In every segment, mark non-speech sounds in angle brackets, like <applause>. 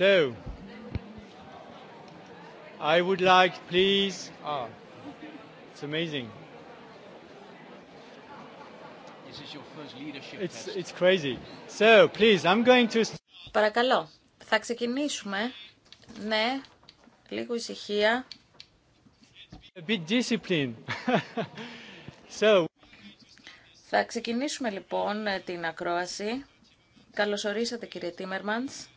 So, I would like, please. oh, it's amazing. This is your first leadership it's, it's crazy. So, please, I'm going to. Παρακαλώ, θα ξεκινήσουμε. Ναι, λίγο ησυχία. A bit discipline. so. Θα ξεκινήσουμε λοιπόν την ακρόαση. Καλώς ορίσατε κύριε Τίμερμαντς.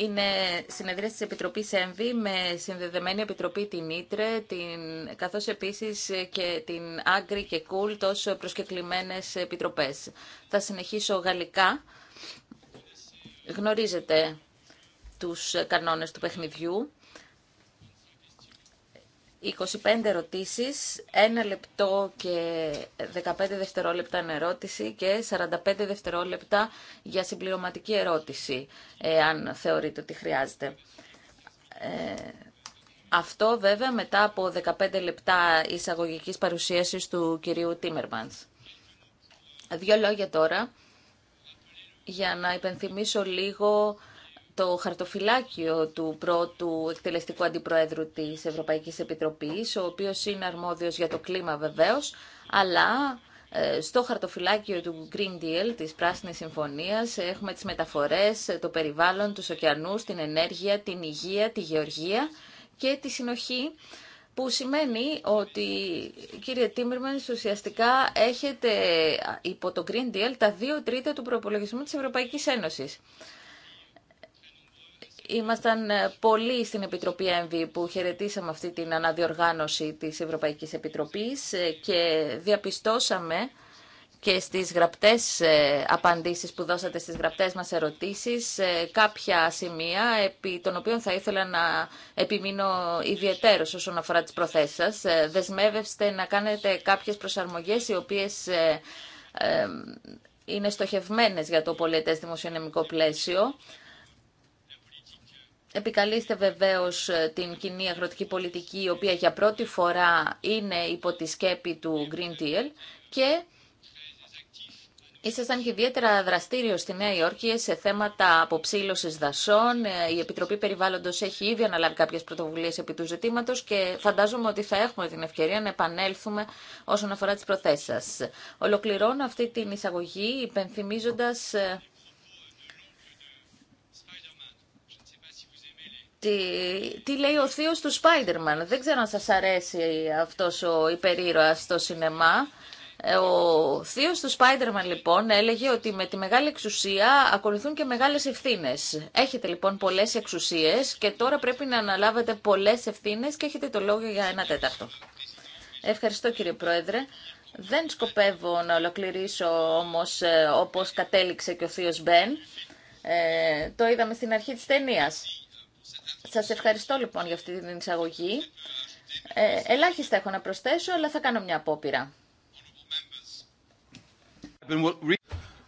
Είναι συνεδρία της Επιτροπής ΕΜΒΗ με συνδεδεμένη Επιτροπή την Ήτρε, την, καθώς επίσης και την Άγκρη και Κουλ, τόσο προσκεκλημένες επιτροπές. Θα συνεχίσω γαλλικά. Γνωρίζετε τους κανόνες του παιχνιδιού. 25 ερωτήσεις, 1 λεπτό και 15 δευτερόλεπτα ερώτηση και 45 δευτερόλεπτα για συμπληρωματική ερώτηση, ε, αν θεωρείτε ότι χρειάζεται. Ε, αυτό βέβαια μετά από 15 λεπτά εισαγωγικής παρουσίασης του κυρίου Τίμερμανς. Δύο λόγια τώρα για να υπενθυμίσω λίγο το χαρτοφυλάκιο του πρώτου εκτελεστικού αντιπροέδρου της Ευρωπαϊκής Επιτροπής, ο οποίος είναι αρμόδιος για το κλίμα βεβαίως, αλλά ε, στο χαρτοφυλάκιο του Green Deal, της Πράσινης Συμφωνίας, έχουμε τις μεταφορές, το περιβάλλον, τους ωκεανούς, την ενέργεια, την υγεία, τη γεωργία και τη συνοχή, που σημαίνει ότι, κύριε Τίμερμαν, ουσιαστικά έχετε ε, υπό το Green Deal τα δύο τρίτα του προπολογισμού της Ευρωπαϊκής Ένωσης. Ήμασταν ε, πολλοί στην Επιτροπή ΕΜΒΗ που χαιρετήσαμε αυτή την αναδιοργάνωση της Ευρωπαϊκής Επιτροπής ε, και διαπιστώσαμε και στις γραπτές ε, απαντήσεις που δώσατε στις γραπτές μας ερωτήσεις κάποια σημεία επί των οποίων θα ήθελα να επιμείνω ιδιαιτέρως όσον αφορά τις προθέσεις σας. Δεσμεύεστε να κάνετε κάποιες προσαρμογές οι οποίες είναι στοχευμένες για το πολίτες δημοσιονομικό πλαίσιο Επικαλείστε βεβαίως ε, την κοινή αγροτική πολιτική, η οποία για πρώτη φορά είναι υπό τη σκέπη του Green Deal και Ήσασταν και ιδιαίτερα δραστήριο στη Νέα Υόρκη σε θέματα αποψήλωση δασών. Ε, η Επιτροπή Περιβάλλοντο έχει ήδη αναλάβει κάποιε πρωτοβουλίε επί του ζητήματο και φαντάζομαι ότι θα έχουμε την ευκαιρία να επανέλθουμε όσον αφορά τι προθέσει σα. Ολοκληρώνω αυτή την εισαγωγή υπενθυμίζοντα ε, τι, τι λέει ο θείος του spider Δεν ξέρω αν σας αρέσει αυτός ο υπερήρωας στο σινεμά. Ε, ο θείος του Spider-Man λοιπόν έλεγε ότι με τη μεγάλη εξουσία ακολουθούν και μεγάλες ευθύνες. Έχετε λοιπόν πολλές εξουσίες και τώρα πρέπει να αναλάβετε πολλές ευθύνες και έχετε το λόγο για ένα τέταρτο. Ευχαριστώ κύριε Πρόεδρε. Δεν σκοπεύω να ολοκληρήσω όμως ε, όπως κατέληξε και ο θείος Μπεν. Ε, το είδαμε στην αρχή της ταινίας. Σας ευχαριστώ λοιπόν για αυτή την εισαγωγή. Ε, ελάχιστα έχω να προσθέσω, αλλά θα κάνω μια απόπειρα.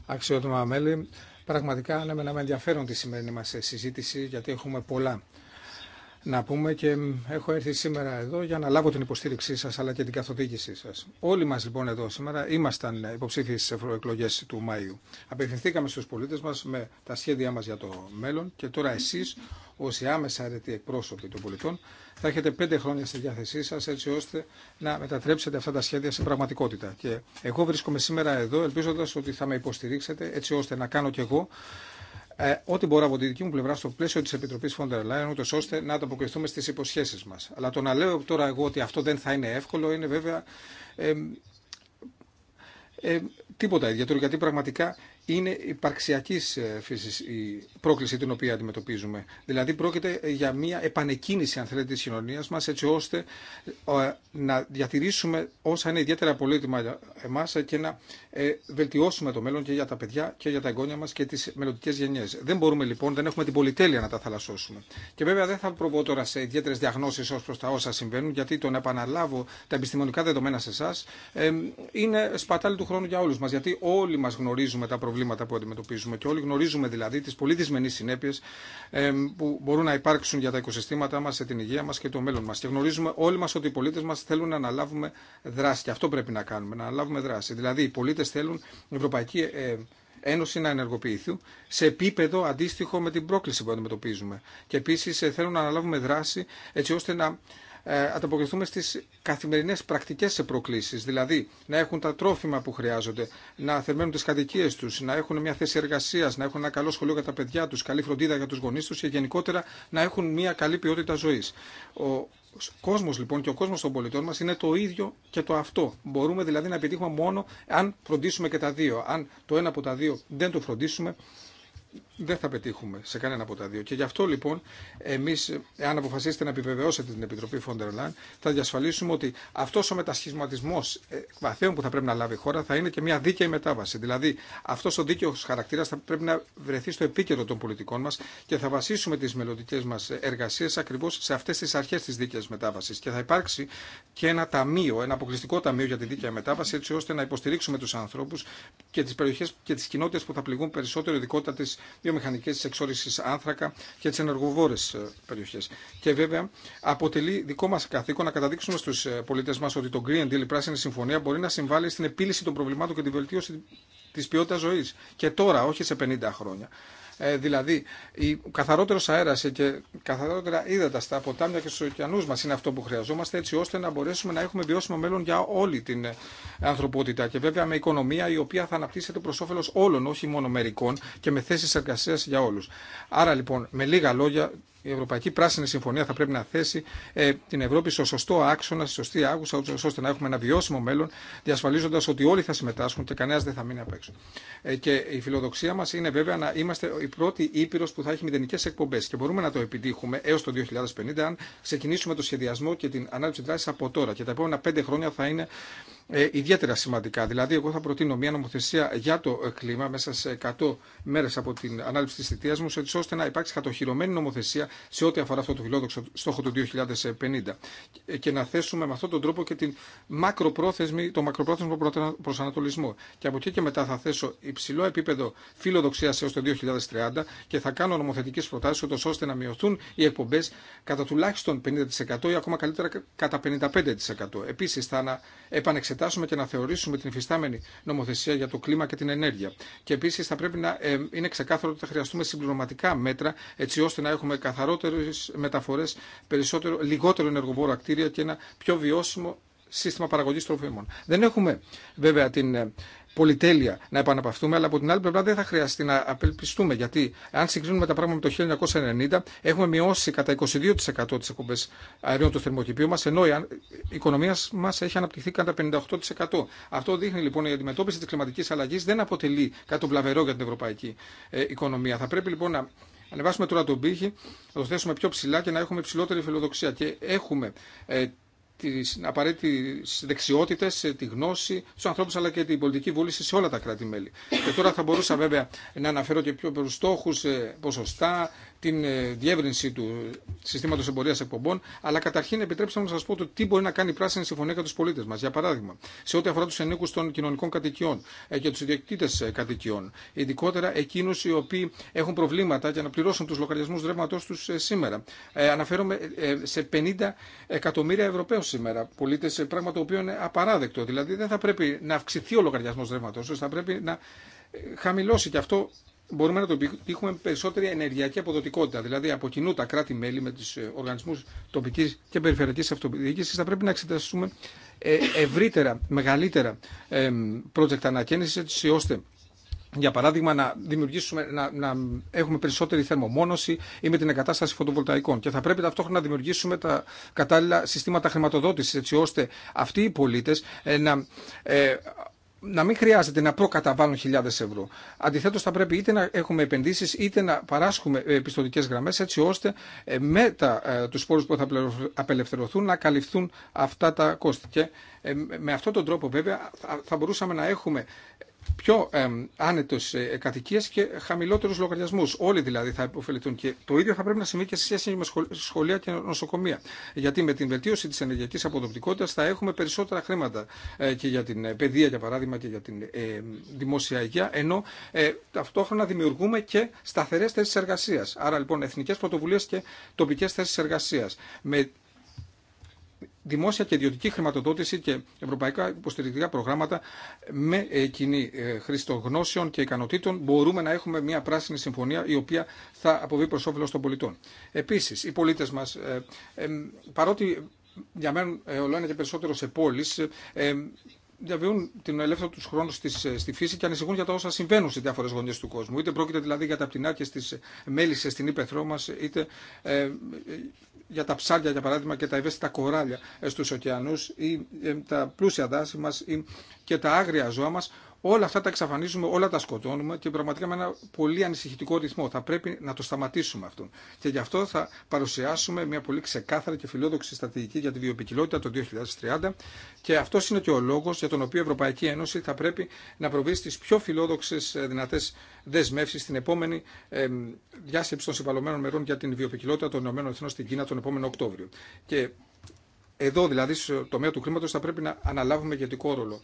Αξιότιμα μέλη, πραγματικά ανέμενα με ενδιαφέρον τη σημερινή μας συζήτηση, γιατί έχουμε πολλά να πούμε και έχω έρθει σήμερα εδώ για να λάβω την υποστήριξή σας αλλά και την καθοδήγησή σας. Όλοι μας λοιπόν εδώ σήμερα ήμασταν ε, υποψήφιοι στις ευρωεκλογέ του Μαΐου. Απευθυνθήκαμε στους πολίτες μας με τα σχέδιά μας για το μέλλον και τώρα εσείς οι άμεσα αρετοί εκπρόσωποι των πολιτών θα έχετε πέντε χρόνια στη διάθεσή σας έτσι ώστε να μετατρέψετε αυτά τα σχέδια σε πραγματικότητα. Και εγώ βρίσκομαι σήμερα εδώ ελπίζοντας ότι θα με υποστηρίξετε έτσι ώστε να κάνω κι εγώ ε, ό,τι μπορώ από τη δική μου πλευρά στο πλαίσιο τη Επιτροπή Φόντερ Λάιν, ούτω ώστε να ανταποκριθούμε στι υποσχέσει μα. Αλλά το να λέω τώρα εγώ ότι αυτό δεν θα είναι εύκολο είναι βέβαια ε, ε, τίποτα ιδιαίτερο, γιατί πραγματικά είναι υπαρξιακή ε, φύση η πρόκληση την οποία αντιμετωπίζουμε. Δηλαδή, πρόκειται για μια επανεκκίνηση, αν θέλετε, τη κοινωνία μα, έτσι ώστε ε, να διατηρήσουμε όσα είναι ιδιαίτερα πολύτιμα για εμά και να ε, βελτιώσουμε το μέλλον και για τα παιδιά και για τα εγγόνια μα και τι μελλοντικέ γενιέ. Δεν μπορούμε λοιπόν, δεν έχουμε την πολυτέλεια να τα θαλασσώσουμε. Και βέβαια, δεν θα προβώ τώρα σε ιδιαίτερε διαγνώσει ω προ τα όσα συμβαίνουν, γιατί το να επαναλάβω τα επιστημονικά δεδομένα σε εσά είναι σπατάλη του χρόνου για όλου μα, γιατί όλοι μα γνωρίζουμε τα προβλήματα προβλήματα που αντιμετωπίζουμε. Και όλοι γνωρίζουμε δηλαδή τι πολύ δυσμενεί συνέπειε που μπορούν να υπάρξουν για τα οικοσυστήματά μα, την υγεία μα και το μέλλον μα. Και γνωρίζουμε όλοι μα ότι οι πολίτε μα θέλουν να αναλάβουμε δράση. Και αυτό πρέπει να κάνουμε, να αναλάβουμε δράση. Δηλαδή, οι πολίτε θέλουν η Ευρωπαϊκή ε, Ένωση να ενεργοποιηθεί σε επίπεδο αντίστοιχο με την πρόκληση που αντιμετωπίζουμε. Και επίση ε, θέλουν να αναλάβουμε δράση έτσι ώστε να ε, ανταποκριθούμε στις καθημερινές πρακτικές προκλήσεις, δηλαδή να έχουν τα τρόφιμα που χρειάζονται, να θερμαίνουν τις κατοικίε τους, να έχουν μια θέση εργασίας, να έχουν ένα καλό σχολείο για τα παιδιά τους, καλή φροντίδα για τους γονείς τους και γενικότερα να έχουν μια καλή ποιότητα ζωής. Ο κόσμος λοιπόν και ο κόσμος των πολιτών μας είναι το ίδιο και το αυτό. Μπορούμε δηλαδή να επιτύχουμε μόνο αν φροντίσουμε και τα δύο. Αν το ένα από τα δύο δεν το φροντίσουμε, δεν θα πετύχουμε σε κανένα από τα δύο. Και γι' αυτό λοιπόν εμεί, αν αποφασίσετε να επιβεβαιώσετε την Επιτροπή Φόντερ Λάιν, θα διασφαλίσουμε ότι αυτό ο μετασχηματισμό ε, βαθέων που θα πρέπει να λάβει η χώρα θα είναι και μια δίκαιη μετάβαση. Δηλαδή, αυτό ο δίκαιο χαρακτήρα θα πρέπει να βρεθεί στο επίκεντρο των πολιτικών μα και θα βασίσουμε τι μελλοντικέ μα εργασίε ακριβώ σε αυτέ τι αρχέ τη δίκαιη μετάβαση. Και θα υπάρξει και ένα ταμείο, ένα αποκλειστικό ταμείο για τη δίκαιη μετάβαση, έτσι ώστε να υποστηρίξουμε του ανθρώπου και τι περιοχέ και τι κοινότητε που θα πληγούν περισσότερο ειδικότητα τη βιομηχανικέ τη εξόρισης άνθρακα και τι ενεργοβόρε ε, περιοχέ. Και βέβαια αποτελεί δικό μα καθήκον να καταδείξουμε στου ε, πολιτέ μα ότι το Green Deal, η Πράσινη Συμφωνία, μπορεί να συμβάλλει στην επίλυση των προβλημάτων και τη βελτίωση τη ποιότητα ζωή. Και τώρα, όχι σε 50 χρόνια. Ε, δηλαδή, η καθαρότερο αέρα και καθαρότερα ύδατα στα ποτάμια και στου ωκεανού μα είναι αυτό που χρειαζόμαστε, έτσι ώστε να μπορέσουμε να έχουμε βιώσιμο μέλλον για όλη την ε, ανθρωπότητα. Και βέβαια με οικονομία η οποία θα αναπτύσσεται προ όφελο όλων, όχι μόνο μερικών, και με θέσει εργασία για όλου. Άρα λοιπόν, με λίγα λόγια, η Ευρωπαϊκή Πράσινη Συμφωνία θα πρέπει να θέσει ε, την Ευρώπη στο σωστό άξονα, στη σωστή άγουσα, ώστε να έχουμε ένα βιώσιμο μέλλον, διασφαλίζοντα ότι όλοι θα συμμετάσχουν και κανένα δεν θα μείνει απ' έξω. Ε, και η φιλοδοξία μα είναι βέβαια να είμαστε η πρώτη ήπειρο που θα έχει μηδενικέ εκπομπέ και μπορούμε να το επιτύχουμε έω το 2050 αν ξεκινήσουμε το σχεδιασμό και την ανάλυση δράση από τώρα. Και τα επόμενα πέντε χρόνια θα είναι ε, ιδιαίτερα σημαντικά. Δηλαδή, εγώ θα προτείνω μια νομοθεσία για το κλίμα μέσα σε 100 μέρε από την ανάληψη τη θητεία μου, έτσι ώστε να υπάρξει κατοχυρωμένη νομοθεσία σε ό,τι αφορά αυτό το φιλόδοξο στόχο του 2050 ε, και να θέσουμε με αυτόν τον τρόπο και την μακροπρόθεσμη, το μακροπρόθεσμο προσανατολισμό. Και από εκεί και μετά θα θέσω υψηλό επίπεδο φιλοδοξία έω το 2030 και θα κάνω νομοθετικέ προτάσει, ώστε να μειωθούν οι εκπομπέ κατά τουλάχιστον 50% ή ακόμα καλύτερα κατά 55%. Επίση, θα επανεξετάσω εξετάσουμε και να θεωρήσουμε την υφιστάμενη νομοθεσία για το κλίμα και την ενέργεια. Και επίση θα πρέπει να ε, είναι ξεκάθαρο ότι θα χρειαστούμε συμπληρωματικά μέτρα έτσι ώστε να έχουμε καθαρότερε μεταφορέ, λιγότερο ενεργοβόρο ακτήρια και ένα πιο βιώσιμο σύστημα παραγωγή τροφίμων. Δεν έχουμε βέβαια την ε, πολυτέλεια να επαναπαυτούμε, αλλά από την άλλη πλευρά δεν θα χρειαστεί να απελπιστούμε, γιατί αν συγκρίνουμε τα πράγματα με το 1990, έχουμε μειώσει κατά 22% τις εκπομπέ αερίων του θερμοκηπίου μα ενώ η οικονομία μα έχει αναπτυχθεί κατά 58%. Αυτό δείχνει λοιπόν ότι η αντιμετώπιση τη κλιματική αλλαγή δεν αποτελεί κάτι βλαβερό για την ευρωπαϊκή ε, οικονομία. Θα πρέπει λοιπόν να ανεβάσουμε τώρα τον πύχη, να το θέσουμε πιο ψηλά και να έχουμε ψηλότερη φιλοδοξία. Και έχουμε ε, τις απαραίτητες δεξιότητες, τη γνώση στους ανθρώπους αλλά και την πολιτική βούληση σε όλα τα κράτη-μέλη. Και τώρα θα μπορούσα βέβαια να αναφέρω και πιο στόχους, ε, ποσοστά, την ε, διεύρυνση του συστήματο εμπορία εκπομπών, αλλά καταρχήν επιτρέψτε μου να σα πω το τι μπορεί να κάνει η Πράσινη Συμφωνία για του πολίτε μα. Για παράδειγμα, σε ό,τι αφορά του ενίκου των κοινωνικών κατοικιών ε, και του ιδιοκτήτε ε, κατοικιών, ειδικότερα εκείνου οι οποίοι έχουν προβλήματα για να πληρώσουν του λογαριασμού ρεύματό του σήμερα. Αναφέρομαι σε 50 εκατομμύρια Ευρωπαίου σήμερα πολίτε, πράγμα το οποίο είναι απαράδεκτο. Δηλαδή δεν θα πρέπει να αυξηθεί ο λογαριασμό ρεύματό του, θα πρέπει να χαμηλώσει και αυτό μπορούμε να το πετύχουμε περισσότερη ενεργειακή αποδοτικότητα. Δηλαδή, από κοινού τα κράτη-μέλη με του ε, οργανισμού τοπική και περιφερειακή αυτοδιοίκηση θα πρέπει να εξεταστούμε ε, ευρύτερα, μεγαλύτερα project ανακαίνιση, έτσι ώστε για παράδειγμα, να δημιουργήσουμε, να, να έχουμε περισσότερη θερμομόνωση ή με την εγκατάσταση φωτοβολταϊκών. Και θα πρέπει ταυτόχρονα να δημιουργήσουμε τα κατάλληλα συστήματα χρηματοδότηση, έτσι ώστε αυτοί οι πολίτε ε, να ε, να μην χρειάζεται να προκαταβάλουν χιλιάδε ευρώ. Αντιθέτω, θα πρέπει είτε να έχουμε επενδύσει είτε να παράσχουμε επιστοτικέ γραμμέ, έτσι ώστε ε, με ε, του πόρου που θα απελευθερωθούν να καλυφθούν αυτά τα κόστη. Και ε, με αυτόν τον τρόπο, βέβαια, θα μπορούσαμε να έχουμε πιο ε, άνετο κατοικίε και χαμηλότερους λογαριασμούς. Όλοι δηλαδή θα υποφεληθούν. Και το ίδιο θα πρέπει να συμβεί και σε σχέση με σχολεία και νοσοκομεία. Γιατί με την βελτίωση της ενεργειακής αποδοτικότητα θα έχουμε περισσότερα χρήματα ε, και για την ε, παιδεία, για παράδειγμα, και για την ε, δημόσια υγεία, ενώ ε, ταυτόχρονα δημιουργούμε και σταθερές θέσεις εργασίας. Άρα λοιπόν εθνικές πρωτοβουλίες και τοπικές θέσει εργασία. Με δημόσια και ιδιωτική χρηματοδότηση και ευρωπαϊκά υποστηρικτικά προγράμματα με ε, κοινή ε, χρηστογνώσεων και ικανοτήτων μπορούμε να έχουμε μια πράσινη συμφωνία η οποία θα αποβεί προς όφελος των πολιτών. Επίσης, οι πολίτες μας, ε, παρότι για μένα ολοένα και περισσότερο σε πόλεις, διαβιούν την ελεύθερο του χρόνου ε, στη φύση και ανησυχούν για τα όσα συμβαίνουν σε διάφορε γωνιέ του κόσμου. Είτε πρόκειται δηλαδή για τα πτηνάκια στι μέλισσε στην ύπεθρό μα, είτε ε, για τα ψάρια για παράδειγμα και τα ευαίσθητα κοράλια ε, στου ωκεανού, ή τα πλούσια δάση μα και τα άγρια ζώα μα, Όλα αυτά τα εξαφανίζουμε, όλα τα σκοτώνουμε και πραγματικά με ένα πολύ ανησυχητικό ρυθμό. Θα πρέπει να το σταματήσουμε αυτό. Και γι' αυτό θα παρουσιάσουμε μια πολύ ξεκάθαρη και φιλόδοξη στρατηγική για τη βιοπικιλότητα το 2030. Και αυτό είναι και ο λόγο για τον οποίο η Ευρωπαϊκή Ένωση θα πρέπει να προβεί στι πιο φιλόδοξε ε, δυνατέ δεσμεύσει στην επόμενη ε, διάσκεψη των συμβαλωμένων μερών για την βιοπικιλότητα των ΗΠΑ στην Κίνα τον επόμενο Οκτώβριο. Και εδώ δηλαδή στο τομέα του κλίματο θα πρέπει να αναλάβουμε ηγετικό ρόλο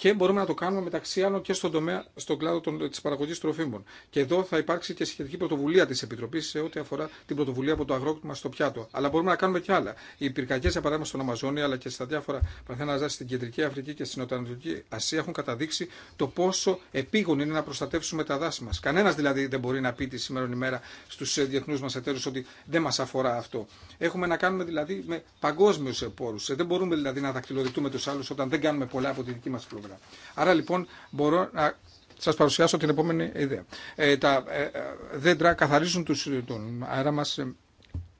και μπορούμε να το κάνουμε μεταξύ άλλων και στον τομέα, στον κλάδο τη παραγωγή τροφίμων. Και εδώ θα υπάρξει και σχετική πρωτοβουλία τη Επιτροπή σε ό,τι αφορά την πρωτοβουλία από το αγρόκτημα στο πιάτο. Αλλά μπορούμε να κάνουμε και άλλα. Οι πυρκαγιέ, για παράδειγμα, στον Αμαζόνιο αλλά και στα διάφορα παρθένα ζά στην Κεντρική Αφρική και στην Νοτανατολική Ασία έχουν καταδείξει το πόσο επίγον είναι να προστατεύσουμε τα δάση μα. Κανένα δηλαδή δεν μπορεί να πει τη σήμερα ημέρα στου ε, διεθνού μα εταίρου ότι δεν μα αφορά αυτό. Έχουμε να κάνουμε δηλαδή με παγκόσμιου πόρου. Ε, δεν μπορούμε δηλαδή να δακτυλοδεικτούμε του άλλου όταν δεν κάνουμε πολλά από τη δική μα πλευρά. Άρα λοιπόν μπορώ να σας παρουσιάσω την επόμενη ιδέα. Ε, τα ε, ε, δέντρα καθαρίζουν τους, ε, τον αέρα μας, ε,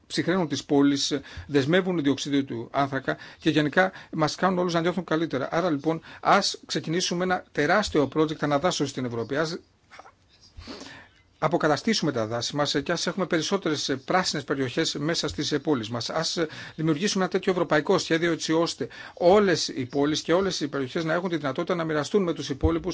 ψυχραίνουν τις πόλεις, δεσμεύουν διοξείδιο του άνθρακα και γενικά μας κάνουν όλους να νιώθουν καλύτερα. Άρα λοιπόν ας ξεκινήσουμε ένα τεράστιο project αναδάσωση στην Ευρώπη. Ας αποκαταστήσουμε τα δάση μα και α έχουμε περισσότερε πράσινε περιοχέ μέσα στι πόλει μα. Α δημιουργήσουμε ένα τέτοιο ευρωπαϊκό σχέδιο έτσι ώστε όλε οι πόλει και όλε οι περιοχέ να έχουν τη δυνατότητα να μοιραστούν με του υπόλοιπου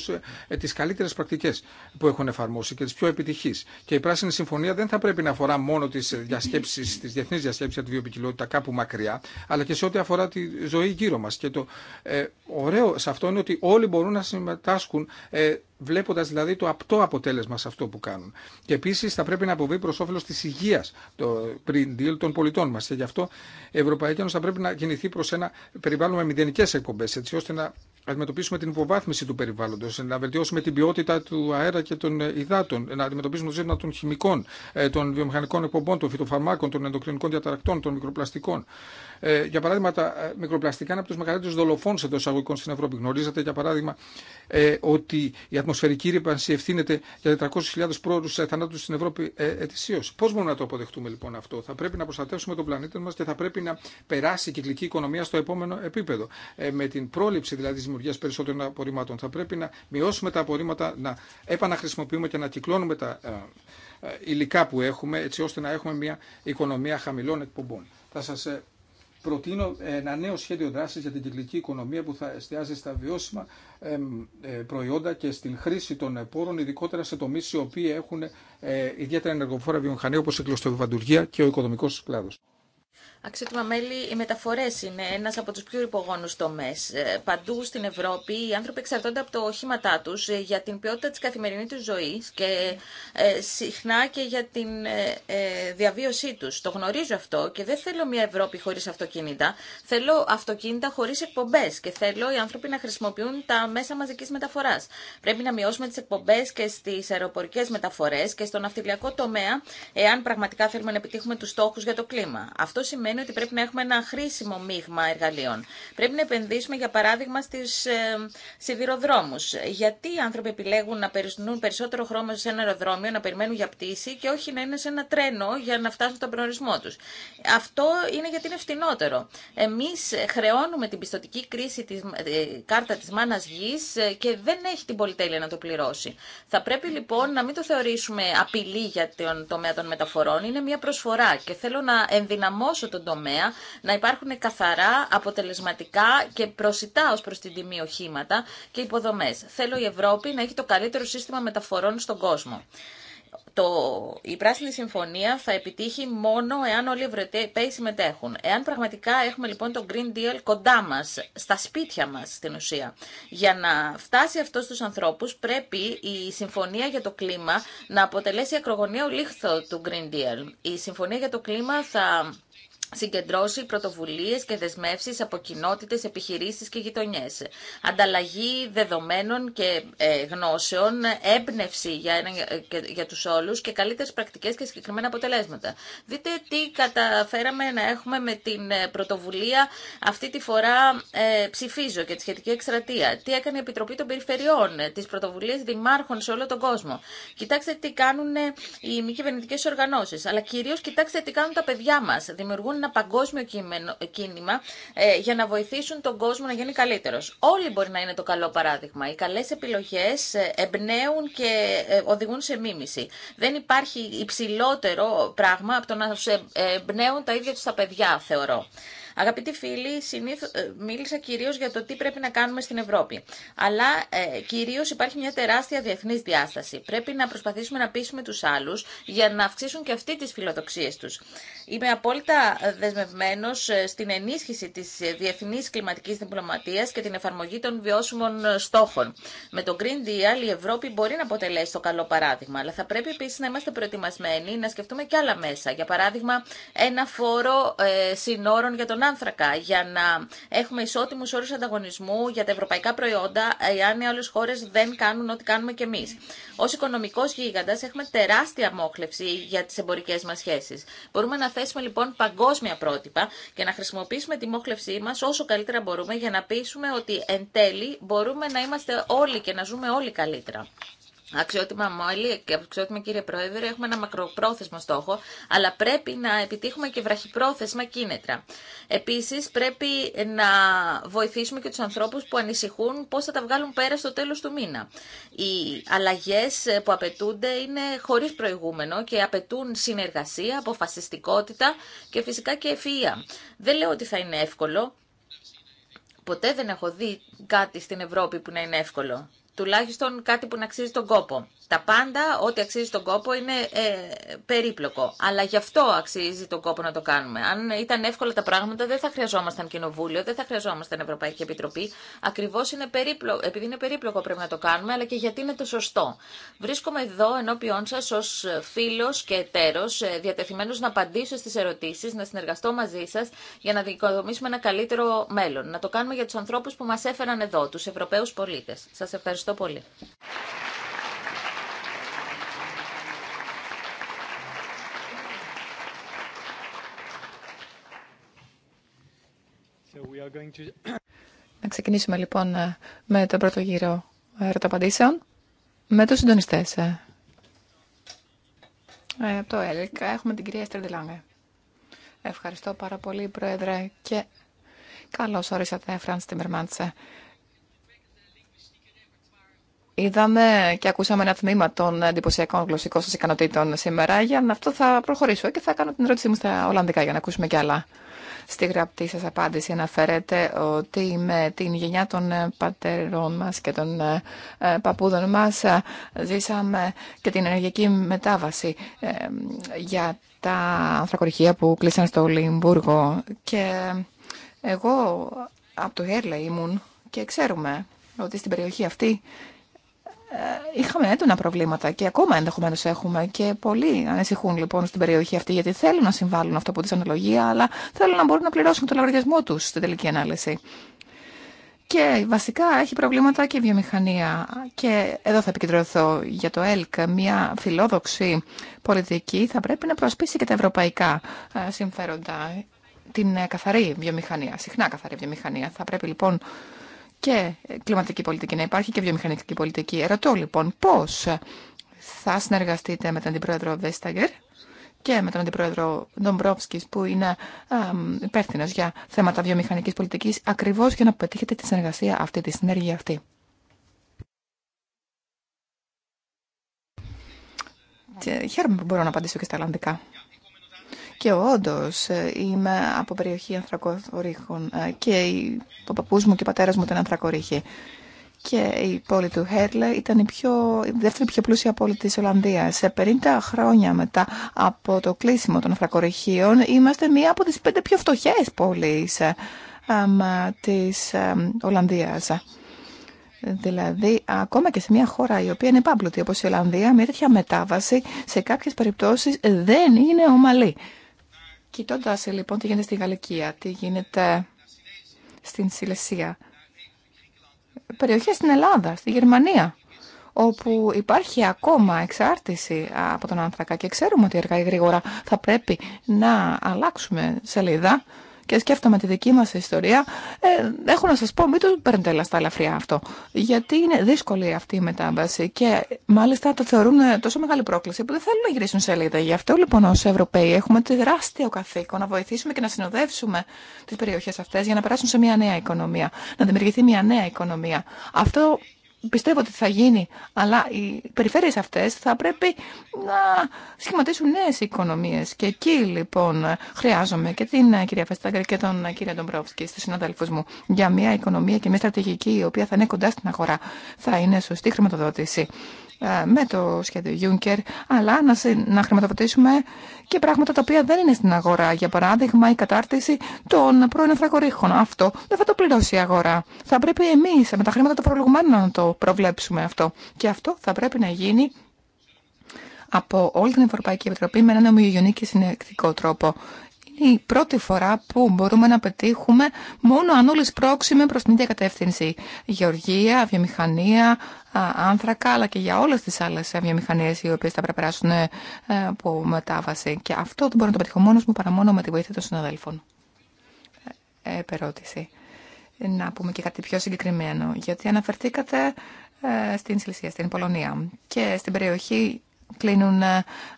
ε, τι καλύτερε πρακτικέ που έχουν εφαρμόσει και τι πιο επιτυχεί. Και η Πράσινη Συμφωνία δεν θα πρέπει να αφορά μόνο τι διασκέψει, τι διεθνεί διασκέψει για τη βιοποικιλότητα κάπου μακριά, αλλά και σε ό,τι αφορά τη ζωή γύρω μα. Και το ε, ωραίο σε αυτό είναι ότι όλοι μπορούν να συμμετάσχουν ε, βλέποντα δηλαδή το απτό αποτέλεσμα σε αυτό που κάνουν. Και επίση θα πρέπει να αποβεί προ όφελο τη υγεία το Green Deal των πολιτών μα. Και γι' αυτό η Ευρωπαϊκή Ένωση θα πρέπει να κινηθεί προ ένα περιβάλλον με μηδενικέ εκπομπέ, έτσι ώστε να αντιμετωπίσουμε την υποβάθμιση του περιβάλλοντο, να βελτιώσουμε την ποιότητα του αέρα και των ε, υδάτων, να αντιμετωπίσουμε το ζήτημα των χημικών, ε, των βιομηχανικών εκπομπών, των φυτοφαρμάκων, των ενδοκρινικών διαταρακτών, των μικροπλαστικών. Ε, για παράδειγμα, τα ε, μικροπλαστικά είναι από του μεγαλύτερου δολοφόνου εντό εισαγωγικών στην Ευρώπη. Γνωρίζετε, για παράδειγμα, ε, ότι η ατμοσφαιρική ρήπανση ευθύνεται για 400.000 πρόωρου θανάτου στην Ευρώπη ετησίω. Πώ μπορούμε να το αποδεχτούμε λοιπόν αυτό. Θα πρέπει να προστατεύσουμε τον πλανήτη μα και θα πρέπει να περάσει η κυκλική οικονομία στο επόμενο επίπεδο. με την πρόληψη δηλαδή τη δημιουργία περισσότερων απορρίμματων. Θα πρέπει να μειώσουμε τα απορρίμματα, να επαναχρησιμοποιούμε και να κυκλώνουμε τα υλικά που έχουμε, έτσι ώστε να έχουμε μια οικονομία χαμηλών εκπομπών. Θα σας προτείνω ένα νέο σχέδιο δράσης για την κυκλική οικονομία που θα εστιάζει στα βιώσιμα ε, προϊόντα και στην χρήση των πόρων, ειδικότερα σε τομείς οι οποίοι έχουν ε, ιδιαίτερα ενεργοφόρα βιομηχανία όπως η κλωστοβιβαντουργία και ο οικοδομικός κλάδος. Αξίτημα μέλη, οι μεταφορέ είναι ένα από του πιο υπογόνου τομέ. Ε, παντού στην Ευρώπη οι άνθρωποι εξαρτώνται από το οχήματά του ε, για την ποιότητα τη καθημερινή του ζωή και ε, συχνά και για την διαβίωσή του. Το γνωρίζω αυτό και δεν θέλω μια Ευρώπη χωρί αυτοκίνητα. Θέλω αυτοκίνητα χωρί εκπομπέ και θέλω οι άνθρωποι να χρησιμοποιούν τα μέσα μαζική μεταφορά. Πρέπει να μειώσουμε τι εκπομπέ και στι αεροπορικέ μεταφορέ και στον ναυτιλιακό τομέα, εάν πραγματικά θέλουμε να επιτύχουμε του στόχου για το κλίμα. Αυτό σημαίνει σημαίνει ότι πρέπει να έχουμε ένα χρήσιμο μείγμα εργαλείων. Πρέπει να επενδύσουμε, για παράδειγμα, στι ε, σιδηροδρόμου. Γιατί οι άνθρωποι επιλέγουν να περιστούν περισσότερο χρόνο σε ένα αεροδρόμιο, να περιμένουν για πτήση και όχι να είναι σε ένα τρένο για να φτάσουν στον προορισμό του. Αυτό είναι γιατί είναι φτηνότερο. Εμεί χρεώνουμε την πιστοτική κρίση τη ε, κάρτα τη μάνα γη ε, και δεν έχει την πολυτέλεια να το πληρώσει. Θα πρέπει λοιπόν να μην το θεωρήσουμε απειλή για τον τομέα των μεταφορών. Είναι μια προσφορά και θέλω να ενδυναμώσω τον τομέα, να υπάρχουν καθαρά, αποτελεσματικά και προσιτά ω προ την τιμή οχήματα και υποδομέ. Θέλω η Ευρώπη να έχει το καλύτερο σύστημα μεταφορών στον κόσμο. Το, η Πράσινη Συμφωνία θα επιτύχει μόνο εάν όλοι οι Ευρωπαίοι συμμετέχουν. Εάν πραγματικά έχουμε λοιπόν το Green Deal κοντά μα, στα σπίτια μα στην ουσία. Για να φτάσει αυτό στου ανθρώπου, πρέπει η Συμφωνία για το Κλίμα να αποτελέσει ακρογωνια λίχθο του Green Deal. Η Συμφωνία για το Κλίμα θα συγκεντρώσει πρωτοβουλίες και δεσμεύσεις από κοινότητες, επιχειρήσεις και γειτονιές. Ανταλλαγή δεδομένων και ε, γνώσεων, έμπνευση για, για τους όλους και καλύτερες πρακτικές και συγκεκριμένα αποτελέσματα. Δείτε τι καταφέραμε να έχουμε με την ε, πρωτοβουλία αυτή τη φορά ε, ψηφίζω και τη σχετική εκστρατεία. Τι έκανε η Επιτροπή των Περιφερειών, ε, τις πρωτοβουλίες δημάρχων σε όλο τον κόσμο. Κοιτάξτε τι κάνουν οι μη κυβερνητικέ οργανώσεις, αλλά κυρίως κοιτάξτε τι κάνουν τα παιδιά μας. Δημιουργούν ένα παγκόσμιο κίνημα ε, για να βοηθήσουν τον κόσμο να γίνει καλύτερο. Όλοι μπορεί να είναι το καλό παράδειγμα. Οι καλέ επιλογέ ε, εμπνέουν και ε, οδηγούν σε μίμηση. Δεν υπάρχει υψηλότερο πράγμα από το να εμπνέουν τα ίδια του τα παιδιά, θεωρώ. Αγαπητοί φίλοι, ε, μίλησα κυρίω για το τι πρέπει να κάνουμε στην Ευρώπη. Αλλά ε, κυρίω υπάρχει μια τεράστια διεθνή διάσταση. Πρέπει να προσπαθήσουμε να πείσουμε του άλλου για να αυξήσουν και αυτοί τι φιλοδοξίε του. Είμαι απόλυτα ε, δεσμευμένο ε, στην ενίσχυση τη διεθνή κλιματική διπλωματία και την εφαρμογή των βιώσιμων στόχων. Με τον Green Deal η Ευρώπη μπορεί να αποτελέσει το καλό παράδειγμα, αλλά θα πρέπει επίση να είμαστε προετοιμασμένοι να σκεφτούμε και άλλα μέσα. Για παράδειγμα, ένα φόρο ε, συνόρων για τον άνθρακα, για να έχουμε ισότιμους όρους ανταγωνισμού για τα ευρωπαϊκά προϊόντα, εάν οι άλλες χώρες δεν κάνουν ό,τι κάνουμε κι εμείς. Ως οικονομικός γίγαντας έχουμε τεράστια μόχλευση για τις εμπορικές μας σχέσεις. Μπορούμε να θέσουμε λοιπόν παγκόσμια πρότυπα και να χρησιμοποιήσουμε τη μόχλευσή μας όσο καλύτερα μπορούμε για να πείσουμε ότι εν τέλει μπορούμε να είμαστε όλοι και να ζούμε όλοι καλύτερα. Αξιότιμα μόλι και αξιότιμα κύριε Πρόεδρε, έχουμε ένα μακροπρόθεσμο στόχο, αλλά πρέπει να επιτύχουμε και βραχυπρόθεσμα κίνητρα. Επίση, πρέπει να βοηθήσουμε και του ανθρώπου που ανησυχούν πώ θα τα βγάλουν πέρα στο τέλο του μήνα. Οι αλλαγέ που απαιτούνται είναι χωρί προηγούμενο και απαιτούν συνεργασία, αποφασιστικότητα και φυσικά και ευφυα. Δεν λέω ότι θα είναι εύκολο. Ποτέ δεν έχω δει κάτι στην Ευρώπη που να είναι εύκολο τουλάχιστον κάτι που να αξίζει τον κόπο. Τα πάντα, ό,τι αξίζει τον κόπο, είναι ε, περίπλοκο. Αλλά γι' αυτό αξίζει τον κόπο να το κάνουμε. Αν ήταν εύκολα τα πράγματα, δεν θα χρειαζόμασταν κοινοβούλιο, δεν θα χρειαζόμασταν Ευρωπαϊκή Επιτροπή. Ακριβώ είναι περίπλοκο, επειδή είναι περίπλοκο πρέπει να το κάνουμε, αλλά και γιατί είναι το σωστό. Βρίσκομαι εδώ ενώπιον σα ω φίλο και εταίρο, ε, διατεθειμένο να απαντήσω στι ερωτήσει, να συνεργαστώ μαζί σα για να δικοδομήσουμε ένα καλύτερο μέλλον. Να το κάνουμε για του ανθρώπου που μα έφεραν εδώ, του Ευρωπαίου πολίτε. Σα ευχαριστώ. Ευχαριστώ πολύ. Να ξεκινήσουμε λοιπόν ε, με τον πρώτο γύρο ε, ερωταπαντήσεων με τους συντονιστές. Ε. το ΕΛΚ έχουμε την κυρία Στρεντιλάνγκε. Ευχαριστώ πάρα πολύ, Πρόεδρε, και καλώς ορίσατε, Φρανς Τιμερμάντσε. Είδαμε και ακούσαμε ένα τμήμα των εντυπωσιακών γλωσσικών σα ικανοτήτων σήμερα. Για να αυτό θα προχωρήσω και θα κάνω την ερώτησή μου στα Ολλανδικά για να ακούσουμε κι άλλα. Στη γραπτή σα απάντηση αναφέρεται ότι με την γενιά των πατέρων μα και των ε, παππούδων μα ε, ζήσαμε και την ενεργειακή μετάβαση ε, για τα ανθρακοριχεία που κλείσαν στο Λιμπούργο. Και εγώ από το Γέρλε ήμουν και ξέρουμε ότι στην περιοχή αυτή ε, είχαμε έντονα προβλήματα και ακόμα ενδεχομένω, έχουμε και πολλοί ανησυχούν λοιπόν στην περιοχή αυτή γιατί θέλουν να συμβάλλουν αυτό από τη αναλογία αλλά θέλουν να μπορούν να πληρώσουν το λογαριασμό τους στην τελική ανάλυση. Και βασικά έχει προβλήματα και η βιομηχανία. Και εδώ θα επικεντρωθώ για το ΕΛΚ. Μια φιλόδοξη πολιτική θα πρέπει να προσπίσει και τα ευρωπαϊκά ε, συμφέροντα. Την ε, καθαρή βιομηχανία, συχνά καθαρή βιομηχανία. Θα πρέπει λοιπόν και κλιματική πολιτική, να υπάρχει και βιομηχανική πολιτική. Ερωτώ λοιπόν πώ θα συνεργαστείτε με τον Αντιπρόεδρο Βέσταγκερ και με τον Αντιπρόεδρο Ντομπρόφσκη που είναι υπεύθυνο για θέματα βιομηχανικής πολιτικής ακριβώς για να πετύχετε τη συνεργασία αυτή, τη συνέργεια αυτή. χαίρομαι που μπορώ να απαντήσω και στα Ολλανδικά. Και όντω ε, είμαι από περιοχή ανθρακορίχων ε, και ο παππούς μου και ο πατέρας μου ήταν ανθρακορίχοι. Και η πόλη του Χέρλε ήταν η, πιο, η δεύτερη πιο πλούσια πόλη της Ολλανδίας. Σε 50 χρόνια μετά από το κλείσιμο των ανθρακοριχείων είμαστε μία από τις πέντε πιο φτωχές πόλεις ε, της Ολλανδίας. Δηλαδή, ακόμα και σε μια χώρα η οποία είναι πάμπλουτη όπως η Ολλανδία, μια τέτοια μετάβαση σε κάποιες περιπτώσεις δεν είναι ομαλή. Κοιτώντας, λοιπόν τι γίνεται στη Γαλλικία, τι γίνεται στην Σιλεσία, περιοχές στην Ελλάδα, στη Γερμανία, όπου υπάρχει ακόμα εξάρτηση από τον άνθρακα και ξέρουμε ότι αργά ή γρήγορα θα πρέπει να αλλάξουμε σελίδα, και σκέφτομαι τη δική μας ιστορία, ε, έχω να σας πω μην το παίρνετε στα ελαφριά αυτό. Γιατί είναι δύσκολη αυτή η μετάβαση και μάλιστα το θεωρούν ε, τόσο μεγάλη πρόκληση που δεν θέλουν να γυρίσουν σελίδα. Γι' αυτό λοιπόν ως Ευρωπαίοι έχουμε τεράστιο καθήκον να βοηθήσουμε και να συνοδεύσουμε τις περιοχές αυτές για να περάσουν σε μια νέα οικονομία, να δημιουργηθεί μια νέα οικονομία. Αυτό πιστεύω ότι θα γίνει, αλλά οι περιφέρειες αυτές θα πρέπει να σχηματίσουν νέες οικονομίες. Και εκεί λοιπόν χρειάζομαι και την κυρία Φεστάγκερ και τον κύριο Ντομπρόφσκι, στους συναδέλφου. μου, για μια οικονομία και μια στρατηγική η οποία θα είναι κοντά στην αγορά. Θα είναι σωστή χρηματοδότηση ε, με το σχέδιο Juncker, αλλά να, να χρηματοδοτήσουμε και πράγματα τα οποία δεν είναι στην αγορά. Για παράδειγμα, η κατάρτιση των πρώην ανθρακορίχων. Αυτό δεν θα το πληρώσει η αγορά. Θα πρέπει εμεί με τα χρήματα των προηγουμένων να το προβλέψουμε αυτό. Και αυτό θα πρέπει να γίνει από όλη την Ευρωπαϊκή Επιτροπή με έναν ομοιογενή και συνεκτικό τρόπο. Είναι η πρώτη φορά που μπορούμε να πετύχουμε μόνο αν όλοι σπρώξουμε προς την ίδια κατεύθυνση. Γεωργία, βιομηχανία, άνθρακα, αλλά και για όλες τις άλλες βιομηχανίες οι οποίες θα πρέπει να περάσουν ε, από μετάβαση. Και αυτό δεν μπορώ να το πετύχω μόνος μου παρά μόνο με τη βοήθεια των συναδέλφων. Ε, επερώτηση να πούμε και κάτι πιο συγκεκριμένο, γιατί αναφερθήκατε ε, στην Σιλσία, στην Πολωνία και στην περιοχή κλείνουν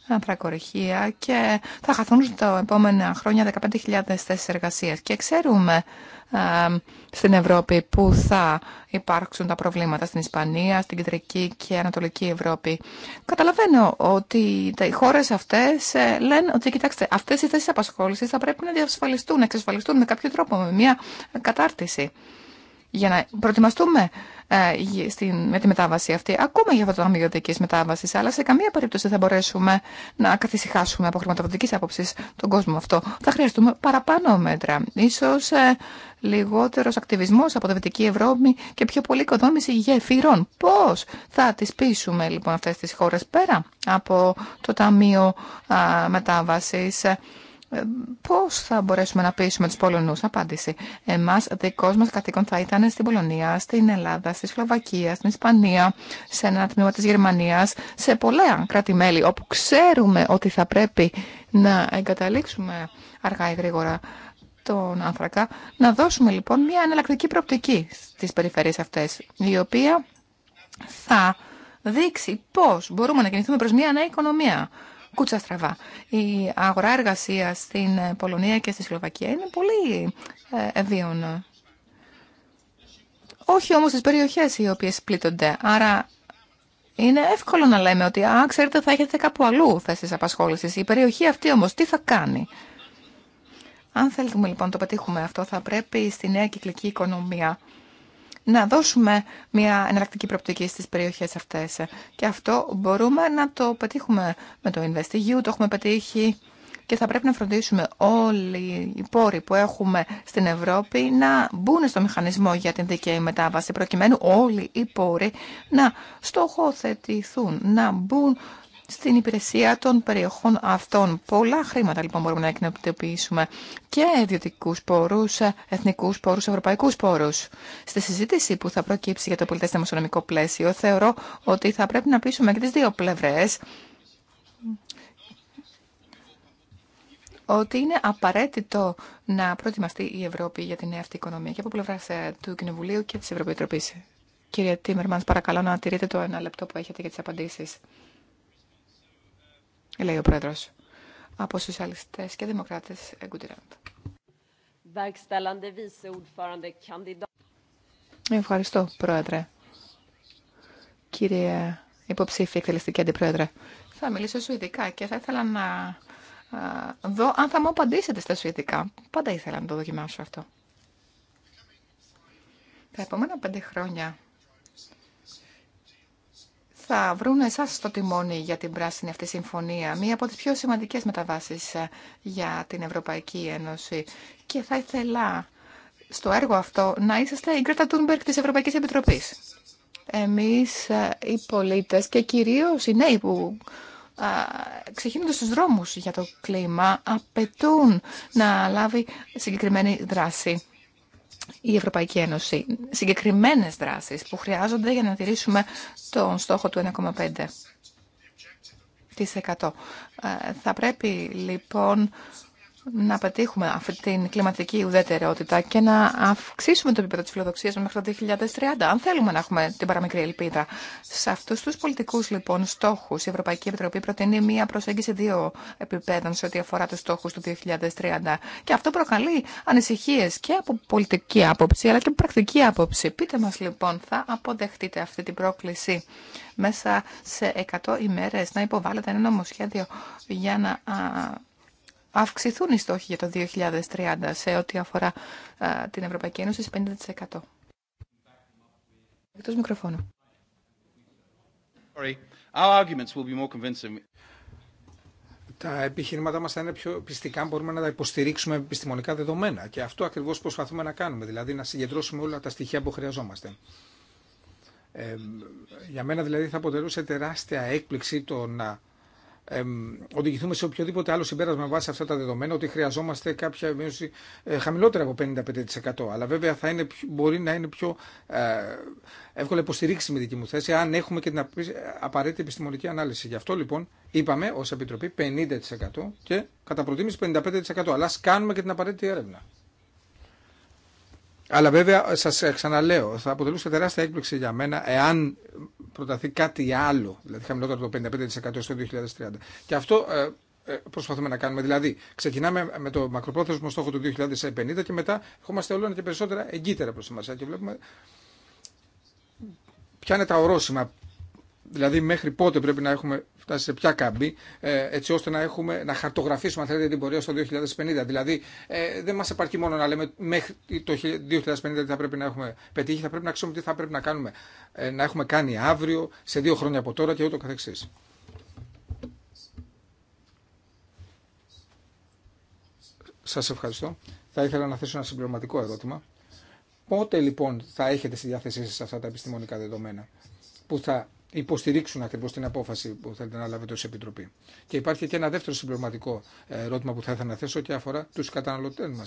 ανθρακοριχεία ε, και θα χαθούν τα επόμενα χρόνια 15.000 θέσεις εργασίας. Και ξέρουμε ε, στην Ευρώπη που θα υπάρξουν τα προβλήματα στην Ισπανία, στην Κεντρική και Ανατολική Ευρώπη. Καταλαβαίνω ότι οι χώρες αυτές ε, λένε ότι κοιτάξτε, αυτές οι θέσεις απασχόλησης θα πρέπει να διασφαλιστούν, να εξασφαλιστούν με κάποιο τρόπο, με μια κατάρτιση για να προετοιμαστούμε ε, με τη μετάβαση αυτή, ακόμα για αυτό το αμοιωτική μετάβαση, αλλά σε καμία περίπτωση δεν θα μπορέσουμε να καθησυχάσουμε από χρηματοδοτική άποψη τον κόσμο αυτό. Θα χρειαστούμε παραπάνω μέτρα. σω ε, λιγότερο ακτιβισμό από τη Δυτική Ευρώπη και πιο πολύ οικοδόμηση γεφυρών. Πώ θα τι πείσουμε λοιπόν αυτέ τι χώρε πέρα από το Ταμείο Μετάβαση. Ε, πώς θα μπορέσουμε να πείσουμε τους Πολωνούς. Απάντηση. Εμάς, δικός μας καθήκον θα ήταν στην Πολωνία, στην Ελλάδα, στη Σλοβακία, στην Ισπανία, σε ένα τμήμα της Γερμανίας, σε πολλά κράτη-μέλη, όπου ξέρουμε ότι θα πρέπει να εγκαταλείξουμε αργά ή γρήγορα τον άνθρακα, να δώσουμε λοιπόν μια εναλλακτική προοπτική στις περιφερειές αυτές, η οποία θα δείξει πώς μπορούμε να κινηθούμε προς μια νέα οικονομία κούτσα στραβά. Η αγορά εργασία στην Πολωνία και στη Σλοβακία είναι πολύ ε, ευίων. Όχι όμως στις περιοχές οι οποίες πλήττονται. Άρα είναι εύκολο να λέμε ότι, α, ξέρετε, θα έχετε κάπου αλλού θέσεις απασχόλησης. Η περιοχή αυτή όμως τι θα κάνει. Αν θέλουμε λοιπόν να το πετύχουμε αυτό, θα πρέπει στη νέα κυκλική οικονομία να δώσουμε μια εναλλακτική προοπτική στις περιοχές αυτές. Και αυτό μπορούμε να το πετύχουμε με το InvestEU, το έχουμε πετύχει και θα πρέπει να φροντίσουμε όλοι οι πόροι που έχουμε στην Ευρώπη να μπουν στο μηχανισμό για την δικαίη μετάβαση, προκειμένου όλοι οι πόροι να στοχοθετηθούν, να μπουν στην υπηρεσία των περιοχών αυτών. Πολλά χρήματα λοιπόν μπορούμε να εκνοποιήσουμε και ιδιωτικού πόρου, εθνικού πόρου, ευρωπαϊκού πόρου. Στη συζήτηση που θα προκύψει για το πολιτέ δημοσιονομικό πλαίσιο, θεωρώ ότι θα πρέπει να πείσουμε και τι δύο πλευρέ ότι είναι απαραίτητο να προετοιμαστεί η Ευρώπη για την νέα αυτή οικονομία και από πλευρά ε, του Κοινοβουλίου και τη Ευρωπαϊκή Κύριε Τίμερμαν, παρακαλώ να τηρείτε το ένα λεπτό που έχετε για τι απαντήσει λέει ο πρόεδρο. Από σοσιαλιστέ και δημοκράτε Γκουντιράντ. Ευχαριστώ, πρόεδρε. Κύριε υποψήφια εκτελεστική αντιπρόεδρε, θα μιλήσω Σουηδικά και θα ήθελα να δω αν θα μου απαντήσετε στα Σουηδικά. Πάντα ήθελα να το δοκιμάσω αυτό. Τα επόμενα πέντε χρόνια θα βρουν εσά στο τιμόνι για την πράσινη αυτή συμφωνία, μία από τις πιο σημαντικές μεταβάσεις ε, για την Ευρωπαϊκή Ένωση. Και θα ήθελα στο έργο αυτό να είσαστε η Γκρέτα Τούνμπερκ της Ευρωπαϊκής Επιτροπής. Εμείς ε, οι πολίτες και κυρίως οι νέοι που ε, ξεκινούνται στους δρόμους για το κλίμα απαιτούν να λάβει συγκεκριμένη δράση η Ευρωπαϊκή Ένωση. Συγκεκριμένες δράσεις που χρειάζονται για να τηρήσουμε τον στόχο του 1,5%. Ε, θα πρέπει λοιπόν να πετύχουμε αυτή την κλιματική ουδετερότητα και να αυξήσουμε το επίπεδο της φιλοδοξίας μέχρι το 2030, αν θέλουμε να έχουμε την παραμικρή ελπίδα. Σε αυτούς τους πολιτικούς λοιπόν στόχους, η Ευρωπαϊκή Επιτροπή προτείνει μία προσέγγιση δύο επιπέδων σε ό,τι αφορά τους στόχους του 2030. Και αυτό προκαλεί ανησυχίες και από πολιτική άποψη, αλλά και από πρακτική άποψη. Πείτε μας λοιπόν, θα αποδεχτείτε αυτή την πρόκληση μέσα σε 100 ημέρες να υποβάλλετε ένα νομοσχέδιο για να αυξηθούν οι στόχοι για το 2030 σε ό,τι αφορά την Ευρωπαϊκή Ένωση σε 50%. Εκτός μικροφώνου. Our arguments will be more convincing. Τα επιχειρήματά μα θα είναι πιο πιστικά αν μπορούμε να τα υποστηρίξουμε επιστημονικά δεδομένα. Και αυτό ακριβώς προσπαθούμε να κάνουμε, δηλαδή να συγκεντρώσουμε όλα τα στοιχεία που χρειαζόμαστε. Ε, για μένα δηλαδή θα αποτελούσε τεράστια έκπληξη το να οδηγηθούμε σε οποιοδήποτε άλλο συμπέρασμα βάσει αυτά τα δεδομένα ότι χρειαζόμαστε κάποια μείωση ε, χαμηλότερα από 55%. Αλλά βέβαια θα είναι, μπορεί να είναι πιο ε, εύκολα υποστηρίξιμη με δική μου θέση αν έχουμε και την απαραίτητη επιστημονική ανάλυση. Γι' αυτό λοιπόν είπαμε ω Επιτροπή 50% και κατά προτίμηση 55%. Αλλά ας κάνουμε και την απαραίτητη έρευνα. Αλλά βέβαια σας ξαναλέω, θα αποτελούσε τεράστια έκπληξη για μένα εάν προταθεί κάτι άλλο, δηλαδή χαμηλότερο το 55% στο 2030. Και αυτό ε, ε, προσπαθούμε να κάνουμε. Δηλαδή, ξεκινάμε με το μακροπρόθεσμο στόχο του 2050 και μετά έχουμε όλο και περισσότερα εγκύτερα προ εμά. Και βλέπουμε ποια είναι τα ορόσημα. Δηλαδή, μέχρι πότε πρέπει να έχουμε φτάσει σε ποια καμπή, ε, έτσι ώστε να, έχουμε, να χαρτογραφήσουμε αν θέλετε την πορεία στο 2050. Δηλαδή ε, δεν μας επαρκεί μόνο να λέμε μέχρι το 2050 τι θα πρέπει να έχουμε πετύχει, θα πρέπει να ξέρουμε τι θα πρέπει να κάνουμε, ε, να έχουμε κάνει αύριο, σε δύο χρόνια από τώρα και ούτω καθεξής. Σας ευχαριστώ. Θα ήθελα να θέσω ένα συμπληρωματικό ερώτημα. Πότε λοιπόν θα έχετε στη διάθεσή σας αυτά τα επιστημονικά δεδομένα που θα υποστηρίξουν ακριβώ την απόφαση που θέλετε να λάβετε ω Επιτροπή. Και υπάρχει και ένα δεύτερο συμπληρωματικό ε, ερώτημα που θα ήθελα να θέσω και αφορά του καταναλωτέ μα,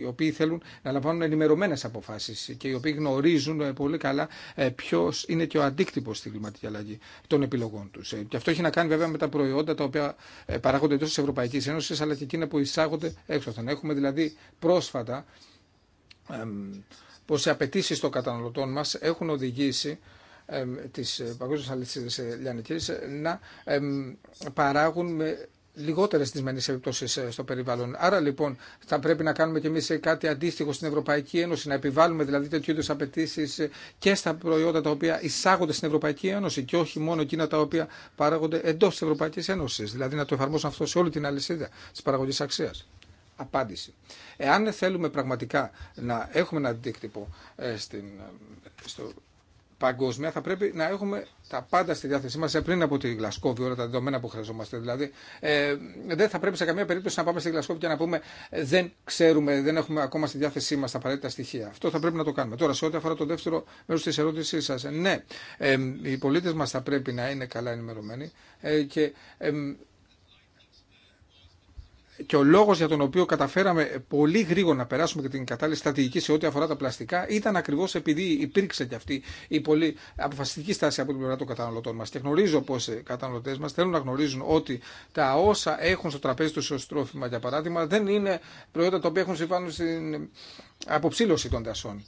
οι οποίοι θέλουν να λαμβάνουν ενημερωμένε αποφάσει και οι οποίοι γνωρίζουν ε, πολύ καλά ε, ποιο είναι και ο αντίκτυπο στην κλιματική αλλαγή των επιλογών του. Και αυτό έχει να κάνει βέβαια με τα προϊόντα τα οποία παράγονται τόσο τη Ευρωπαϊκή Ένωση αλλά και εκείνα που εισάγονται έξωθεν. Έχουμε δηλαδή πρόσφατα πω οι απαιτήσει των καταναλωτών μα έχουν οδηγήσει της ε, παγκόσμιας αλυσίδας ε, λιανικής να παράγουν με λιγότερες δυσμενείς επιπτώσεις ε, στο περιβάλλον. Άρα λοιπόν θα πρέπει να κάνουμε και εμείς κάτι αντίστοιχο στην Ευρωπαϊκή Ένωση, να επιβάλλουμε δηλαδή τέτοιου είδους απαιτήσει και στα προϊόντα τα οποία εισάγονται στην Ευρωπαϊκή Ένωση και όχι μόνο εκείνα τα οποία παράγονται εντός της Ευρωπαϊκής Ένωσης. Δηλαδή να το εφαρμόσουν αυτό σε όλη την αλυσίδα της παραγωγή αξία. Απάντηση. Εάν θέλουμε πραγματικά να έχουμε ένα αντίκτυπο στην, στο παγκόσμια, θα πρέπει να έχουμε τα πάντα στη διάθεσή μα ε, πριν από τη Γλασκόβη, όλα τα δεδομένα που χρειαζόμαστε. Δηλαδή, ε, δεν θα πρέπει σε καμία περίπτωση να πάμε στη Γλασκόβη και να πούμε ε, δεν ξέρουμε, δεν έχουμε ακόμα στη διάθεσή μα τα απαραίτητα στοιχεία. Αυτό θα πρέπει να το κάνουμε. Τώρα, σε ό,τι αφορά το δεύτερο μέρο τη ερώτησή σα, ε, ναι, ε, οι πολίτε μα θα πρέπει να είναι καλά ενημερωμένοι και. Ε, και ο λόγο για τον οποίο καταφέραμε πολύ γρήγορα να περάσουμε και την κατάλληλη στρατηγική σε ό,τι αφορά τα πλαστικά ήταν ακριβώ επειδή υπήρξε και αυτή η πολύ αποφασιστική στάση από την πλευρά των καταναλωτών μα. Και γνωρίζω πω οι καταναλωτέ μα θέλουν να γνωρίζουν ότι τα όσα έχουν στο τραπέζι του ω τρόφιμα, για παράδειγμα, δεν είναι προϊόντα τα οποία έχουν συμβάνει στην αποψήλωση των δασών.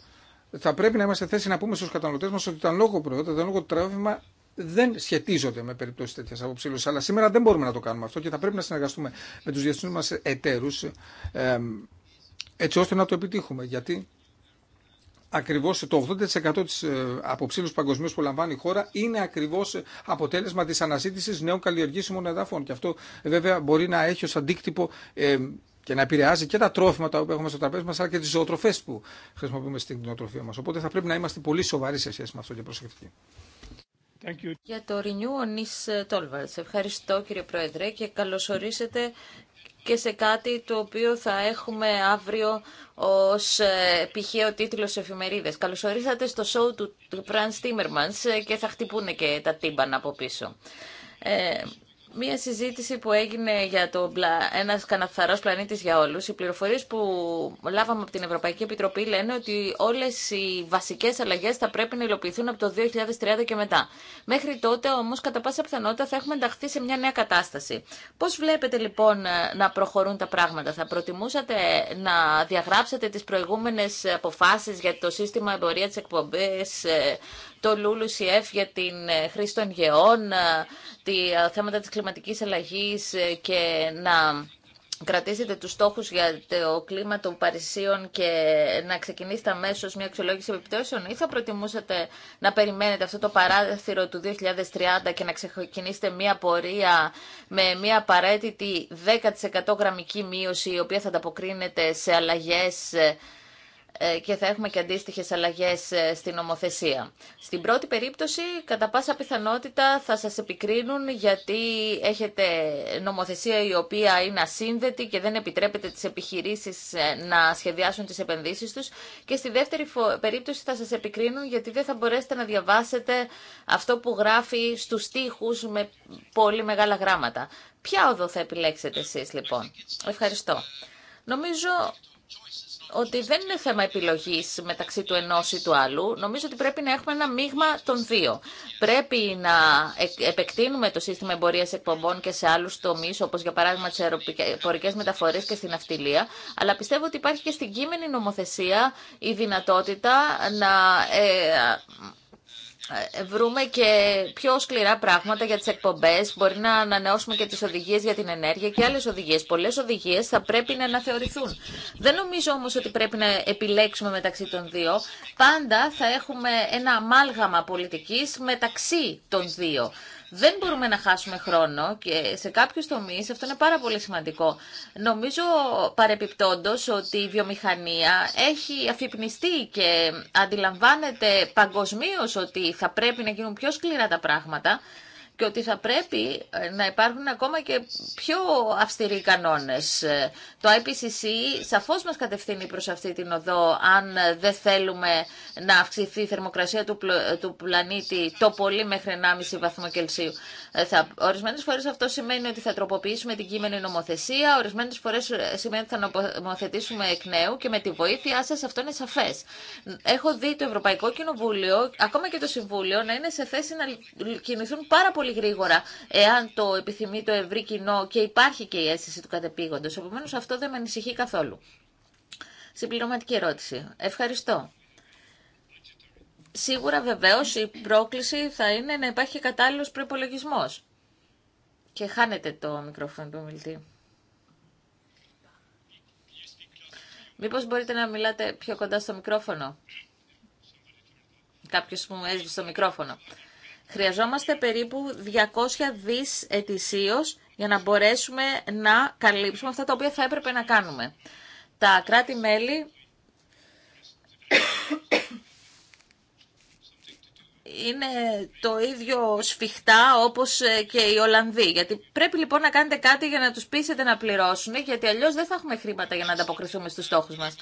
Θα πρέπει να είμαστε θέση να πούμε στου καταναλωτέ μα ότι τα λόγω προϊόντα, τα λόγω τρόφιμα δεν σχετίζονται με περιπτώσει τέτοια αποψήλωση. Αλλά σήμερα δεν μπορούμε να το κάνουμε αυτό και θα πρέπει να συνεργαστούμε με του διεθνεί μα εταίρου έτσι ώστε να το επιτύχουμε. Γιατί ακριβώ το 80% τη ε, αποψήλωση παγκοσμίω που λαμβάνει η χώρα είναι ακριβώ αποτέλεσμα τη αναζήτηση νέων καλλιεργήσιμων εδάφων. Και αυτό ε, βέβαια μπορεί να έχει ω αντίκτυπο ε, και να επηρεάζει και τα τρόφιμα τα οποία έχουμε στο τραπέζι μα, αλλά και τι ζωοτροφέ που χρησιμοποιούμε στην κοινοτροφία μα. Οπότε θα πρέπει να είμαστε πολύ σοβαροί σε σχέση με αυτό και προσεκτικοί. Για το Renew, ο Ευχαριστώ κύριε Πρόεδρε και καλωσορίσετε και σε κάτι το οποίο θα έχουμε αύριο ως ε, πηχαίο τίτλο σε εφημερίδες. Καλωσορίσατε στο σοου του Πραν Τίμερμανς και θα χτυπούνε και τα τύμπανα από πίσω. Ε, Μία συζήτηση που έγινε για το ένα καναφθαρό πλανήτη για όλου. Οι πληροφορίε που λάβαμε από την Ευρωπαϊκή Επιτροπή λένε ότι όλε οι βασικέ αλλαγέ θα πρέπει να υλοποιηθούν από το 2030 και μετά. Μέχρι τότε όμω, κατά πάσα πιθανότητα, θα έχουμε ενταχθεί σε μια νέα κατάσταση. Πώ βλέπετε λοιπόν να προχωρούν τα πράγματα, Θα προτιμούσατε να διαγράψετε τι προηγούμενε αποφάσει για το σύστημα εμπορία τη εκπομπή ε, το Σιέφ για την ε, χρήση των γεών, ε, τα ε, θέματα της κλιματικής αλλαγής και να κρατήσετε τους στόχους για το κλίμα των Παρισίων και να ξεκινήσετε αμέσω μια αξιολόγηση επιπτώσεων ή θα προτιμούσατε να περιμένετε αυτό το παράθυρο του 2030 και να ξεκινήσετε μια πορεία με μια απαραίτητη 10% γραμμική μείωση η οποία θα ανταποκρίνεται σε αλλαγές ε, και θα έχουμε και αντίστοιχε αλλαγέ ε, στην νομοθεσία. Στην πρώτη περίπτωση, κατά πάσα πιθανότητα θα σα επικρίνουν γιατί έχετε νομοθεσία η οποία είναι ασύνδετη και δεν επιτρέπεται τι επιχειρήσει ε, να σχεδιάσουν τι επενδύσει του. Και στη δεύτερη περίπτωση θα σα επικρίνουν γιατί δεν θα μπορέσετε να διαβάσετε αυτό που γράφει στου τοίχου με πολύ μεγάλα γράμματα. Ποια οδό θα επιλέξετε εσεί λοιπόν. Ευχαριστώ. Νομίζω ότι δεν είναι θέμα επιλογής μεταξύ του ενό ή του άλλου. Νομίζω ότι πρέπει να έχουμε ένα μείγμα των δύο. Πρέπει να επεκτείνουμε το σύστημα εμπορία εκπομπών και σε άλλου τομεί, όπως για παράδειγμα τι αεροπορικέ μεταφορές και στην αυτιλία, αλλά πιστεύω ότι υπάρχει και στην κείμενη νομοθεσία η δυνατότητα να... Ε, ε, βρούμε και πιο σκληρά πράγματα για τις εκπομπές, μπορεί να ανανεώσουμε και τις οδηγίες για την ενέργεια και άλλες οδηγίες. Πολλές οδηγίες θα πρέπει να αναθεωρηθούν. Δεν νομίζω όμως ότι πρέπει να επιλέξουμε μεταξύ των δύο. Πάντα θα έχουμε ένα αμάλγαμα πολιτικής μεταξύ των δύο. Δεν μπορούμε να χάσουμε χρόνο και σε κάποιου τομεί αυτό είναι πάρα πολύ σημαντικό. Νομίζω παρεπιπτόντω ότι η βιομηχανία έχει αφυπνιστεί και αντιλαμβάνεται παγκοσμίω ότι θα πρέπει να γίνουν πιο σκληρά τα πράγματα και ότι θα πρέπει ε, να υπάρχουν ακόμα και πιο αυστηροί κανόνες. Ε, το IPCC σαφώς μας κατευθύνει προς αυτή την οδό αν ε, δεν θέλουμε να αυξηθεί η θερμοκρασία του, του πλανήτη το πολύ μέχρι 1,5 βαθμό Κελσίου. Θα, ορισμένες φορές αυτό σημαίνει ότι θα τροποποιήσουμε την κείμενη νομοθεσία, ορισμένες φορές σημαίνει ότι θα νομοθετήσουμε εκ νέου και με τη βοήθειά σας αυτό είναι σαφές. Έχω δει το Ευρωπαϊκό Κοινοβούλιο, ακόμα και το Συμβούλιο, να είναι σε θέση να κινηθούν πάρα πολύ πολύ γρήγορα, εάν το επιθυμεί το ευρύ κοινό και υπάρχει και η αίσθηση του κατεπήγοντος. Επομένως αυτό δεν με ανησυχεί καθόλου. Συμπληρωματική ερώτηση. Ευχαριστώ. Σίγουρα βεβαίω η πρόκληση θα είναι να υπάρχει κατάλληλο προπολογισμό. Και χάνετε το μικρόφωνο του ομιλητή. Μήπως μπορείτε να μιλάτε πιο κοντά στο μικρόφωνο. Κάποιος μου έσβησε το μικρόφωνο. Χρειαζόμαστε περίπου 200 δις ετησίως για να μπορέσουμε να καλύψουμε αυτά τα οποία θα έπρεπε να κάνουμε. Τα κράτη-μέλη είναι το ίδιο σφιχτά όπως ε, και οι Ολλανδοί. Γιατί πρέπει λοιπόν να κάνετε κάτι για να τους πείσετε να πληρώσουν, γιατί αλλιώς δεν θα έχουμε χρήματα για να ανταποκριθούμε στους στόχους μας.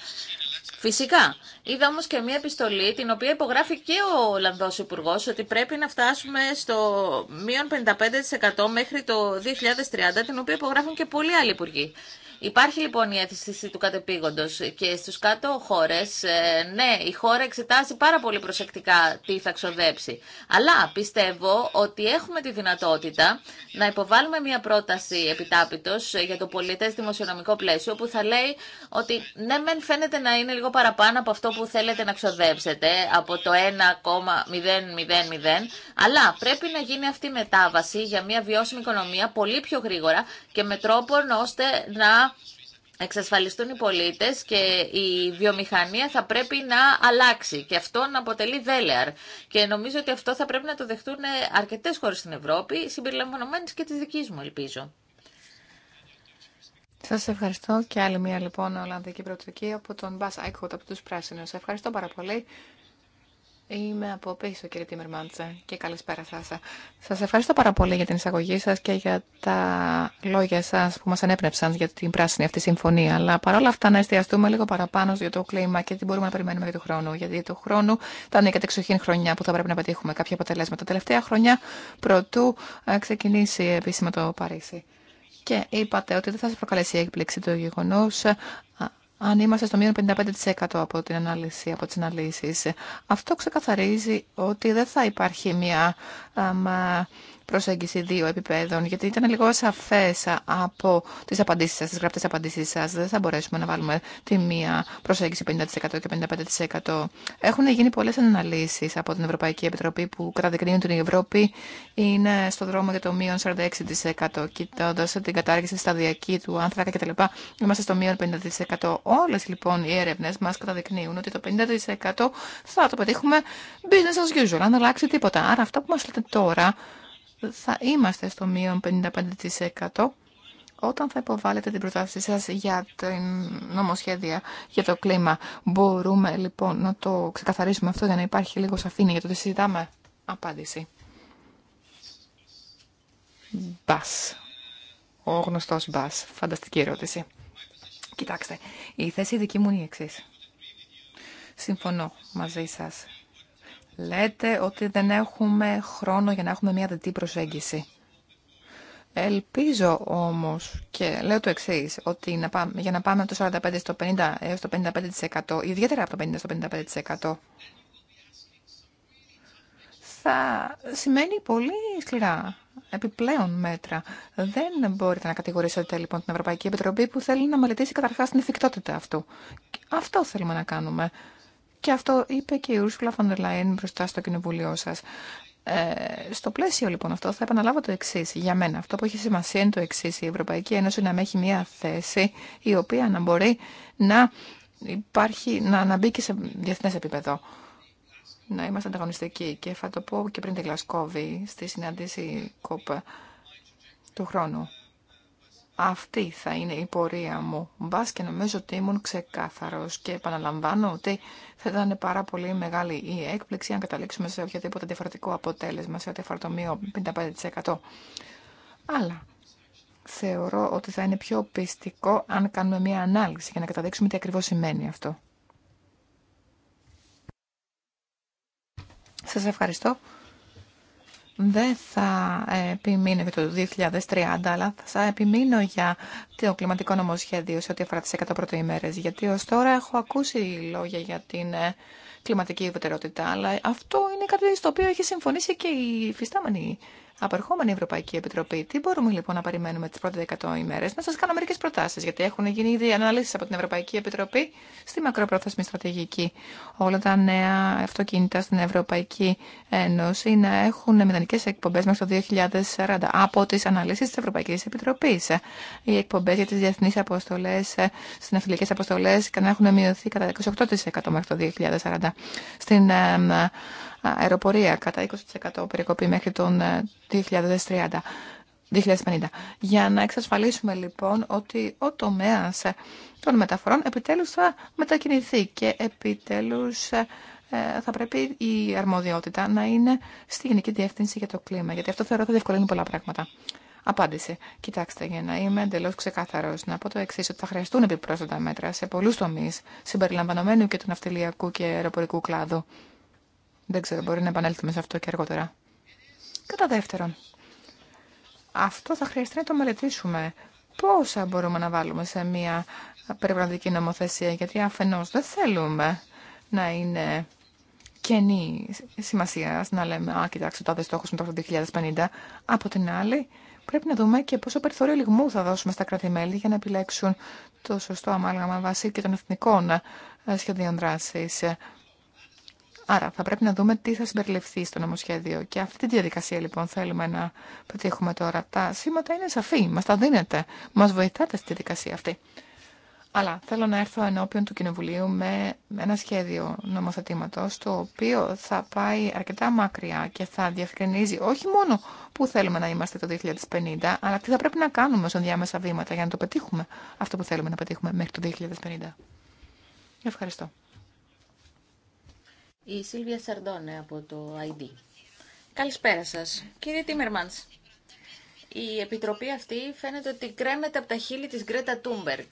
Φυσικά. Είδα όμω και μια επιστολή την οποία υπογράφει και ο Ολλανδό Υπουργό ότι πρέπει να φτάσουμε στο μείον 55% μέχρι το 2030, την οποία υπογράφουν και πολλοί άλλοι υπουργοί. Υπάρχει λοιπόν η αίσθηση του κατεπήγοντο και στου κάτω χώρες, ε, ναι, η χώρα εξετάζει πάρα πολύ προσεκτικά τι θα ξοδέψει. Αλλά πιστεύω ότι έχουμε τη δυνατότητα να υποβάλουμε μια πρόταση επιτάπητο ε, για το πολιτέ δημοσιονομικό πλαίσιο που θα λέει ότι ναι, μεν φαίνεται να είναι λίγο παραπάνω από αυτό που θέλετε να ξοδέψετε, από το 1,000, αλλά πρέπει να γίνει αυτή η μετάβαση για μια βιώσιμη οικονομία πολύ πιο γρήγορα και με τρόπο ώστε να εξασφαλιστούν οι πολίτες και η βιομηχανία θα πρέπει να αλλάξει και αυτό να αποτελεί δέλεαρ. Και νομίζω ότι αυτό θα πρέπει να το δεχτούν αρκετές χώρες στην Ευρώπη, συμπεριλαμβανομένες και της δικής μου, ελπίζω. Σας ευχαριστώ και άλλη μία λοιπόν Ολλανδική Πρωτοκία από τον Μπάς Άικχοτ από τους Πράσινους. Ευχαριστώ πάρα πολύ. Είμαι από πίσω, κύριε Τίμερμαντσε, και καλησπέρα σα. Σα ευχαριστώ πάρα πολύ για την εισαγωγή σα και για τα λόγια σα που μα ανέπνευσαν για την πράσινη αυτή συμφωνία. Αλλά παρόλα αυτά, να εστιαστούμε λίγο παραπάνω για το κλίμα και τι μπορούμε να περιμένουμε για το χρόνο. Γιατί το χρόνο ήταν η κατεξοχήν χρονιά που θα πρέπει να πετύχουμε κάποια αποτελέσματα. Τα τελευταία χρονιά, πρωτού ε, ξεκινήσει επίσημα το Παρίσι. Και είπατε ότι δεν θα σα προκαλέσει έκπληξη το γεγονό αν είμαστε στο μείον 55% από, την ανάλυση, από τις αναλύσεις. Αυτό ξεκαθαρίζει ότι δεν θα υπάρχει μια προσέγγιση δύο επίπεδων, γιατί ήταν λίγο σαφέ από τι απαντήσει σα, τι γραπτέ απαντήσει σα. Δεν θα μπορέσουμε να βάλουμε τη μία προσέγγιση 50% και 55%. Έχουν γίνει πολλέ αναλύσει από την Ευρωπαϊκή Επιτροπή που καταδεικνύουν ότι η Ευρώπη είναι στο δρόμο για το μείον 46%. Κοιτώντα την κατάργηση σταδιακή του άνθρακα κτλ., είμαστε στο μείον 50%. Όλε λοιπόν οι έρευνε μα καταδεικνύουν ότι το 50% θα το πετύχουμε business as usual, αν αλλάξει τίποτα. Άρα αυτό που μα λέτε τώρα θα είμαστε στο μείον 55% όταν θα υποβάλλετε την προτάση σας για την νομοσχέδια για το κλίμα. Μπορούμε λοιπόν να το ξεκαθαρίσουμε αυτό για να υπάρχει λίγο σαφήνεια για το τι συζητάμε. Απάντηση. Μπας. Ο γνωστός μπας. Φανταστική ερώτηση. Κοιτάξτε, η θέση δική μου είναι η εξής. Συμφωνώ μαζί σας Λέτε ότι δεν έχουμε χρόνο για να έχουμε μια δετή προσέγγιση. Ελπίζω όμως και λέω το εξή ότι να πάμε, για να πάμε από το 45% στο 50% έως το 55%, ιδιαίτερα από το 50% στο 55%, θα σημαίνει πολύ σκληρά επιπλέον μέτρα. Δεν μπορείτε να κατηγορήσετε λοιπόν την Ευρωπαϊκή Επιτροπή που θέλει να μελετήσει καταρχάς την εφικτότητα αυτού. Αυτό θέλουμε να κάνουμε. Και αυτό είπε και η Ursula von der μπροστά στο κοινοβούλιο σα. Ε, στο πλαίσιο λοιπόν αυτό θα επαναλάβω το εξή. Για μένα αυτό που έχει σημασία είναι το εξή. Η Ευρωπαϊκή Ένωση να έχει μια θέση η οποία να μπορεί να υπάρχει, να, να και σε διεθνέ επίπεδο. Να είμαστε ανταγωνιστικοί. Και θα το πω και πριν τη Γλασκόβη στη συνάντηση ΚΟΠ του χρόνου. Αυτή θα είναι η πορεία μου. Μπα και νομίζω ότι ήμουν ξεκάθαρο και επαναλαμβάνω ότι θα ήταν πάρα πολύ μεγάλη η έκπληξη αν καταλήξουμε σε οποιοδήποτε διαφορετικό αποτέλεσμα, σε ό,τι αφορά το μείον 55%. Αλλά θεωρώ ότι θα είναι πιο πιστικό αν κάνουμε μία ανάλυση για να καταδείξουμε τι ακριβώς σημαίνει αυτό. Σας ευχαριστώ δεν θα επιμείνω για το 2030, αλλά θα επιμείνω για το κλιματικό νομοσχέδιο σε ό,τι αφορά τις 100 ημέρε. Γιατί ω τώρα έχω ακούσει λόγια για την ε, κλιματική ευωτερότητα, αλλά αυτό είναι κάτι στο οποίο έχει συμφωνήσει και η φυστάμενη απερχόμενη Ευρωπαϊκή Επιτροπή. Τι μπορούμε λοιπόν να περιμένουμε τι πρώτε 100 ημέρε, να σα κάνω μερικέ προτάσει, γιατί έχουν γίνει ήδη αναλύσει από την Ευρωπαϊκή Επιτροπή στη μακροπρόθεσμη στρατηγική. Όλα τα νέα αυτοκίνητα στην Ευρωπαϊκή Ένωση να έχουν μηδενικέ εκπομπέ μέχρι το 2040 από τι αναλύσει τη Ευρωπαϊκή Επιτροπή. Οι εκπομπέ για τι διεθνεί αποστολέ, στι ναυτιλικέ αποστολέ, να έχουν μειωθεί κατά 28% μέχρι το 2040. Στην αεροπορία κατά 20% περικοπή μέχρι τον 2030. Ε, 2050. Για να εξασφαλίσουμε λοιπόν ότι ο τομέας ε, των μεταφορών επιτέλους θα μετακινηθεί και επιτέλους ε, θα πρέπει η αρμοδιότητα να είναι στη Γενική Διεύθυνση για το κλίμα, γιατί αυτό θεωρώ θα διευκολύνει πολλά πράγματα. Απάντηση. Κοιτάξτε, για να είμαι εντελώ ξεκάθαρο, να πω το εξή, ότι θα χρειαστούν επιπρόσθετα μέτρα σε πολλού τομεί, συμπεριλαμβανομένου και του ναυτιλιακού και αεροπορικού κλάδου. Δεν ξέρω, μπορεί να επανέλθουμε σε αυτό και αργότερα. Κατά δεύτερον, αυτό θα χρειαστεί να το μελετήσουμε. Πόσα μπορούμε να βάλουμε σε μια περιβαλλοντική νομοθεσία, γιατί αφενός δεν θέλουμε να είναι κενή σημασία να λέμε «Α, κοιτάξτε, τότε στόχος με το 2050». Από την άλλη, πρέπει να δούμε και πόσο περιθώριο λιγμού θα δώσουμε στα κράτη-μέλη για να επιλέξουν το σωστό αμάλγαμα βάση και των εθνικών σχεδίων δράσης Άρα θα πρέπει να δούμε τι θα συμπεριληφθεί στο νομοσχέδιο. Και αυτή τη διαδικασία λοιπόν θέλουμε να πετύχουμε τώρα. Τα σήματα είναι σαφή, μας τα δίνετε, μας βοηθάτε στη διαδικασία αυτή. Αλλά θέλω να έρθω ενώπιον του Κοινοβουλίου με ένα σχέδιο νομοθετήματο, το οποίο θα πάει αρκετά μακριά και θα διευκρινίζει όχι μόνο που θέλουμε να είμαστε το 2050, αλλά τι θα πρέπει να κάνουμε στον διάμεσα βήματα για να το πετύχουμε αυτό που θέλουμε να πετύχουμε μέχρι το 2050. Ευχαριστώ. Η Σίλβια Σαρντόνε από το ID. Καλησπέρα σας. Κύριε Τίμερμανς, η επιτροπή αυτή φαίνεται ότι κρέμεται από τα χείλη της Γκρέτα Τούμπεργκ,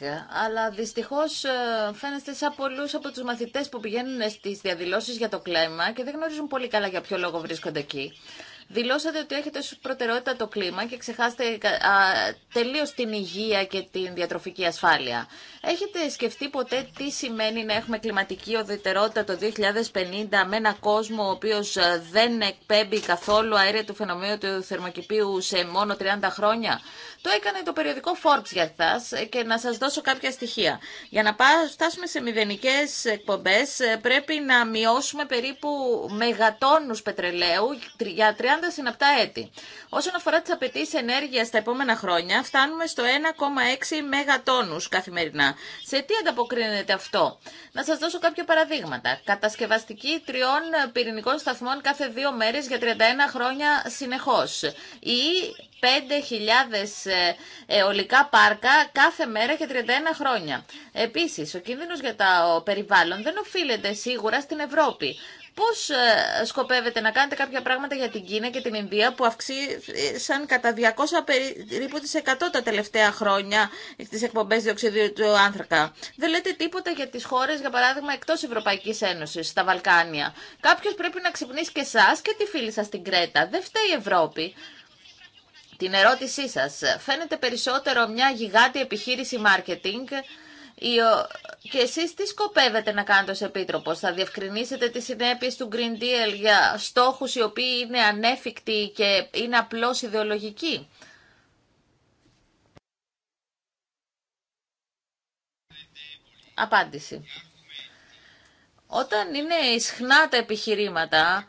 αλλά δυστυχώς ε, φαίνεστε σαν πολλούς από τους μαθητές που πηγαίνουν στις διαδηλώσεις για το κλέμα και δεν γνωρίζουν πολύ καλά για ποιο λόγο βρίσκονται εκεί. Δηλώσατε ότι έχετε ως προτεραιότητα το κλίμα και ξεχάσετε τελείως την υγεία και την διατροφική ασφάλεια. Έχετε σκεφτεί ποτέ τι σημαίνει να έχουμε κλιματική οδετερότητα το 2050 με ένα κόσμο ο οποίος ε, δεν εκπέμπει καθόλου αέρια του φαινομένου του θερμοκηπίου σε μόνο 30 χρόνια. Το έκανε το περιοδικό Forbes για σας και να σας δώσω κάποια στοιχεία. Για να φτάσουμε σε μηδενικές εκπομπές ε, πρέπει να μειώσουμε περίπου μεγατόνους πετρελαίου για συναπτά έτη. Όσον αφορά τι απαιτήσει ενέργεια τα επόμενα χρόνια, φτάνουμε στο 1,6 μεγατόνου καθημερινά. Σε τι ανταποκρίνεται αυτό. Να σα δώσω κάποια παραδείγματα. Κατασκευαστική τριών πυρηνικών σταθμών κάθε δύο μέρε για 31 χρόνια συνεχώ. Ή 5.000 ε, αιωλικά πάρκα κάθε μέρα για 31 χρόνια. Επίση, ο κίνδυνο για το περιβάλλον δεν οφείλεται σίγουρα στην Ευρώπη. Πώς ε, σκοπεύετε να κάνετε κάποια πράγματα για την Κίνα και την Ινδία που αυξήσαν κατά 200 περίπου τις 100 τα τελευταία χρόνια τι εκπομπέ διοξιδίου του άνθρακα. Δεν λέτε τίποτα για τις χώρες, για παράδειγμα, εκτός Ευρωπαϊκής Ένωσης, στα Βαλκάνια. Κάποιο πρέπει να ξυπνήσει και εσά και τη φίλη σας την Κρέτα. Δεν φταίει η Ευρώπη. Την ερώτησή σας φαίνεται περισσότερο μια γιγάτη επιχείρηση marketing και εσείς τι σκοπεύετε να κάνετε ως Επίτροπος, θα διευκρινίσετε τις συνέπειες του Green Deal για στόχους οι οποίοι είναι ανέφικτοι και είναι απλώς ιδεολογικοί. Απάντηση. Όταν είναι ισχνά τα επιχειρήματα,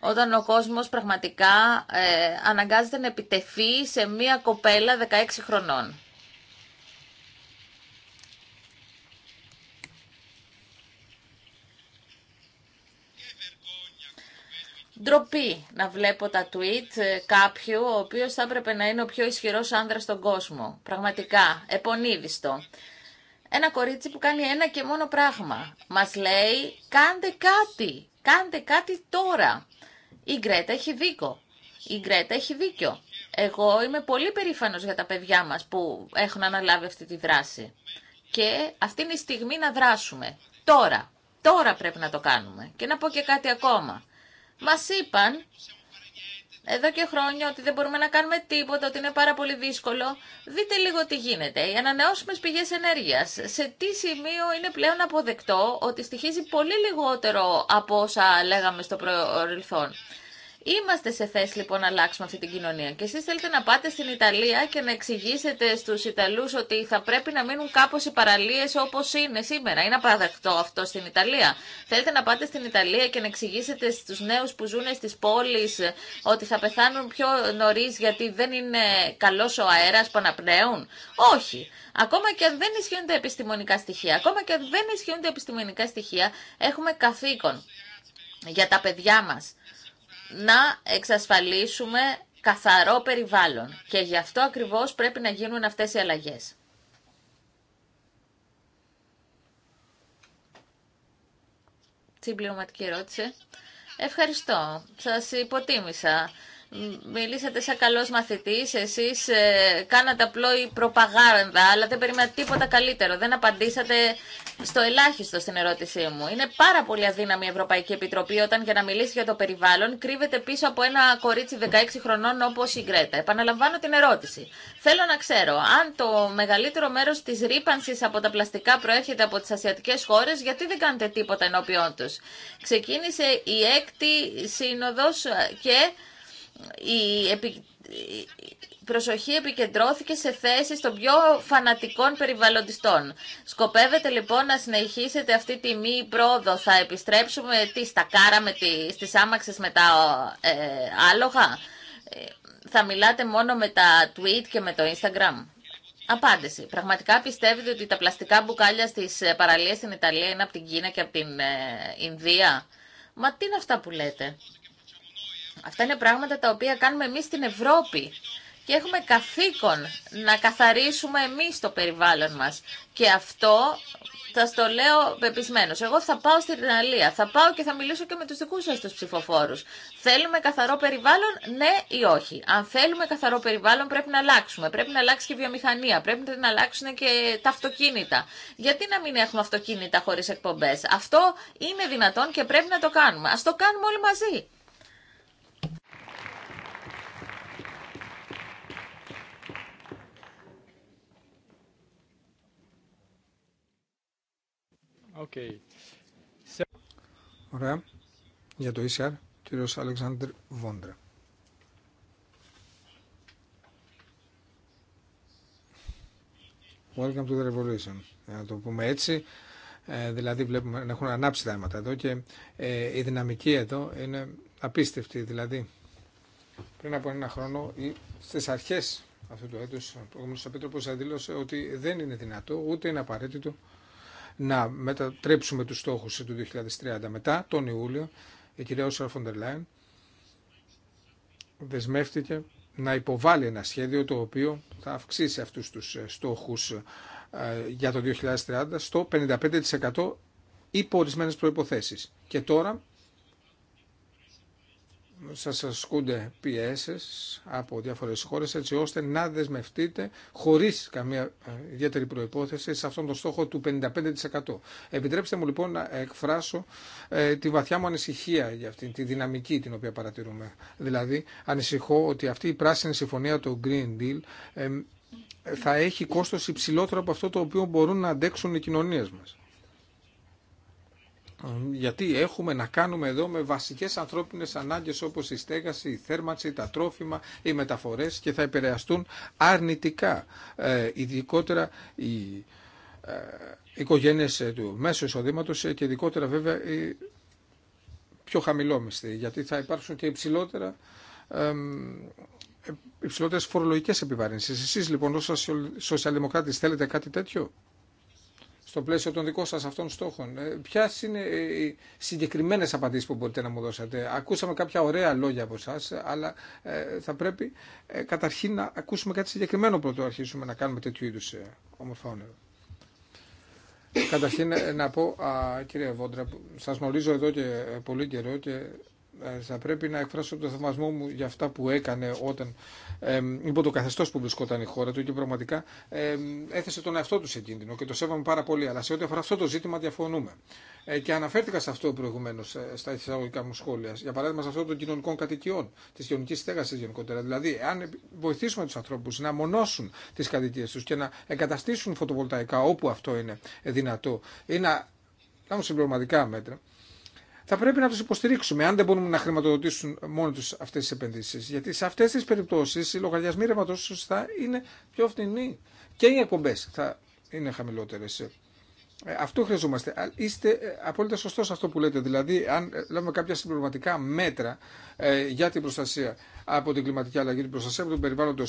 όταν ο κόσμος πραγματικά ε, αναγκάζεται να επιτεθεί σε μία κοπέλα 16 χρονών. ντροπή να βλέπω τα tweet ε, κάποιου ο οποίος θα έπρεπε να είναι ο πιο ισχυρός άνδρας στον κόσμο. Πραγματικά, επονίδιστο. Ένα κορίτσι που κάνει ένα και μόνο πράγμα. Μας λέει, κάντε κάτι, κάντε κάτι τώρα. Η Γκρέτα έχει δίκο. Η Γκρέτα έχει δίκιο. Εγώ είμαι πολύ περήφανος για τα παιδιά μας που έχουν αναλάβει αυτή τη δράση. Και αυτή είναι η στιγμή να δράσουμε. Τώρα. Τώρα πρέπει να το κάνουμε. Και να πω και κάτι ακόμα. Μας είπαν εδώ και χρόνια ότι δεν μπορούμε να κάνουμε τίποτα, ότι είναι πάρα πολύ δύσκολο. Δείτε λίγο τι γίνεται. Οι ανανεώσιμε πηγέ ενέργεια. Σε τι σημείο είναι πλέον αποδεκτό ότι στοιχίζει πολύ λιγότερο από όσα λέγαμε στο προελθόν. Είμαστε σε θέση λοιπόν να αλλάξουμε αυτή την κοινωνία. Και εσεί θέλετε να πάτε στην Ιταλία και να εξηγήσετε στου Ιταλού ότι θα πρέπει να μείνουν κάπω οι παραλίε όπω είναι σήμερα. Είναι απαραδεκτό αυτό στην Ιταλία. Θέλετε να πάτε στην Ιταλία και να εξηγήσετε στου νέου που ζουν στι πόλει, ότι θα πεθάνουν πιο νωρί γιατί δεν είναι καλό ο αέρα που αναπνέουν. Όχι. Ακόμα και αν δεν ισχύουν τα επιστημονικά στοιχεία, ακόμα και αν δεν ισχύουν τα επιστημονικά στοιχεία, έχουμε καθήκον για τα παιδιά μας να εξασφαλίσουμε καθαρό περιβάλλον. Και γι' αυτό ακριβώς πρέπει να γίνουν αυτές οι αλλαγές. πληρωματική ερώτηση. Ευχαριστώ. Σας υποτίμησα. Μιλήσατε σαν καλός μαθητής, εσείς ε, κάνατε απλό η προπαγάνδα, αλλά δεν περιμένατε τίποτα καλύτερο. Δεν απαντήσατε στο ελάχιστο στην ερώτησή μου. Είναι πάρα πολύ αδύναμη η Ευρωπαϊκή Επιτροπή όταν για να μιλήσει για το περιβάλλον κρύβεται πίσω από ένα κορίτσι 16 χρονών όπως η Γκρέτα. Επαναλαμβάνω την ερώτηση. Θέλω να ξέρω αν το μεγαλύτερο μέρος της ρήπανση από τα πλαστικά προέρχεται από τις ασιατικές χώρες γιατί δεν κάνετε τίποτα ενώπιον του. Ξεκίνησε η έκτη σύνοδο και η, προσοχή επικεντρώθηκε σε θέσεις των πιο φανατικών περιβαλλοντιστών. Σκοπεύετε λοιπόν να συνεχίσετε αυτή τη μη πρόοδο. Θα επιστρέψουμε τι, στα κάρα με τη, στις άμαξες με τα ε, άλογα. Ε, θα μιλάτε μόνο με τα tweet και με το Instagram. Απάντηση. Πραγματικά πιστεύετε ότι τα πλαστικά μπουκάλια στις ε, παραλίες στην Ιταλία είναι από την Κίνα και από την Ινδία. Μα τι είναι αυτά που λέτε. Αυτά είναι πράγματα τα οποία κάνουμε εμείς στην Ευρώπη και έχουμε καθήκον να καθαρίσουμε εμείς το περιβάλλον μας. Και αυτό θα το λέω πεπισμένο. Εγώ θα πάω στην Ιταλία. Θα πάω και θα μιλήσω και με του δικού σα του ψηφοφόρου. Θέλουμε καθαρό περιβάλλον, ναι ή όχι. Αν θέλουμε καθαρό περιβάλλον, πρέπει να αλλάξουμε. Πρέπει να αλλάξει και η βιομηχανία. Πρέπει να αλλάξουν και τα αυτοκίνητα. Γιατί να μην έχουμε αυτοκίνητα χωρί εκπομπέ. Αυτό είναι δυνατόν και πρέπει να το κάνουμε. Α το κάνουμε όλοι μαζί. Okay. Ωραία. Για το ECR, Κύριο Αλεξάνδρ Βόντρα. Welcome to the revolution. Ε, να το πούμε έτσι. Ε, δηλαδή βλέπουμε να έχουν ανάψει τα αίματα εδώ και ε, η δυναμική εδώ είναι απίστευτη. Δηλαδή πριν από ένα χρόνο ή στις αρχές αυτού του έτους ο προηγούμενος επίτροπος δήλωσε ότι δεν είναι δυνατό ούτε είναι απαραίτητο να μετατρέψουμε τους στόχους του 2030. Μετά, τον Ιούλιο, η κυρία Ούσρα Φοντερ Λάιν δεσμεύτηκε να υποβάλει ένα σχέδιο το οποίο θα αυξήσει αυτούς τους ε, στόχους ε, για το 2030 στο 55% υπό ορισμένε προϋποθέσεις. Και τώρα σας ασκούνται πιέσεις από διάφορες χώρες έτσι ώστε να δεσμευτείτε χωρίς καμία ιδιαίτερη προϋπόθεση σε αυτόν τον στόχο του 55%. Επιτρέψτε μου λοιπόν να εκφράσω ε, τη βαθιά μου ανησυχία για αυτή τη δυναμική την οποία παρατηρούμε. Δηλαδή ανησυχώ ότι αυτή η πράσινη συμφωνία, του Green Deal, ε, θα έχει κόστος υψηλότερο από αυτό το οποίο μπορούν να αντέξουν οι κοινωνίες μας γιατί έχουμε να κάνουμε εδώ με βασικές ανθρώπινες ανάγκες όπως η στέγαση, η θέρμανση, τα τρόφιμα, οι μεταφορές και θα επηρεαστούν αρνητικά. Ε, ειδικότερα οι ε, οικογένειες ε, του μέσου εισοδήματος ε, και ειδικότερα βέβαια οι πιο χαμηλόμιστοι, γιατί θα υπάρξουν και υψηλότερα ε, υψηλότερες φορολογικές επιβαρύνσεις. Εσείς λοιπόν ως σοσιαλδημοκράτης θέλετε κάτι τέτοιο στο πλαίσιο των δικών σας αυτών στόχων. Ε, Ποιε είναι ε, οι συγκεκριμένες απαντήσεις που μπορείτε να μου δώσετε. Ακούσαμε κάποια ωραία λόγια από εσά, αλλά ε, θα πρέπει καταρχήν να ακούσουμε κάτι συγκεκριμένο πρώτο αρχίσουμε να κάνουμε τέτοιου είδους όμορφα όνειρο. Καταρχήν να πω, α, κύριε Βόντρα, σας γνωρίζω εδώ και πολύ καιρό και ε, θα πρέπει να εκφράσω το θαυμασμό μου για αυτά που έκανε όταν ε, υπό το καθεστώ που βρισκόταν η χώρα του και πραγματικά ε, έθεσε τον εαυτό του σε κίνδυνο και το σέβαμε πάρα πολύ. Αλλά σε ό,τι αφορά αυτό το ζήτημα διαφωνούμε. Ε, και αναφέρθηκα σε αυτό προηγουμένω ε, στα εισαγωγικά μου σχόλια. Για παράδειγμα, σε αυτό των κοινωνικών κατοικιών, τη κοινωνική στέγαση γενικότερα. Δηλαδή, αν βοηθήσουμε του ανθρώπου να μονώσουν τι κατοικίε του και να εγκαταστήσουν φωτοβολταϊκά όπου αυτό είναι δυνατό ή να κάνουν συμπληρωματικά μέτρα, θα πρέπει να του υποστηρίξουμε αν δεν μπορούμε να χρηματοδοτήσουν μόνο του αυτές τις επενδύσεις. Γιατί σε αυτέ τι περιπτώσει, οι λογαριασμοί ρεύματο θα είναι πιο φθηνοί και οι εκπομπέ θα είναι χαμηλότερε. Ε, αυτό χρειαζόμαστε. Είστε ε, απόλυτα σωστό αυτό που λέτε. Δηλαδή, αν ε, λάβουμε κάποια συμπληρωματικά μέτρα για την προστασία από την κλιματική αλλαγή, την προστασία από τον περιβάλλοντο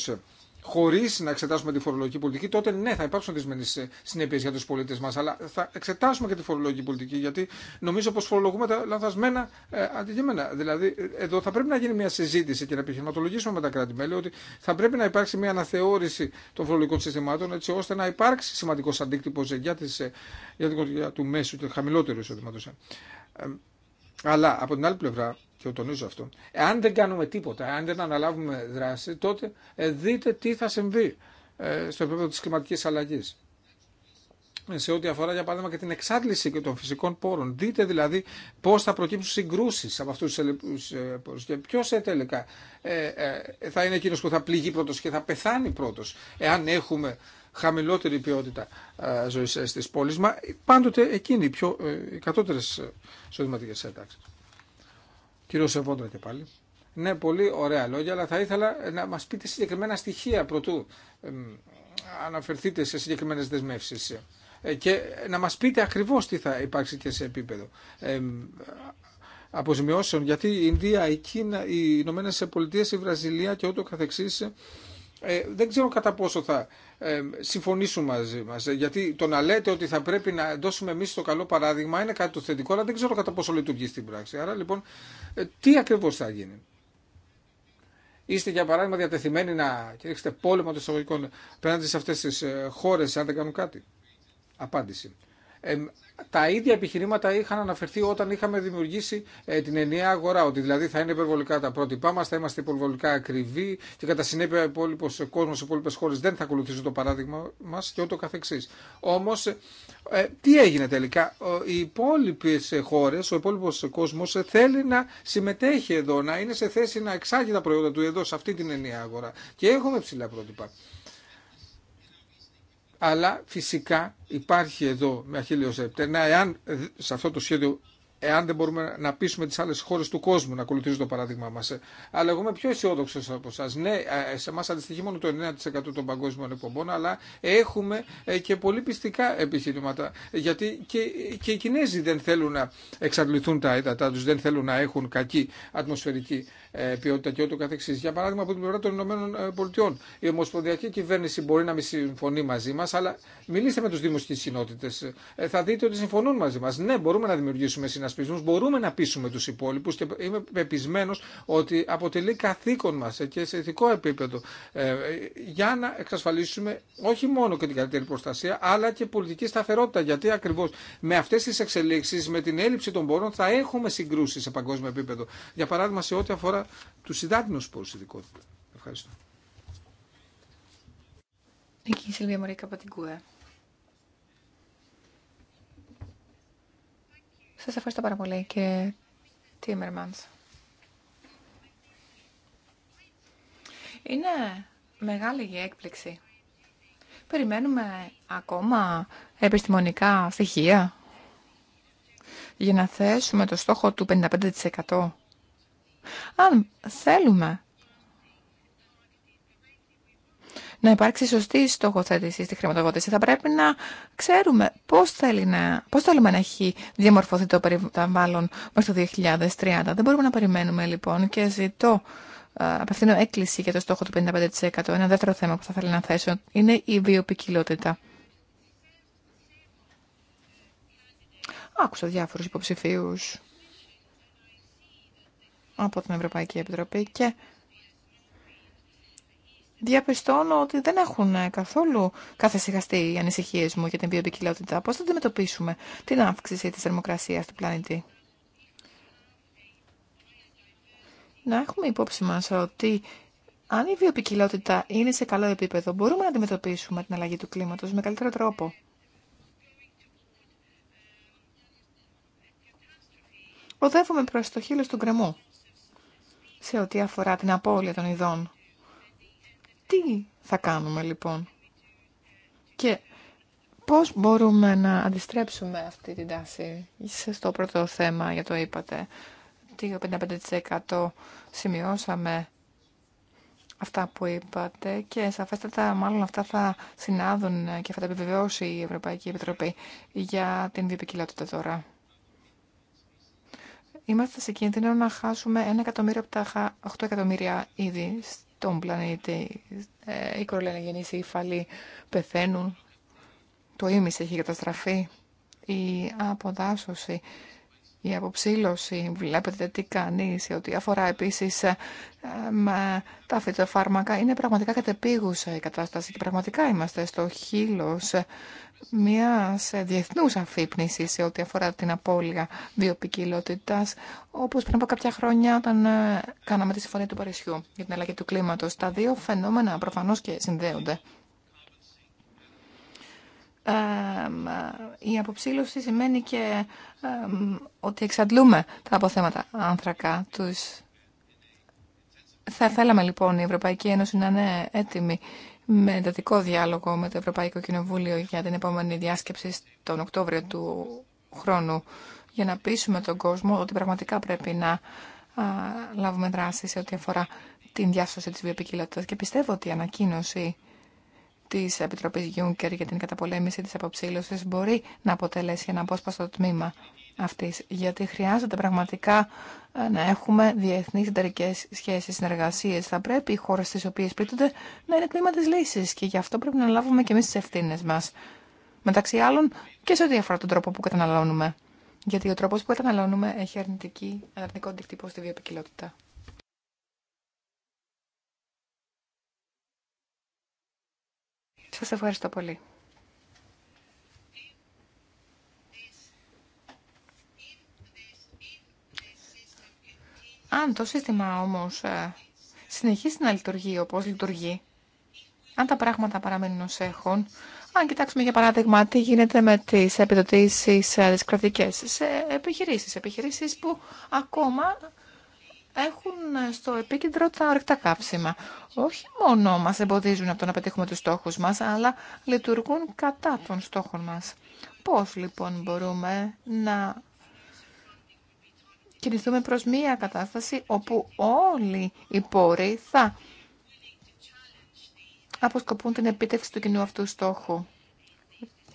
χωρί να εξετάσουμε τη φορολογική πολιτική, τότε ναι, θα υπάρξουν δυσμενεί ε, συνέπειε για του πολίτε μα. Αλλά θα εξετάσουμε και τη φορολογική πολιτική, γιατί νομίζω πω φορολογούμε τα λανθασμένα ε, αντικείμενα. Δηλαδή, ε, εδώ θα πρέπει να γίνει μια συζήτηση και να επιχειρηματολογήσουμε με τα κράτη-μέλη ότι θα πρέπει να υπάρξει μια αναθεώρηση των φορολογικών συστημάτων, έτσι ώστε να υπάρξει σημαντικό αντίκτυπο για, τις, ε, για, την, για του μέσου και χαμηλότερου εισοδήματο. Αλλά από την άλλη πλευρά, και το τονίζω αυτό, αν δεν κάνουμε τίποτα, αν δεν αναλάβουμε δράση, τότε ε, δείτε τι θα συμβεί ε, στο επίπεδο της κλιματική αλλαγή. Ε, σε ό,τι αφορά για παράδειγμα και την εξάντληση των φυσικών πόρων. Δείτε δηλαδή πώ θα προκύψουν συγκρούσει από αυτού του ελληνικού πόρου και ποιο τελικά θα είναι εκείνο που θα πληγεί πρώτο και θα πεθάνει πρώτο, εάν έχουμε χαμηλότερη ποιότητα ε, ζωή ε, στις πόλεις, μα πάντοτε εκείνοι οι πιο εκατότερες κατώτερες ε, ένταξεις. Κύριο Σεβόντρα και πάλι. Ναι, πολύ ωραία λόγια, αλλά θα ήθελα να μας πείτε συγκεκριμένα στοιχεία πρωτού αναφερθείτε σε συγκεκριμένες δεσμεύσεις και να μας πείτε ακριβώς τι θα υπάρξει και σε επίπεδο αποζημιώσεων, γιατί η Ινδία, η Κίνα, οι Ηνωμένε Πολιτείε, η Βραζιλία και ούτω καθεξής ε, δεν ξέρω κατά πόσο θα ε, συμφωνήσουν μαζί μα. Ε, γιατί το να λέτε ότι θα πρέπει να δώσουμε εμεί το καλό παράδειγμα είναι κάτι το θετικό, αλλά δεν ξέρω κατά πόσο λειτουργεί στην πράξη. Άρα λοιπόν, ε, τι ακριβώ θα γίνει. Είστε για παράδειγμα διατεθειμένοι να κηρύξετε πόλεμο των εισαγωγικών πέραντι σε αυτέ τι ε, χώρε, αν δεν κάνουν κάτι. Απάντηση τα ίδια επιχειρήματα είχαν αναφερθεί όταν είχαμε δημιουργήσει ε, την ενιαία αγορά. Ότι δηλαδή θα είναι υπερβολικά τα πρότυπά μα, θα είμαστε υπερβολικά ακριβοί και κατά συνέπεια ο κόσμο, οι υπόλοιπε χώρε δεν θα ακολουθήσουν το παράδειγμα μα και ούτω καθεξή. Όμω, ε, τι έγινε τελικά. Οι υπόλοιπε χώρε, ο υπόλοιπο κόσμο θέλει να συμμετέχει εδώ, να είναι σε θέση να εξάγει τα προϊόντα του εδώ σε αυτή την ενιαία αγορά. Και έχουμε ψηλά πρότυπα αλλά φυσικά υπάρχει εδώ με αχίλιο να εάν σε αυτό το σχέδιο εάν δεν μπορούμε να πείσουμε τι άλλε χώρε του κόσμου να ακολουθήσουν το παράδειγμα μα. Ε, αλλά εγώ είμαι πιο αισιόδοξο από εσά. Ναι, ε, σε εμά αντιστοιχεί μόνο το 9% των παγκόσμιων εκπομπών, αλλά έχουμε ε, και πολύ πιστικά επιχειρήματα. Γιατί και, και οι Κινέζοι δεν θέλουν να εξαντληθούν τα έδατα του, δεν θέλουν να έχουν κακή ατμοσφαιρική ε, ποιότητα και ούτω καθεξής. Για παράδειγμα από την πλευρά των Ηνωμένων ε, Πολιτειών. Η ομοσπονδιακή κυβέρνηση μπορεί να μην συμφωνεί μαζί μας, αλλά μιλήστε με τους δήμους και ε, Θα δείτε ότι συμφωνούν μαζί μας. Ναι, μπορούμε να δημιουργήσουμε συνασπισμούς, μπορούμε να πείσουμε τους υπόλοιπους και είμαι πεπισμένος ότι αποτελεί καθήκον μας και σε ηθικό επίπεδο για να εξασφαλίσουμε όχι μόνο και την καλύτερη προστασία, αλλά και πολιτική σταθερότητα. Γιατί ακριβώ με αυτέ τι εξελίξει, με την έλλειψη των πόρων, θα έχουμε συγκρούσει σε παγκόσμιο επίπεδο. Για παράδειγμα, σε ό,τι αφορά του τους σπόρου πόρους ειδικότητα. Ευχαριστώ. Εκεί η Σιλβία Σας ευχαριστώ πάρα πολύ και Μέρμανς. Είναι μεγάλη η έκπληξη. Περιμένουμε ακόμα επιστημονικά στοιχεία για να θέσουμε το στόχο του 55% αν θέλουμε να υπάρξει σωστή στοχοθέτηση στη χρηματοδότηση, θα πρέπει να ξέρουμε πώς, θέλει να, πώς θέλουμε να έχει διαμορφωθεί το περιβάλλον μέχρι το 2030. Δεν μπορούμε να περιμένουμε λοιπόν και ζητώ απευθύνω έκκληση για το στόχο του 55%. Ένα δεύτερο θέμα που θα θέλω να θέσω είναι η βιοπικιλότητα. Άκουσα διάφορους υποψηφίους από την Ευρωπαϊκή Επιτροπή και διαπιστώνω ότι δεν έχουν καθόλου καθεσυχαστεί οι ανησυχίε μου για την βιοπικιλότητα. Πώς θα αντιμετωπίσουμε την αύξηση της θερμοκρασίας του πλανήτη. Να έχουμε υπόψη μας ότι αν η βιοπικιλότητα είναι σε καλό επίπεδο, μπορούμε να αντιμετωπίσουμε την αλλαγή του κλίματος με καλύτερο τρόπο. Οδεύουμε προς το χείλος του γκρεμού σε ό,τι αφορά την απώλεια των ειδών. Τι θα κάνουμε λοιπόν και πώς μπορούμε να αντιστρέψουμε αυτή την τάση. Είσαι στο πρώτο θέμα για το είπατε. Τι 55% σημειώσαμε αυτά που είπατε και σαφέστατα μάλλον αυτά θα συνάδουν και θα τα επιβεβαιώσει η Ευρωπαϊκή Επιτροπή για την βιοπικιλότητα τώρα είμαστε σε κίνδυνο να χάσουμε ένα εκατομμύριο από τα 8 εκατομμύρια ήδη στον πλανήτη. Η ε, οι γεννήσει, οι υφαλοί πεθαίνουν, το ίμιση έχει καταστραφεί, η αποδάσωση η αποψήλωση, βλέπετε τι κάνει σε ό,τι αφορά επίσης ε, ε, τα φυτοφάρμακα. Είναι πραγματικά κατεπίγουσα η κατάσταση και πραγματικά είμαστε στο χείλος μιας διεθνούς αφύπνισης σε ό,τι αφορά την απώλεια βιοπικιλότητας, όπως πριν από κάποια χρόνια όταν ε, κάναμε τη Συμφωνία του Παρισιού για την αλλαγή του κλίματος. Τα δύο φαινόμενα προφανώς και συνδέονται η αποψήλωση σημαίνει και ότι εξαντλούμε τα αποθέματα άνθρακα τους. Θα θέλαμε λοιπόν η Ευρωπαϊκή Ένωση να είναι έτοιμη με εντατικό διάλογο με το Ευρωπαϊκό Κοινοβούλιο για την επόμενη διάσκεψη τον Οκτώβριο του χρόνου για να πείσουμε τον κόσμο ότι πραγματικά πρέπει να λάβουμε δράση σε ό,τι αφορά την διάσωση της βιοποικιλότητας και πιστεύω ότι η ανακοίνωση τη Επιτροπή Γιούνκερ για την καταπολέμηση τη αποψήλωση μπορεί να αποτελέσει ένα απόσπαστο τμήμα αυτή, γιατί χρειάζεται πραγματικά ε, να έχουμε διεθνεί εταιρικέ σχέσει, συνεργασίες. Θα πρέπει οι χώρε στι οποίε πλήττονται να είναι τμήμα τη λύση. και γι' αυτό πρέπει να λάβουμε και εμεί τι ευθύνε μα, Μεταξύ άλλων και σε ό,τι αφορά τον τρόπο που καταναλώνουμε. Γιατί ο τρόπο που καταναλώνουμε έχει αρνητική, αρνητικό αντικτύπωση στη βιοπικιλότητα. Σας ευχαριστώ πολύ. Αν το σύστημα όμως ε, συνεχίσει να λειτουργεί όπως λειτουργεί, αν τα πράγματα παραμένουν ως έχουν, αν κοιτάξουμε για παράδειγμα τι γίνεται με τις επιδοτήσεις ε, τις σε επιχειρήσεις, επιχειρήσεις που ακόμα έχουν στο επίκεντρο τα ορεικτά κάψιμα. Όχι μόνο μας εμποδίζουν από το να πετύχουμε τους στόχους μας, αλλά λειτουργούν κατά των στόχων μας. Πώς λοιπόν μπορούμε να κινηθούμε προς μία κατάσταση όπου όλοι οι πόροι θα αποσκοπούν την επίτευξη του κοινού αυτού στόχου.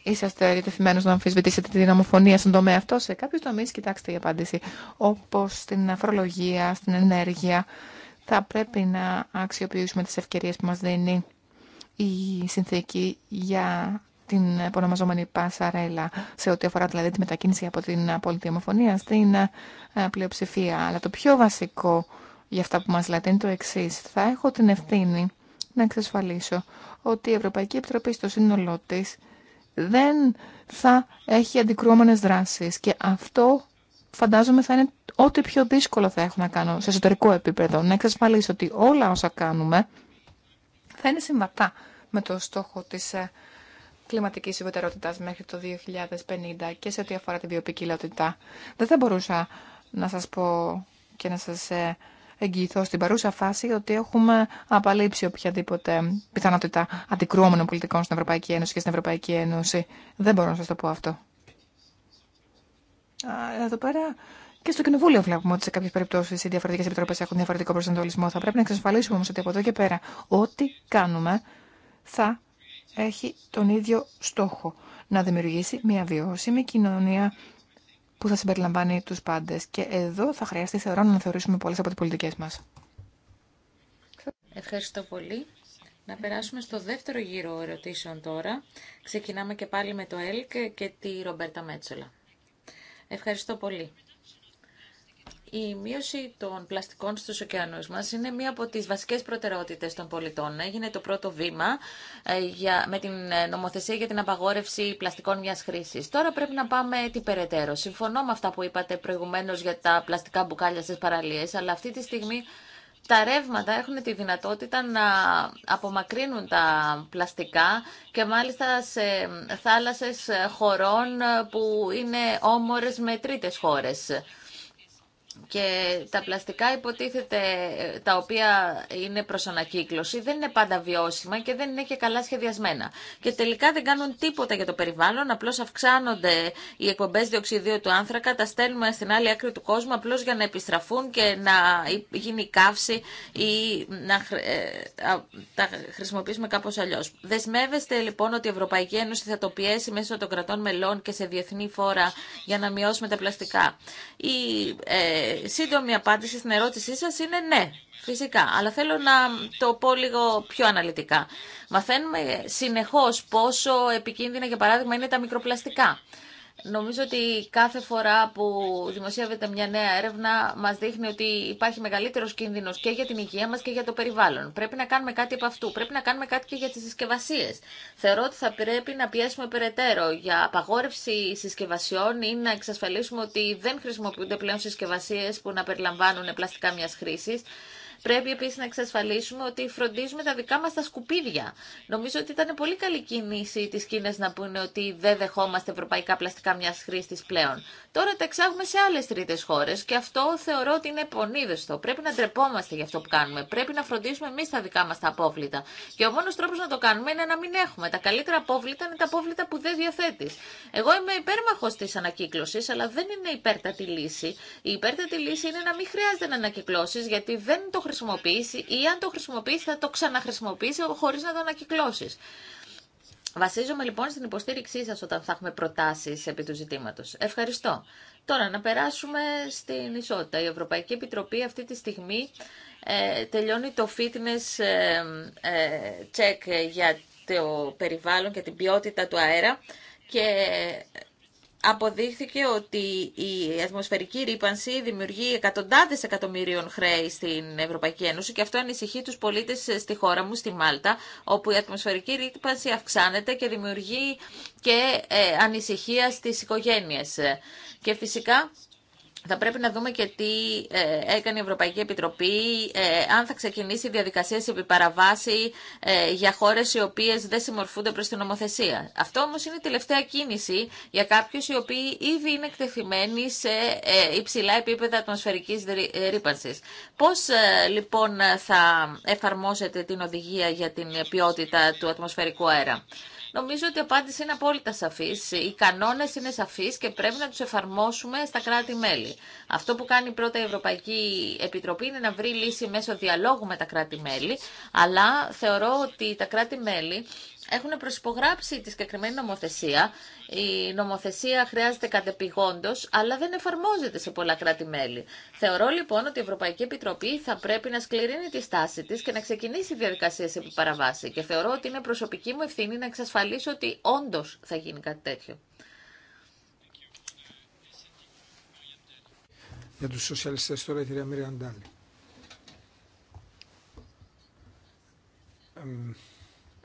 Είσαστε ρητεθειμένος να αμφισβητήσετε την ομοφωνία στον τομέα αυτό. Σε κάποιους τομείς, κοιτάξτε η απάντηση, όπως στην αφρολογία, στην ενέργεια, θα πρέπει να αξιοποιήσουμε τις ευκαιρίες που μας δίνει η συνθήκη για την επωνομαζόμενη Πασαρέλα, σε ό,τι αφορά δηλαδή τη μετακίνηση από την απόλυτη ομοφωνία στην ε, πλειοψηφία. Αλλά το πιο βασικό για αυτά που μας λέτε είναι το εξή. Θα έχω την ευθύνη να εξασφαλίσω ότι η Ευρωπαϊκή Επιτροπή στο σύνολό της δεν θα έχει αντικρουόμενες δράσεις. Και αυτό φαντάζομαι θα είναι ό,τι πιο δύσκολο θα έχω να κάνω σε εσωτερικό επίπεδο. Να εξασφαλίσω ότι όλα όσα κάνουμε θα είναι συμβατά με το στόχο της ε, κλιματικής ουδετερότητα μέχρι το 2050 και σε ό,τι αφορά τη βιοπικιλότητα. Δεν θα μπορούσα να σας πω και να σας ε, εγγυηθώ στην παρούσα φάση ότι έχουμε απαλείψει οποιαδήποτε πιθανότητα αντικρουόμενων πολιτικών στην Ευρωπαϊκή Ένωση και στην Ευρωπαϊκή Ένωση. Δεν μπορώ να σα το πω αυτό. εδώ πέρα και στο Κοινοβούλιο βλέπουμε ότι σε κάποιε περιπτώσει οι διαφορετικέ επιτροπέ έχουν διαφορετικό προσανατολισμό. Θα πρέπει να εξασφαλίσουμε όμω ότι από εδώ και πέρα ό,τι κάνουμε θα έχει τον ίδιο στόχο. Να δημιουργήσει μια βιώσιμη κοινωνία που θα συμπεριλαμβάνει τους πάντες. Και εδώ θα χρειαστεί θεωρώ να θεωρήσουμε πολλές από τις πολιτικές μας. Ευχαριστώ πολύ. Να περάσουμε στο δεύτερο γύρο ερωτήσεων τώρα. Ξεκινάμε και πάλι με το ΕΛΚ και τη Ρομπέρτα Μέτσολα. Ευχαριστώ πολύ. Η μείωση των πλαστικών στους ωκεανούς μας είναι μία από τις βασικές προτεραιότητες των πολιτών. Έγινε το πρώτο βήμα ε, για, με την ε, νομοθεσία για την απαγόρευση πλαστικών μιας χρήσης. Τώρα πρέπει να πάμε τι περαιτέρω. Συμφωνώ με αυτά που είπατε προηγουμένως για τα πλαστικά μπουκάλια στις παραλίες, αλλά αυτή τη στιγμή τα ρεύματα έχουν τη δυνατότητα να απομακρύνουν τα πλαστικά και μάλιστα σε θάλασσες χωρών που είναι όμορες με τρίτες χώρες και τα πλαστικά υποτίθεται ε, τα οποία είναι προς ανακύκλωση δεν είναι πάντα βιώσιμα και δεν είναι και καλά σχεδιασμένα. Και τελικά δεν κάνουν τίποτα για το περιβάλλον, απλώς αυξάνονται οι εκπομπές διοξιδίου του άνθρακα, τα στέλνουμε στην άλλη άκρη του κόσμου απλώς για να επιστραφούν και να γίνει καύση ή να ε, τα χρησιμοποιήσουμε κάπως αλλιώς. Δεσμεύεστε λοιπόν ότι η Ευρωπαϊκή Ένωση θα το πιέσει μέσω των κρατών μελών και σε διεθνή φόρα για να μειώσουμε τα πλαστικά. Η, ε, σύντομη απάντηση στην ερώτησή σα είναι ναι, φυσικά. Αλλά θέλω να το πω λίγο πιο αναλυτικά. Μαθαίνουμε συνεχώ πόσο επικίνδυνα, για παράδειγμα, είναι τα μικροπλαστικά. Νομίζω ότι κάθε φορά που δημοσιεύεται μια νέα έρευνα μας δείχνει ότι υπάρχει μεγαλύτερος κίνδυνος και για την υγεία μας και για το περιβάλλον. Πρέπει να κάνουμε κάτι από αυτού. Πρέπει να κάνουμε κάτι και για τις συσκευασίε. Θεωρώ ότι θα πρέπει να πιέσουμε περαιτέρω για απαγόρευση συσκευασιών ή να εξασφαλίσουμε ότι δεν χρησιμοποιούνται πλέον συσκευασίε που να περιλαμβάνουν πλαστικά μιας χρήσης Πρέπει επίση να εξασφαλίσουμε ότι φροντίζουμε τα δικά μα τα σκουπίδια. Νομίζω ότι ήταν πολύ καλή κίνηση τη Κίνα να πούνε ότι δεν δεχόμαστε ευρωπαϊκά πλαστικά μια χρήστη πλέον. Τώρα τα εξάγουμε σε άλλε τρίτε χώρε και αυτό θεωρώ ότι είναι πονίδεστο. Πρέπει να ντρεπόμαστε για αυτό που κάνουμε. Πρέπει να φροντίσουμε εμεί τα δικά μα τα απόβλητα. Και ο μόνο τρόπο να το κάνουμε είναι να μην έχουμε. Τα καλύτερα απόβλητα είναι τα απόβλητα που δεν διαθέτει. Εγώ είμαι υπέρμαχο τη ανακύκλωση, αλλά δεν είναι υπέρτατη λύση. Η υπέρτατη λύση είναι να μην χρειάζεται να γιατί δεν το χρησιμοποιήσει ή αν το χρησιμοποιήσει θα το ξαναχρησιμοποιήσει χωρίς να το ανακυκλώσεις. Βασίζομαι λοιπόν στην υποστήριξή σας όταν θα έχουμε προτάσεις επί του ζητήματος. Ευχαριστώ. Τώρα να περάσουμε στην ισότητα. Η Ευρωπαϊκή Επιτροπή αυτή τη στιγμή ε, τελειώνει το fitness ε, ε, check για το περιβάλλον και την ποιότητα του αέρα και αποδείχθηκε ότι η ατμοσφαιρική ρήπανση δημιουργεί εκατοντάδες εκατομμυρίων χρέη στην Ευρωπαϊκή Ένωση και αυτό ανησυχεί τους πολίτες στη χώρα μου, στη Μάλτα, όπου η ατμοσφαιρική ρήπανση αυξάνεται και δημιουργεί και ε, ανησυχία στις οικογένειες. Και φυσικά θα πρέπει να δούμε και τι ε, έκανε η Ευρωπαϊκή Επιτροπή, ε, αν θα ξεκινήσει διαδικασίε επί παραβάση ε, για χώρε οι οποίε δεν συμμορφούνται προ την νομοθεσία. Αυτό όμω είναι η τελευταία κίνηση για κάποιου οι οποίοι ήδη είναι εκτεθειμένοι σε υψηλά επίπεδα ατμοσφαιρική ρήπανση. Πώ λοιπόν θα εφαρμόσετε την οδηγία για την ποιότητα του ατμοσφαιρικού αέρα. Νομίζω ότι η απάντηση είναι απόλυτα σαφή. Οι κανόνε είναι σαφεί και πρέπει να του εφαρμόσουμε στα κράτη-μέλη. Αυτό που κάνει πρώτα η Ευρωπαϊκή Επιτροπή είναι να βρει λύση μέσω διαλόγου με τα κράτη-μέλη, αλλά θεωρώ ότι τα κράτη-μέλη έχουν προσυπογράψει τη συγκεκριμένη νομοθεσία. Η νομοθεσία χρειάζεται κατεπηγόντω, αλλά δεν εφαρμόζεται σε πολλά κράτη-μέλη. Θεωρώ λοιπόν ότι η Ευρωπαϊκή Επιτροπή θα πρέπει να σκληρύνει τη στάση τη και να ξεκινήσει διαδικασίε επί παραβάση. Και θεωρώ ότι είναι προσωπική μου ευθύνη να εξασφαλίσω ότι όντω θα γίνει κάτι τέτοιο.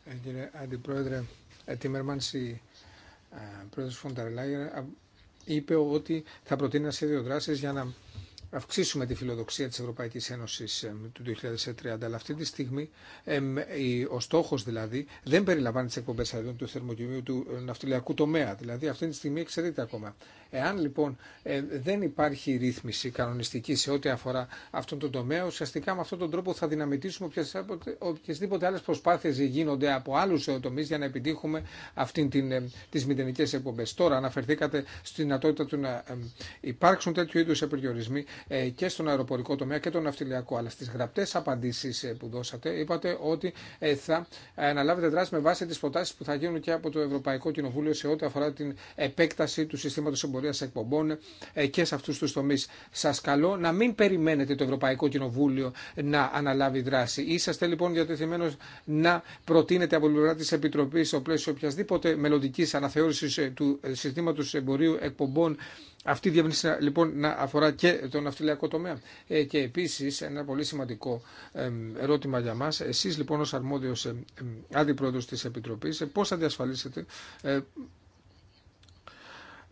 Ε, κύριε Αντιπρόεδρε ε, Τίμερμανς, η ε, πρόεδρος Φονταρ είπε ότι θα προτείνει ένα σχέδιο δράση για να αυξήσουμε τη φιλοδοξία της Ευρωπαϊκής Ένωσης ε, του 2030, αλλά αυτή τη στιγμή ε, ο στόχος δηλαδή δεν περιλαμβάνει τις εκπομπές αερίων του θερμοκοιμίου του ε, ναυτιλιακού τομέα, δηλαδή αυτή τη στιγμή εξαιρείται ακόμα. Εάν λοιπόν δεν υπάρχει ρύθμιση κανονιστική σε ό,τι αφορά αυτόν τον τομέα, ουσιαστικά με αυτόν τον τρόπο θα δυναμητήσουμε οποιασδήποτε άλλες προσπάθειες γίνονται από άλλους τομείς για να επιτύχουμε αυτήν την, τις μηδενικές εκπομπές. Τώρα αναφερθήκατε στη δυνατότητα του να υπάρξουν τέτοιου είδου επεριορισμοί ε, και στον αεροπορικό τομέα και τον ναυτιλιακό. Αλλά στι γραπτέ απαντήσει ε, που δώσατε, είπατε ότι ε, θα αναλάβετε δράση με βάση τι προτάσει που θα γίνουν και από το Ευρωπαϊκό Κοινοβούλιο σε ό,τι αφορά την επέκταση του συστήματο εμπορία εκπομπών και σε αυτού του τομεί. Σα καλώ να μην περιμένετε το Ευρωπαϊκό Κοινοβούλιο να αναλάβει δράση. Είσαστε λοιπόν διατεθειμένο να προτείνετε από την πλευρά τη Επιτροπή στο πλαίσιο οποιασδήποτε μελλοντική αναθεώρηση του συστήματο εμπορίου εκπομπών αυτή η διεύρυνση λοιπόν να αφορά και τον αυτιλιακό τομέα. Ε, και επίση ένα πολύ σημαντικό ερώτημα για μα. Εσεί λοιπόν ω αρμόδιο ε, αντιπρόεδρο τη Επιτροπή, πώ θα διασφαλίσετε ε,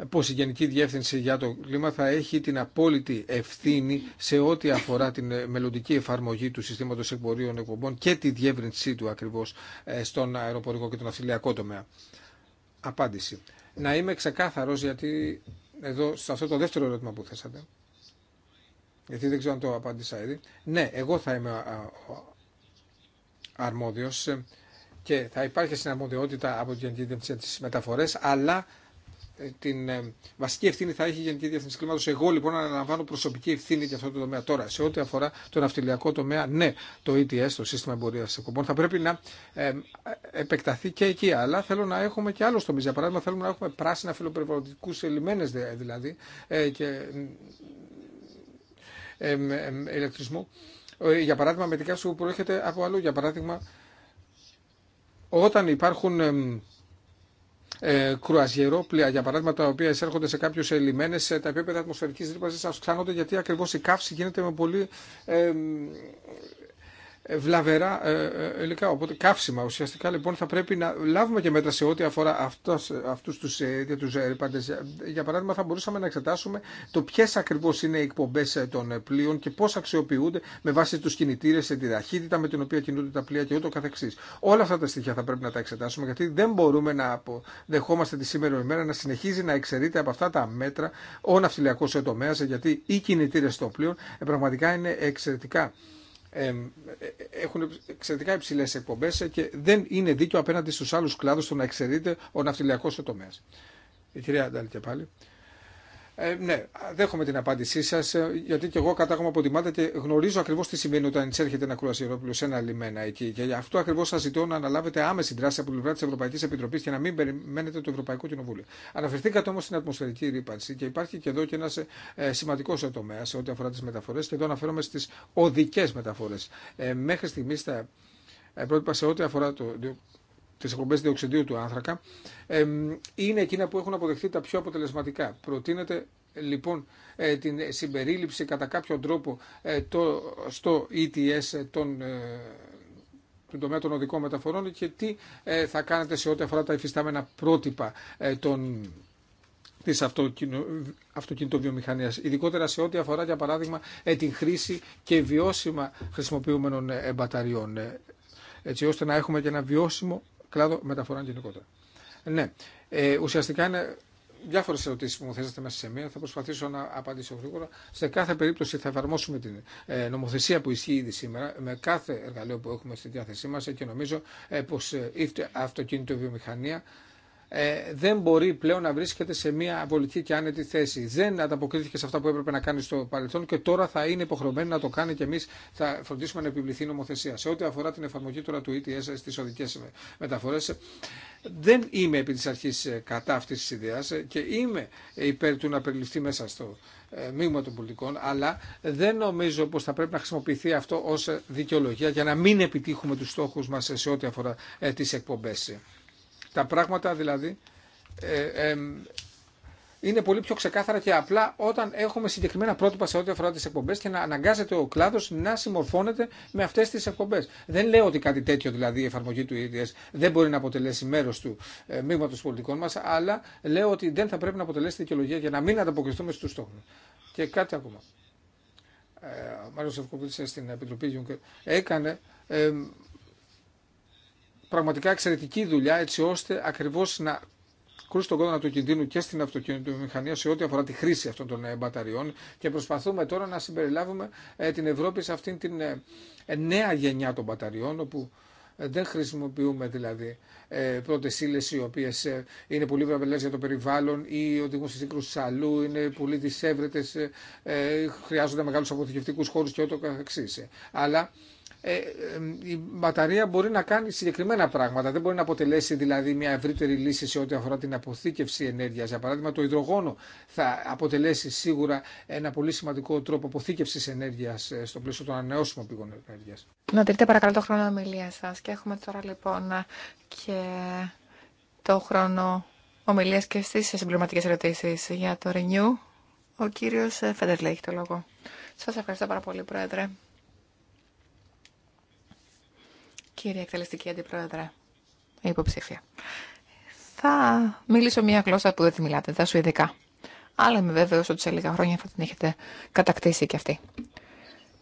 πως η Γενική Διεύθυνση για το Κλίμα θα έχει την απόλυτη ευθύνη σε ό,τι αφορά την ε, μελλοντική εφαρμογή του συστήματος εκπορίων εκπομπών και τη διεύρυνσή του ακριβώς στον αεροπορικό και τον αυτιλιακό τομέα. Απάντηση. Να είμαι ξεκάθαρος γιατί εδώ, σε αυτό το δεύτερο ερώτημα που θέσατε, γιατί δεν ξέρω αν το απάντησα ήδη, ναι, εγώ θα είμαι αρμόδιος και θα υπάρχει συναρμοδιότητα από την κίνδυνη της Μεταφορές, αλλά την ε, βασική ευθύνη θα έχει η Γενική Διεθνή Κλίματο. Εγώ λοιπόν αναλαμβάνω προσωπική ευθύνη για αυτό το τομέα. Τώρα, σε ό,τι αφορά το ναυτιλιακό τομέα, ναι, το ETS, το σύστημα εμπορία εκπομπών, θα πρέπει να ε, επεκταθεί και εκεί. Αλλά θέλω να έχουμε και άλλου τομεί. Για παράδειγμα, θέλουμε να έχουμε πράσινα φιλοπεριβαλλοντικού λιμένε δηλαδή ε, και ε, ηλεκτρισμό. Για παράδειγμα, με την που προέρχεται από αλλού. Για παράδειγμα, όταν υπάρχουν ε, κρουαζιερόπλια, για παράδειγμα, τα οποία εισέρχονται σε κάποιου λιμένε, ε, τα επίπεδα ατμοσφαιρική ρήπανση αυξάνονται γιατί ακριβώ η καύση γίνεται με πολύ ε, ε, βλαβερά ε, ε, υλικά, οπότε καύσιμα. Ουσιαστικά λοιπόν θα πρέπει να λάβουμε και μέτρα σε ό,τι αφορά αυτούς τους, τους Για παράδειγμα θα μπορούσαμε να εξετάσουμε το ποιε ακριβώς είναι οι εκπομπές των πλοίων και πώς αξιοποιούνται με βάση τους κινητήρες, τη ταχύτητα με την οποία κινούνται τα πλοία και ούτω καθεξής. Όλα αυτά τα στοιχεία θα πρέπει να τα εξετάσουμε γιατί δεν μπορούμε να δεχόμαστε τη σήμερα ημέρα να συνεχίζει να εξαιρείται από αυτά τα μέτρα ο ναυτιλιακός τομέα γιατί οι κινητήρες των πλοίων πραγματικά είναι εξαιρετικά ε, ε, έχουν εξαιρετικά υψηλέ εκπομπέ και δεν είναι δίκαιο απέναντι στου άλλου κλάδου το να εξαιρείται ο ναυτιλιακό τομέα. Η κυρία και πάλι. Ε, ναι, δέχομαι την απάντησή σα, ε, γιατί και εγώ κατάγομαι από τη Μάντα και γνωρίζω ακριβώ τι σημαίνει όταν εισέρχεται ένα κρουαζιερόπλοιο σε ένα λιμένα εκεί. Και γι' αυτό ακριβώ σα ζητώ να αναλάβετε άμεση δράση από την πλευρά τη Ευρωπαϊκή Επιτροπή και να μην περιμένετε το Ευρωπαϊκό Κοινοβούλιο. Αναφερθήκατε όμω στην ατμοσφαιρική ρήπανση και υπάρχει και εδώ και ένα ε, σημαντικό τομέα σε ό,τι αφορά τι μεταφορέ και εδώ αναφέρομαι στι οδικέ μεταφορέ. Ε, μέχρι στιγμή τα πρότυπα σε ό,τι αφορά το τι εκπομπέ διοξιδίου του άνθρακα, είναι εκείνα που έχουν αποδεχθεί τα πιο αποτελεσματικά. Προτείνεται λοιπόν ε, την συμπερίληψη κατά κάποιο τρόπο ε, το, στο ETS των ε, του τομέα των οδικών μεταφορών και τι θα κάνετε σε ό,τι αφορά τα υφιστάμενα πρότυπα των της αυτοκινητοβιομηχανίας, ειδικότερα σε ό,τι αφορά, για παράδειγμα, την χρήση και βιώσιμα χρησιμοποιούμενων μπαταριών, έτσι ώστε να έχουμε και ένα βιώσιμο κλάδο μεταφορά γενικότερα. Ναι, ε, ουσιαστικά είναι διάφορε ερωτήσει που μου θέσατε μέσα σε μία. Θα προσπαθήσω να απαντήσω γρήγορα. Σε κάθε περίπτωση θα εφαρμόσουμε την ε, νομοθεσία που ισχύει ήδη σήμερα με κάθε εργαλείο που έχουμε στη διάθεσή μα ε, και νομίζω ε, πω είτε αυτοκίνητο βιομηχανία ε, δεν μπορεί πλέον να βρίσκεται σε μια βολική και άνετη θέση. Δεν ανταποκρίθηκε σε αυτά που έπρεπε να κάνει στο παρελθόν και τώρα θα είναι υποχρεωμένη να το κάνει και εμεί θα φροντίσουμε να επιβληθεί η νομοθεσία. Σε ό,τι αφορά την εφαρμογή τώρα του ETS στι οδικέ μεταφορέ, δεν είμαι επί τη αρχή ε, κατά αυτή τη ιδέα ε, και είμαι υπέρ του να περιληφθεί μέσα στο μείγμα των πολιτικών, αλλά δεν νομίζω πως θα πρέπει να χρησιμοποιηθεί αυτό ως δικαιολογία για να μην επιτύχουμε τους στόχους μας σε ό,τι αφορά τις εκπομπές. Τα πράγματα δηλαδή ε, ε, είναι πολύ πιο ξεκάθαρα και απλά όταν έχουμε συγκεκριμένα πρότυπα σε ό,τι αφορά τι εκπομπέ και να αναγκάζεται ο κλάδο να συμμορφώνεται με αυτέ τι εκπομπέ. Δεν λέω ότι κάτι τέτοιο, δηλαδή η εφαρμογή του ΙΔΕΣ e δεν μπορεί να αποτελέσει μέρο του ε, μείγματο πολιτικών μα, αλλά λέω ότι δεν θα πρέπει να αποτελέσει δικαιολογία για να μην ανταποκριθούμε στου στόχου. Και κάτι ακόμα. Ε, ο Μάριο Ευκοπίτη ε, στην Επιτροπή Juncker έκανε. Ε, πραγματικά εξαιρετική δουλειά έτσι ώστε ακριβώ να κρούσει τον κόδωνα του κινδύνου και στην αυτοκινητομηχανία σε ό,τι αφορά τη χρήση αυτών των ε, μπαταριών και προσπαθούμε τώρα να συμπεριλάβουμε ε, την Ευρώπη σε αυτήν την ε, νέα γενιά των μπαταριών όπου δεν χρησιμοποιούμε δηλαδή πρώτε ύλε οι οποίε είναι πολύ βραβελέ για το περιβάλλον ή οδηγούν σε σύγκρουση αλλού, είναι πολύ δυσέβρετε, χρειάζονται μεγάλου αποθηκευτικού χώρου και ούτω καθεξή. Αλλά ε, η μπαταρία μπορεί να κάνει συγκεκριμένα πράγματα. Δεν μπορεί να αποτελέσει δηλαδή μια ευρύτερη λύση σε ό,τι αφορά την αποθήκευση ενέργεια. Για παράδειγμα, το υδρογόνο θα αποτελέσει σίγουρα ένα πολύ σημαντικό τρόπο αποθήκευση ενέργεια ε, στο πλαίσιο των ανανεώσιμων πηγών ενέργεια. Να τηρείτε παρακαλώ το χρόνο ομιλία σα. Και έχουμε τώρα λοιπόν και το χρόνο ομιλία και στι συμπληρωματικέ ερωτήσει για το Renew. Ο κύριο ε, Φεντερλέ έχει το λόγο. Σα ευχαριστώ πάρα πολύ, Πρόεδρε. Κύριε Εκτελεστική Αντιπρόεδρε, υποψήφια. Θα μιλήσω μια γλώσσα που δεν τη μιλάτε, τα σουηδικά. Αλλά είμαι βέβαιο ότι σε λίγα χρόνια θα την έχετε κατακτήσει κι αυτή.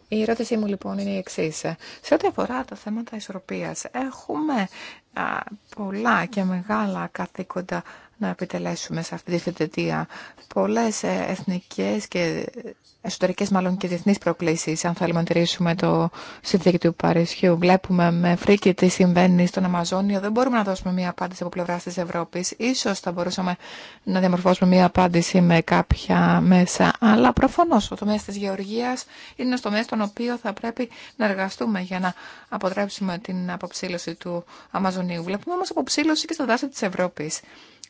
Η ερώτησή μου λοιπόν είναι η εξή. Σε ό,τι αφορά τα θέματα ισορροπία, έχουμε α, πολλά και μεγάλα καθήκοντα να επιτελέσουμε σε αυτή τη θετετία πολλές ε, εθνικές και εσωτερικές μάλλον και διεθνείς προκλήσεις αν θέλουμε να τηρήσουμε το συνθήκη του Παρισιού. Βλέπουμε με φρίκη τι συμβαίνει στον Αμαζόνιο. Δεν μπορούμε να δώσουμε μια απάντηση από πλευρά της Ευρώπης. Ίσως θα μπορούσαμε να διαμορφώσουμε μια απάντηση με κάποια μέσα. Αλλά προφανώς ο τομέα της γεωργίας είναι ένα τομέα στον οποίο θα πρέπει να εργαστούμε για να αποτρέψουμε την αποψήλωση του Αμαζονίου. Βλέπουμε όμω αποψήλωση και στα δάση της Ευρώπης.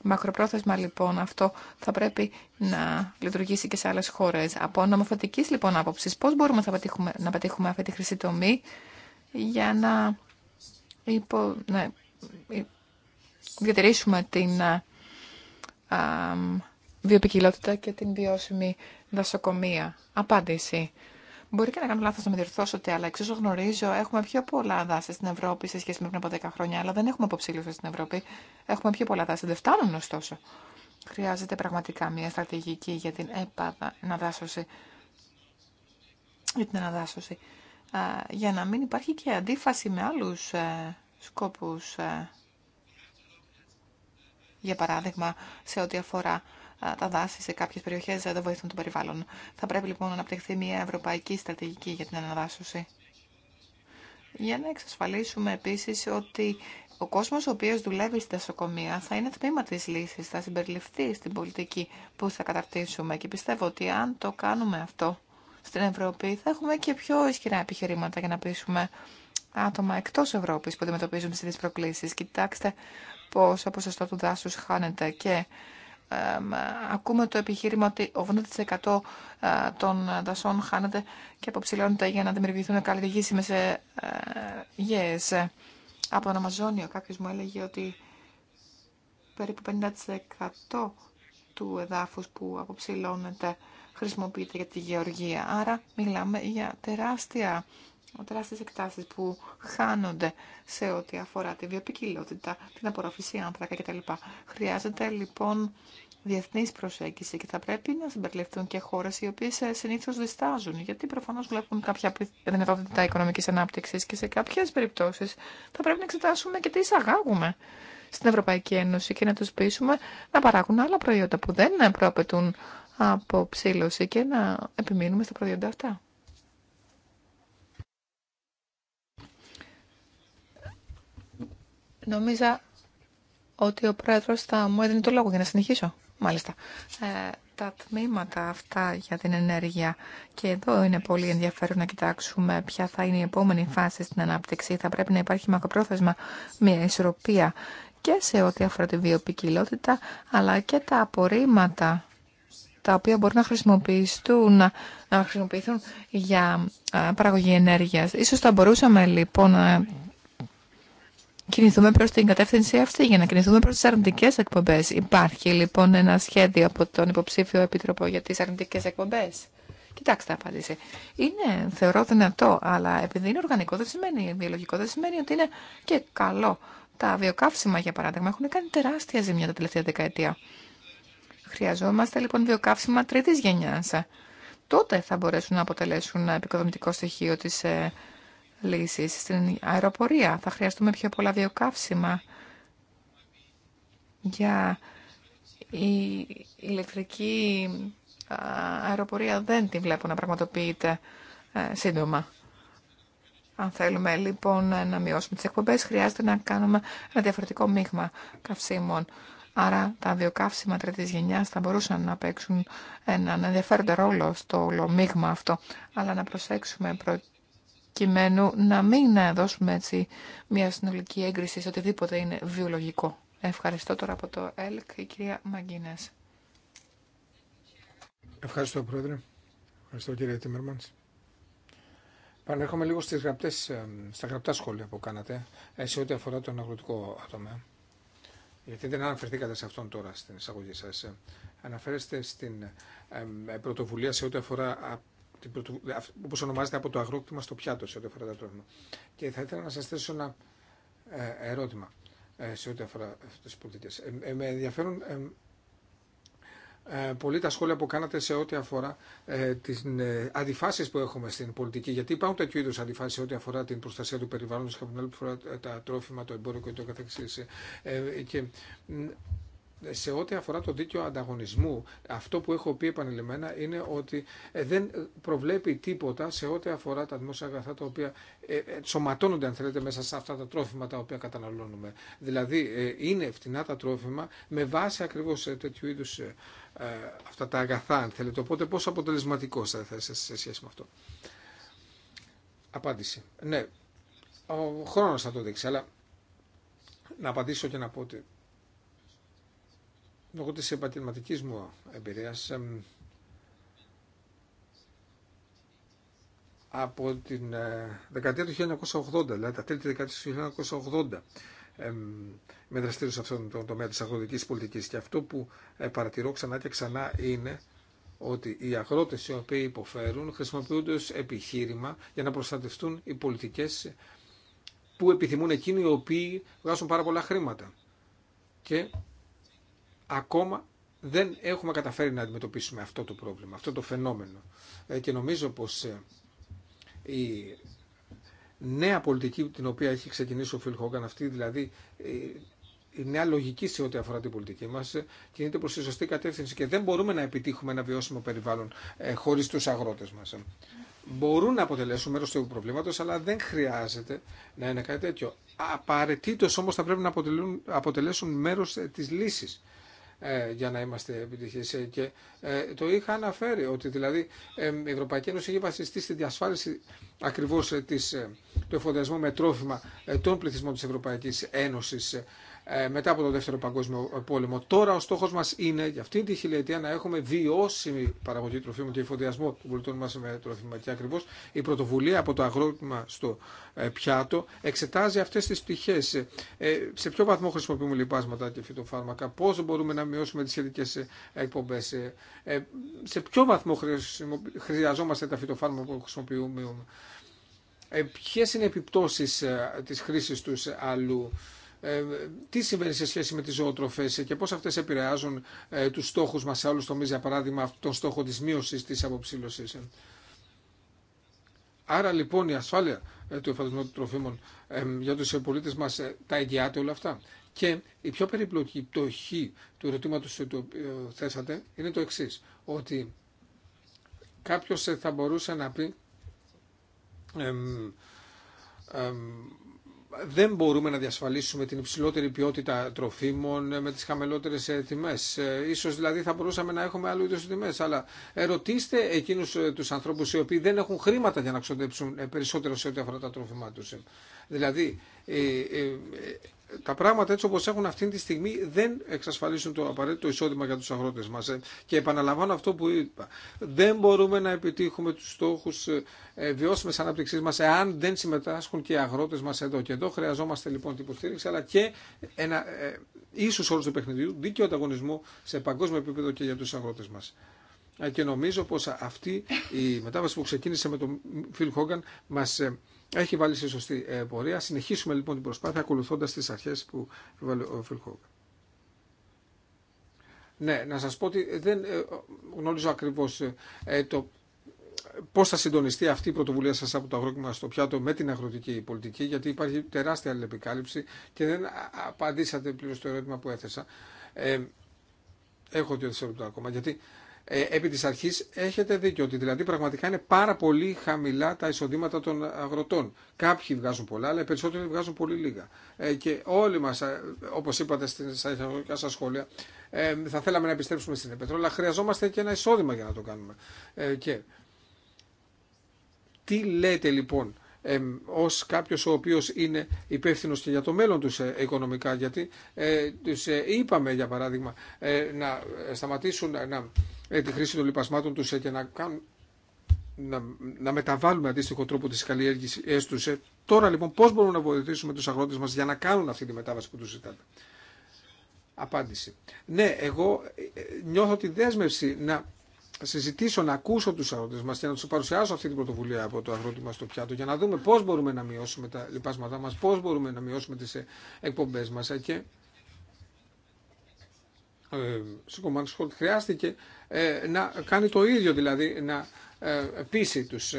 Μακροπρόθεσμα λοιπόν αυτό θα πρέπει να λειτουργήσει και σε άλλες χώρες. Από νομοθετικής λοιπόν άποψης πώς μπορούμε να να πετύχουμε αυτή τη χρυσή τομή για να, υπο, να διατηρήσουμε την α, βιοπικιλότητα και την βιώσιμη δασοκομεία. Απάντηση. Μπορεί και να κάνω λάθο να με διορθώσετε, αλλά εξ όσων γνωρίζω, έχουμε πιο πολλά δάση στην Ευρώπη σε σχέση με πριν από 10 χρόνια, αλλά δεν έχουμε αποψήλωση στην Ευρώπη. Έχουμε πιο πολλά δάση. Δεν φτάνουν ωστόσο. Χρειάζεται πραγματικά μια στρατηγική για την επαναδάσωση. Για την αναδάσωση. για να μην υπάρχει και αντίφαση με άλλου ε, σκόπου. Ε, για παράδειγμα, σε ό,τι αφορά τα δάση σε κάποιες περιοχές δεν βοηθούν τον περιβάλλον. Θα πρέπει λοιπόν να αναπτυχθεί μια ευρωπαϊκή στρατηγική για την αναδάσωση. Για να εξασφαλίσουμε επίσης ότι ο κόσμος ο οποίος δουλεύει στην δασοκομεία θα είναι τμήμα της λύσης, θα συμπεριληφθεί στην πολιτική που θα καταρτήσουμε και πιστεύω ότι αν το κάνουμε αυτό στην Ευρώπη θα έχουμε και πιο ισχυρά επιχειρήματα για να πείσουμε άτομα εκτός Ευρώπης που αντιμετωπίζουν τις προκλήσει. Κοιτάξτε πόσο ποσοστό του δάσου χάνεται και ακούμε το επιχείρημα ότι 80% ε, των δασών χάνεται και αποψηλώνεται για να δημιουργηθούν καλλιεργήσιμε ε, γέε. Yes. Από τον Αμαζόνιο κάποιο μου έλεγε ότι περίπου 50% του εδάφους που αποψηλώνεται χρησιμοποιείται για τη γεωργία. Άρα μιλάμε για τεράστια τεράστιες εκτάσεις που χάνονται σε ό,τι αφορά τη βιοπικιλότητα, την απορροφησία άνθρακα κτλ. Χρειάζεται λοιπόν διεθνή προσέγγιση και θα πρέπει να συμπεριληφθούν και χώρε οι οποίε συνήθω διστάζουν, γιατί προφανώ βλέπουν κάποια δυνατότητα οικονομική ανάπτυξη και σε κάποιε περιπτώσει θα πρέπει να εξετάσουμε και τι εισαγάγουμε στην Ευρωπαϊκή Ένωση και να του πείσουμε να παράγουν άλλα προϊόντα που δεν προαπαιτούν από ψήλωση και να επιμείνουμε στα προϊόντα αυτά. Νόμιζα ότι ο πρόεδρος θα μου έδινε το λόγο για να συνεχίσω. Μάλιστα. Ε, τα τμήματα αυτά για την ενέργεια. Και εδώ είναι πολύ ενδιαφέρον να κοιτάξουμε ποια θα είναι η επόμενη φάση στην ανάπτυξη. Θα πρέπει να υπάρχει μακροπρόθεσμα μια ισορροπία και σε ό,τι αφορά τη βιοπικιλότητα, αλλά και τα απορρίμματα τα οποία μπορούν να χρησιμοποιηθούν, να, χρησιμοποιηθούν για ε, παραγωγή ενέργειας. Ίσως θα μπορούσαμε λοιπόν να κινηθούμε προς την κατεύθυνση αυτή, για να κινηθούμε προς τις αρνητικές εκπομπές. Υπάρχει λοιπόν ένα σχέδιο από τον υποψήφιο επίτροπο για τις αρνητικές εκπομπές. Κοιτάξτε, απάντησε. Είναι, θεωρώ δυνατό, αλλά επειδή είναι οργανικό δεν σημαίνει, βιολογικό δεν σημαίνει ότι είναι και καλό. Τα βιοκαύσιμα, για παράδειγμα, έχουν κάνει τεράστια ζημιά τα τελευταία δεκαετία. Χρειαζόμαστε λοιπόν βιοκαύσιμα τρίτης γενιάς. Τότε θα μπορέσουν να αποτελέσουν επικοδομητικό στοιχείο της ε, λύσεις στην αεροπορία. Θα χρειαστούμε πιο πολλά βιοκαύσιμα για η ηλεκτρική αεροπορία δεν την βλέπω να πραγματοποιείται ε, σύντομα. Αν θέλουμε λοιπόν να μειώσουμε τις εκπομπές, χρειάζεται να κάνουμε ένα διαφορετικό μείγμα καυσίμων. Άρα τα βιοκαύσιμα τρίτης γενιάς θα μπορούσαν να παίξουν έναν ενδιαφέροντα ρόλο στο όλο μείγμα αυτό. Αλλά να προσέξουμε κειμένου να μην δώσουμε έτσι μια συνολική έγκριση σε οτιδήποτε είναι βιολογικό. Ευχαριστώ τώρα από το ΕΛΚ η κυρία Μαγκίνες. Ευχαριστώ Πρόεδρε. Ευχαριστώ κύριε Τίμερμαντς. Πανέρχομαι λίγο στις γραπτές, ε, στα γραπτά σχόλια που κάνατε ε, σε ό,τι αφορά τον αγροτικό τομέα. Γιατί δεν αναφερθήκατε σε αυτόν τώρα στην εισαγωγή σας. Αναφέρεστε στην ε, πρωτοβουλία σε ό,τι αφορά όπως ονομάζεται από το αγρόκτημα στο πιάτο σε ό,τι αφορά τα τρόφιμα. Και θα ήθελα να σας θέσω ένα ε, ερώτημα ε, σε ό,τι αφορά αυτές τις πολιτικές. Ε, ε με ενδιαφέρουν πολύ τα σχόλια που κάνατε σε ό,τι αφορά ε, τις που έχουμε στην πολιτική. Γιατί υπάρχουν τέτοιου είδου αντιφάσει σε ό,τι αφορά την προστασία του περιβάλλοντος και από την άλλη φορά τα τρόφιμα, το εμπόριο και το καθεξή. και, σε ό,τι αφορά το δίκαιο ανταγωνισμού, αυτό που έχω πει επανειλημμένα είναι ότι ε, δεν ε, προβλέπει τίποτα σε ό,τι αφορά τα δημόσια αγαθά τα οποία ε, σωματώνονται, αν θέλετε, μέσα σε αυτά τα τρόφιμα τα οποία καταναλώνουμε. Δηλαδή, είναι φτηνά τα τρόφιμα με βάση ακριβώ τέτοιου είδου αυτά τα αγαθά, αν θέλετε. Οπότε, πόσο αποτελεσματικό θα είσαι σε σχέση με αυτό. Απάντηση. Ναι, ο χρόνο θα το δείξει, αλλά να απαντήσω και να πω ότι λόγω της επαγγελματική μου εμπειρίας από την ε, δεκαετία του 1980, δηλαδή τα τέλη της δεκαετίας του 1980 με δραστήριο σε αυτόν τον τομέα της αγροτικής πολιτικής και αυτό που ε, παρατηρώ ξανά και ξανά είναι ότι οι αγρότες οι οποίοι υποφέρουν χρησιμοποιούνται ως επιχείρημα για να προστατευτούν οι πολιτικές που επιθυμούν εκείνοι οι οποίοι βγάζουν πάρα πολλά χρήματα. Και ακόμα δεν έχουμε καταφέρει να αντιμετωπίσουμε αυτό το πρόβλημα, αυτό το φαινόμενο. Ε, και νομίζω πως ε, η νέα πολιτική την οποία έχει ξεκινήσει ο Φιλ Χόγκαν αυτή, δηλαδή ε, η νέα λογική σε ό,τι αφορά την πολιτική μα κινείται προς τη σωστή κατεύθυνση και δεν μπορούμε να επιτύχουμε ένα βιώσιμο περιβάλλον ε, τους αγρότες μας. μα. Μπορούν να αποτελέσουν μέρο του προβλήματο, αλλά δεν χρειάζεται να είναι κάτι τέτοιο. Απαραίτητο όμω θα πρέπει να αποτελούν, αποτελέσουν μέρο τη λύση. Ε, για να είμαστε επιτυχεί. Ε, και ε, το είχα αναφέρει ότι δηλαδή η Ευρωπαϊκή Ένωση είχε βασιστεί στη διασφάλιση ακριβώ του εφοδιασμού με τρόφιμα των πληθυσμών τη Ευρωπαϊκή Ένωση ε, μετά από τον Δεύτερο Παγκόσμιο Πόλεμο. Τώρα ο στόχο μα είναι για αυτή τη χιλιετία να έχουμε βιώσιμη παραγωγή τροφίμων και εφοδιασμό των πολιτών μα με τροφίμα. Και ακριβώ, η πρωτοβουλία από το αγρότημα στο ε, πιάτο εξετάζει αυτές τις πτυχές. Ε, σε ποιο βαθμό χρησιμοποιούμε λιπάσματα και φυτοφάρμακα, πώ μπορούμε να μειώσουμε τις σχετικέ εκπομπές, σε ποιο βαθμό χρειαζόμαστε τα φυτοφάρμακα που χρησιμοποιούμε, ποιες είναι οι επιπτώσεις της χρήσης τους αλλού. Ε, τι συμβαίνει σε σχέση με τις ζωοτροφές και πώς αυτές επηρεάζουν ε, τους στόχους μας σε άλλου τομεί, για παράδειγμα τον στόχο της μείωσης της αποψήλωσης. Άρα λοιπόν η ασφάλεια ε, του εφαρμοσμένου των τροφίμων για τους πολίτες μας τα εγγυάται όλα αυτά. Και η πιο περιπλοκή πτωχή του ερωτήματος που θέσατε είναι το εξή. ότι κάποιο θα μπορούσε να πει δεν μπορούμε να διασφαλίσουμε την υψηλότερη ποιότητα τροφίμων ε, με τις χαμελότερες ε, τιμές. Ε, ίσως δηλαδή θα μπορούσαμε να έχουμε άλλου είδους τιμές, αλλά ερωτήστε εκείνους τους ανθρώπους οι οποίοι δεν έχουν χρήματα για να ξοδέψουν περισσότερο σε ό,τι αφορά τα τρόφιμά τους. Δηλαδή, ε, ε, τα πράγματα έτσι όπως έχουν αυτή τη στιγμή δεν εξασφαλίσουν το απαραίτητο εισόδημα για τους αγρότες μας. Ε, και επαναλαμβάνω αυτό που είπα. Δεν μπορούμε να επιτύχουμε τους στόχους βιώσιμης ανάπτυξής μας εάν δεν συμμετάσχουν και οι αγρότες μας εδώ. Και εδώ χρειαζόμαστε λοιπόν την υποστήριξη αλλά και ένα ε, ίσους του παιχνιδιού, δίκαιο ανταγωνισμό σε παγκόσμιο επίπεδο και για τους αγρότες μας. Και νομίζω πως αυτή η μετάβαση που ξεκίνησε με τον Φιλ Χόγκαν μας έχει βάλει σε σωστή ε, πορεία. Συνεχίσουμε λοιπόν την προσπάθεια ακολουθώντας τις αρχές που βάλει ο Φιλχόγκ. Ναι, να σας πω ότι δεν ε, γνωρίζω ακριβώς ε, το πώ θα συντονιστεί αυτή η πρωτοβουλία σα από το αγρόκτημα στο πιάτο με την αγροτική πολιτική, γιατί υπάρχει τεράστια αλληλεπικάλυψη και δεν απαντήσατε πλήρω στο ερώτημα που έθεσα. Ε, έχω δύο δευτερόλεπτα ακόμα. Γιατί ε, επί της αρχής έχετε δίκιο ότι δηλαδή πραγματικά είναι πάρα πολύ χαμηλά τα εισοδήματα των αγροτών. Κάποιοι βγάζουν πολλά, αλλά οι περισσότεροι βγάζουν πολύ λίγα. Ε, και όλοι μας, ε, όπως είπατε στα εισαγωγικά σας σχόλια, θα θέλαμε να επιστρέψουμε στην Επέτρο, αλλά χρειαζόμαστε και ένα εισόδημα για να το κάνουμε. και τι λέτε λοιπόν ε, ως κάποιος ο οποίος είναι υπεύθυνο και για το μέλλον τους οικονομικά γιατί ε, τους είπαμε για παράδειγμα να σταματήσουν να ε, τη χρήση των λοιπασμάτων τους ε, και να, κάνουν, να, μεταβάλουμε αντίστοιχο τρόπο της καλλιέργησης τους. Ε. Τώρα λοιπόν πώ μπορούμε να βοηθήσουμε του αγρότε μα για να κάνουν αυτή τη μετάβαση που του ζητάτε. Απάντηση. Ναι, εγώ νιώθω τη δέσμευση να συζητήσω, να ακούσω του αγρότε μα και να του παρουσιάσω αυτή την πρωτοβουλία από το αγρότη μα στο πιάτο για να δούμε πώ μπορούμε να μειώσουμε τα λοιπάσματά μα, πώ μπορούμε να μειώσουμε τι εκπομπέ μα και ε, Σουκομανσχολ χρειάστηκε ε, να κάνει το ίδιο, δηλαδή να ε, πείσει τους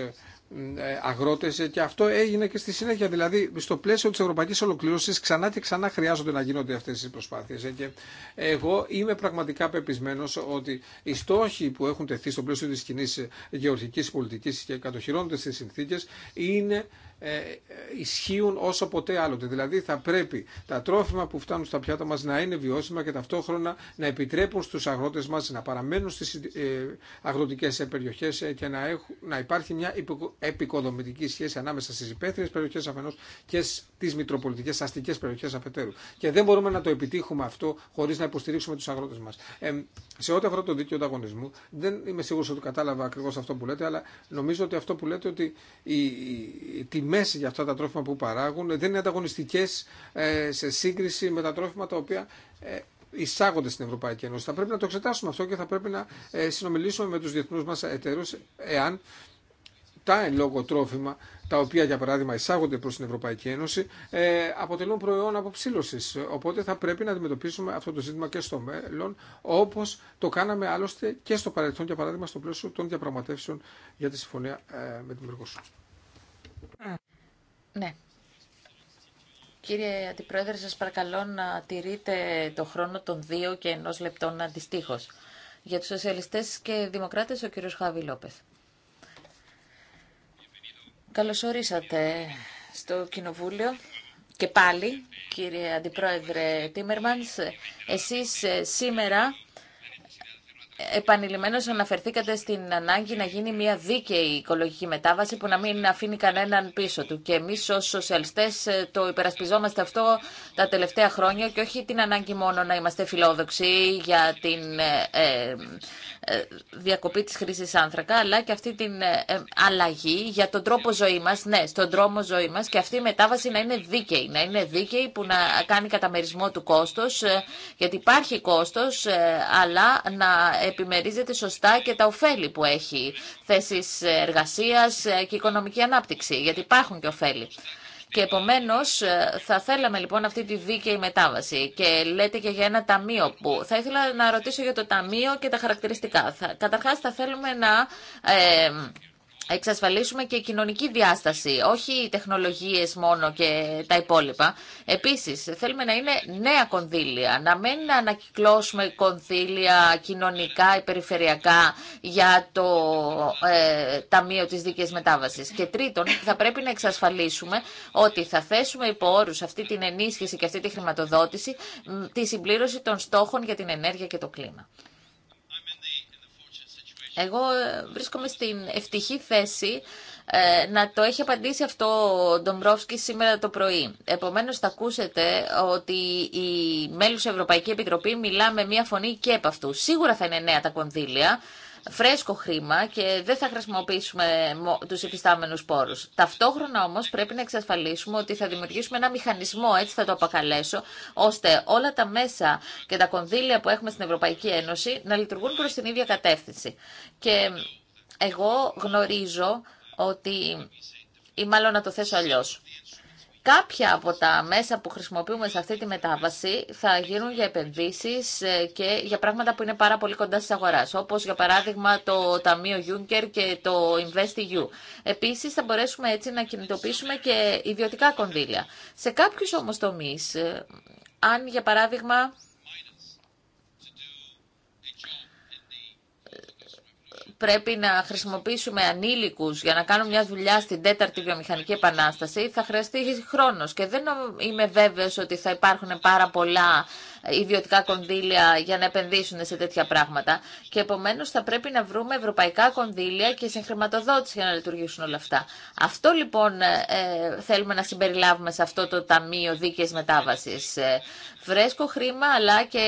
αγρότες και αυτό έγινε και στη συνέχεια. Δηλαδή στο πλαίσιο της ευρωπαϊκής ολοκλήρωσης ξανά και ξανά χρειάζονται να γίνονται αυτές οι προσπάθειες. εγώ είμαι πραγματικά πεπισμένος ότι οι στόχοι που έχουν τεθεί στο πλαίσιο της κοινή γεωργικής πολιτικής και κατοχυρώνονται στις συνθήκες είναι ε, ισχύουν όσο ποτέ άλλοτε. Δηλαδή θα πρέπει τα τρόφιμα που φτάνουν στα πιάτα μας να είναι βιώσιμα και ταυτόχρονα να επιτρέπουν στους αγρότες μας να παραμένουν στις ε, αγροτικές περιοχές ε, και να, έχουν, να υπάρχει μια επικοδομητική σχέση ανάμεσα στις υπαίθριες περιοχές αφενός και στις μητροπολιτικές αστικές περιοχές αφετέρου. Και δεν μπορούμε να το επιτύχουμε αυτό χωρίς να υποστηρίξουμε τους αγρότες μας. Ε, σε ό,τι αφορά το δίκαιο ανταγωνισμού, δεν είμαι σίγουρος ότι κατάλαβα ακριβώς αυτό που λέτε, αλλά νομίζω ότι αυτό που λέτε ότι η, η, η τιμές για αυτά τα τρόφιμα που παράγουν δεν είναι ανταγωνιστικές ε, σε σύγκριση με τα τρόφιμα τα οποία ε, εισάγονται στην Ευρωπαϊκή Ένωση. Θα πρέπει να το εξετάσουμε αυτό και θα πρέπει να ε, συνομιλήσουμε με τους διεθνούς μας εταίρους εάν τα εν λόγω τρόφιμα, τα οποία για παράδειγμα εισάγονται προς την Ευρωπαϊκή Ένωση, αποτελούν προϊόν αποψήλωσης. Οπότε θα πρέπει να αντιμετωπίσουμε αυτό το ζήτημα και στο μέλλον, όπως το κάναμε άλλωστε και στο παρελθόν, για παράδειγμα στο πλαίσιο των διαπραγματεύσεων για τη συμφωνία με την Μερκοσούρ. Ναι. Κύριε Αντιπρόεδρε, σας παρακαλώ να τηρείτε το χρόνο των δύο και ενός λεπτών αντιστοίχως. Για τους σοσιαλιστές και δημοκράτες, ο κύριος Χάβη Λόπεθ. Καλώς ορίσατε στο Κοινοβούλιο. Και πάλι, κύριε Αντιπρόεδρε Τίμερμανς, εσείς ε, σήμερα επανειλημμένως αναφερθήκατε στην ανάγκη να γίνει μια δίκαιη οικολογική μετάβαση που να μην αφήνει κανέναν πίσω του. Και εμείς ως σοσιαλιστές ε, το υπερασπιζόμαστε αυτό τα τελευταία χρόνια και όχι την ανάγκη μόνο να είμαστε φιλόδοξοι για την ε, ε, ε διακοπή της χρήσης άνθρακα, αλλά και αυτή την ε, αλλαγή για τον τρόπο ζωή μας, ναι, στον τρόμο ζωή μας και αυτή η μετάβαση να είναι δίκαιη, να είναι δίκαιη που να κάνει καταμερισμό του κόστος, γιατί υπάρχει κόστος, αλλά να επιμερίζεται σωστά και τα ωφέλη που έχει θέσει εργασίας και οικονομική ανάπτυξη, γιατί υπάρχουν και ωφέλη. Και επομένω ε, θα θέλαμε λοιπόν αυτή τη δίκαιη μετάβαση. Και λέτε και για ένα ταμείο που. Θα ήθελα να ρωτήσω για το ταμείο και τα χαρακτηριστικά. Καταρχά θα θέλουμε να. Ε, εξασφαλίσουμε και κοινωνική διάσταση, όχι οι τεχνολογίες μόνο και τα υπόλοιπα. Επίσης, θέλουμε να είναι νέα κονδύλια, να μην ανακυκλώσουμε κονδύλια κοινωνικά ή περιφερειακά για το ε, Ταμείο της Δίκαιης Μετάβασης. Και τρίτον, θα πρέπει να εξασφαλίσουμε ότι θα θέσουμε υπό όρους αυτή την ενίσχυση και αυτή τη χρηματοδότηση τη συμπλήρωση των στόχων για την ενέργεια και το κλίμα. Εγώ ε, βρίσκομαι στην ευτυχή θέση ε, να το έχει απαντήσει αυτό ο Ντομπρόφσκι σήμερα το πρωί. Επομένως θα ακούσετε ότι η μέλους Ευρωπαϊκή Επιτροπή μιλά με μία φωνή και επ' αυτού. Σίγουρα θα είναι νέα τα κονδύλια, φρέσκο χρήμα και δεν θα χρησιμοποιήσουμε τους υφιστάμενους πόρους. Ταυτόχρονα όμως πρέπει να εξασφαλίσουμε ότι θα δημιουργήσουμε ένα μηχανισμό, έτσι θα το αποκαλέσω, ώστε όλα τα μέσα και τα κονδύλια που έχουμε στην Ευρωπαϊκή Ένωση να λειτουργούν προς την ίδια κατεύθυνση. Και εγώ γνωρίζω ότι, ή μάλλον να το θέσω αλλιώς, Κάποια από τα μέσα που χρησιμοποιούμε σε αυτή τη μετάβαση θα γίνουν για επενδύσεις ε, και για πράγματα που είναι πάρα πολύ κοντά στι αγοράς, όπως για παράδειγμα το Ταμείο Juncker και το InvestEU. Επίσης θα μπορέσουμε έτσι να κινητοποιήσουμε και ιδιωτικά κονδύλια. Σε κάποιου όμως τομείς, ε, αν για παράδειγμα πρέπει να χρησιμοποιήσουμε ανήλικου για να κάνουν μια δουλειά στην τέταρτη βιομηχανική επανάσταση, θα χρειαστεί χρόνος και δεν είμαι βέβαιος ότι θα υπάρχουν πάρα πολλά ε, ιδιωτικά κονδύλια για να επενδύσουν σε τέτοια πράγματα. Και επομένω θα πρέπει να βρούμε ευρωπαϊκά κονδύλια και συγχρηματοδότηση για να λειτουργήσουν όλα αυτά. Αυτό λοιπόν ε, ε, θέλουμε να συμπεριλάβουμε σε αυτό το Ταμείο Δίκαιη Μετάβαση βρέσκο χρήμα αλλά και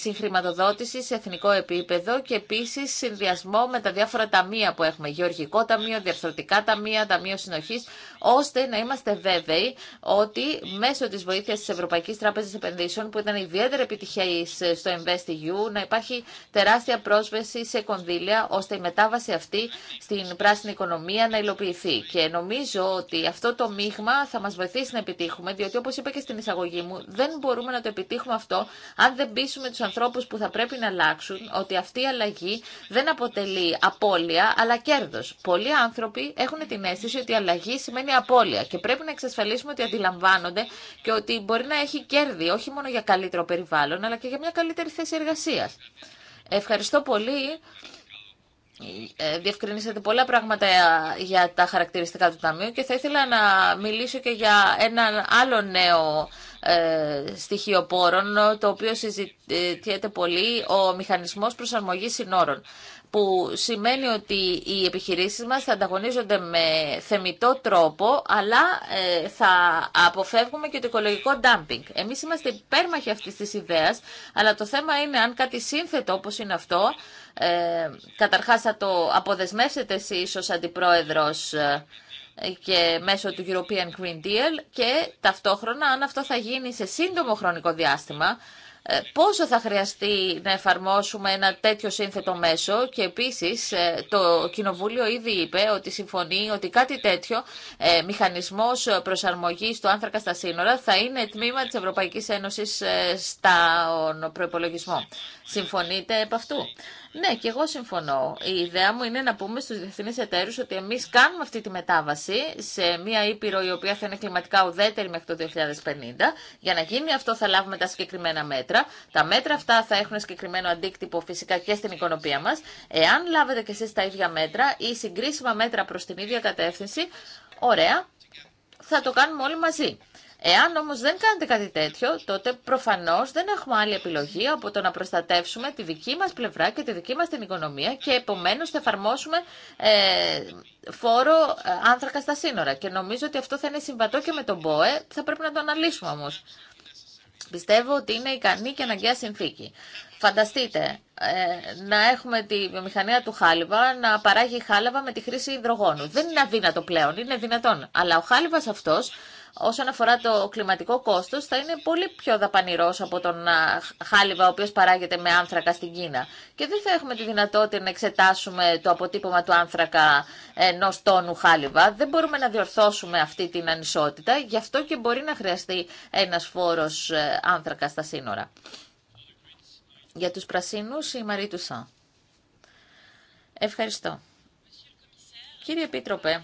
συγχρηματοδότηση σε εθνικό επίπεδο και επίση συνδυασμό με τα διάφορα ταμεία που έχουμε, γεωργικό ταμείο, διαρθρωτικά ταμεία, ταμείο συνοχή, ώστε να είμαστε βέβαιοι ότι μέσω τη βοήθεια τη Ευρωπαϊκή Τράπεζα Επενδύσεων που ήταν ιδιαίτερα επιτυχία στο InvestEU να υπάρχει τεράστια πρόσβεση σε κονδύλια ώστε η μετάβαση αυτή στην πράσινη οικονομία να υλοποιηθεί. Και νομίζω ότι αυτό το μείγμα θα μα βοηθήσει να επιτύχουμε διότι όπω είπα και στην εισαγωγή μου δεν μπορούμε να το επιτύχουμε αυτό αν δεν πείσουμε τους ανθρώπους που θα πρέπει να αλλάξουν ότι αυτή η αλλαγή δεν αποτελεί απώλεια αλλά κέρδος. Πολλοί άνθρωποι έχουν την αίσθηση ότι η αλλαγή σημαίνει απώλεια και πρέπει να εξασφαλίσουμε ότι αντιλαμβάνονται και ότι μπορεί να έχει κέρδη όχι μόνο για καλύτερο περιβάλλον αλλά και για μια καλύτερη θέση εργασίας. Ευχαριστώ πολύ. Ε, διευκρινίσατε πολλά πράγματα για τα χαρακτηριστικά του Ταμείου και θα ήθελα να μιλήσω και για ένα άλλο νέο ε, στοιχείο το οποίο συζητιέται πολύ, ο μηχανισμός προσαρμογής συνόρων που σημαίνει ότι οι επιχειρήσεις μας θα ανταγωνίζονται με θεμητό τρόπο, αλλά ε, θα αποφεύγουμε και το οικολογικό ντάμπινγκ. Εμείς είμαστε υπέρμαχοι αυτής της ιδέας, αλλά το θέμα είναι αν κάτι σύνθετο όπως είναι αυτό, ε, καταρχάς θα το αποδεσμεύσετε εσείς ως Αντιπρόεδρος ε, και μέσω του European Green Deal και ταυτόχρονα αν αυτό θα γίνει σε σύντομο χρονικό διάστημα, ε, πόσο θα χρειαστεί να εφαρμόσουμε ένα τέτοιο σύνθετο μέσο και επίσης ε, το Κοινοβούλιο ήδη είπε ότι συμφωνεί ότι κάτι τέτοιο ε, μηχανισμός προσαρμογής του άνθρακα στα σύνορα θα είναι τμήμα της Ευρωπαϊκής Ένωσης στα προπολογισμό. Συμφωνείτε επ' αυτού. Ναι, και εγώ συμφωνώ. Η ιδέα μου είναι να πούμε στους διεθνείς εταίρους ότι εμείς κάνουμε αυτή τη μετάβαση σε μια ήπειρο η οποία θα είναι κλιματικά ουδέτερη μέχρι το 2050. Για να γίνει αυτό θα λάβουμε τα συγκεκριμένα μέτρα. Τα μέτρα αυτά θα έχουν συγκεκριμένο αντίκτυπο φυσικά και στην οικονομία μας. Εάν λάβετε κι εσεί τα ίδια μέτρα ή συγκρίσιμα μέτρα προ την ίδια κατεύθυνση, ωραία, θα το κάνουμε όλοι μαζί. Εάν όμω δεν κάνετε κάτι τέτοιο, τότε προφανώ δεν έχουμε άλλη επιλογή από το να προστατεύσουμε τη δική μα πλευρά και τη δική μα την οικονομία και επομένω θα εφαρμόσουμε ε, φόρο ε, άνθρακα στα σύνορα. Και νομίζω ότι αυτό θα είναι συμβατό και με τον ΠΟΕ, θα πρέπει να το αναλύσουμε όμω. Πιστεύω ότι είναι ικανή και αναγκαία συνθήκη. Φανταστείτε ε, να έχουμε τη βιομηχανία του χάλιβα να παράγει χάλαβα με τη χρήση υδρογόνου. Δεν είναι αδύνατο πλέον, είναι δυνατόν. Αλλά ο χάλιβας αυτός όσον αφορά το κλιματικό κόστος θα είναι πολύ πιο δαπανηρός από τον χάλιβα ο οποίος παράγεται με άνθρακα στην Κίνα. Και δεν θα έχουμε τη δυνατότητα να εξετάσουμε το αποτύπωμα του άνθρακα ενό τόνου χάλιβα. Δεν μπορούμε να διορθώσουμε αυτή την ανισότητα. Γι' αυτό και μπορεί να χρειαστεί ένας φόρος ε, άνθρακα στα σύνορα. Για τους πρασίνους η Μαρή Ευχαριστώ. Κύριε Επίτροπε,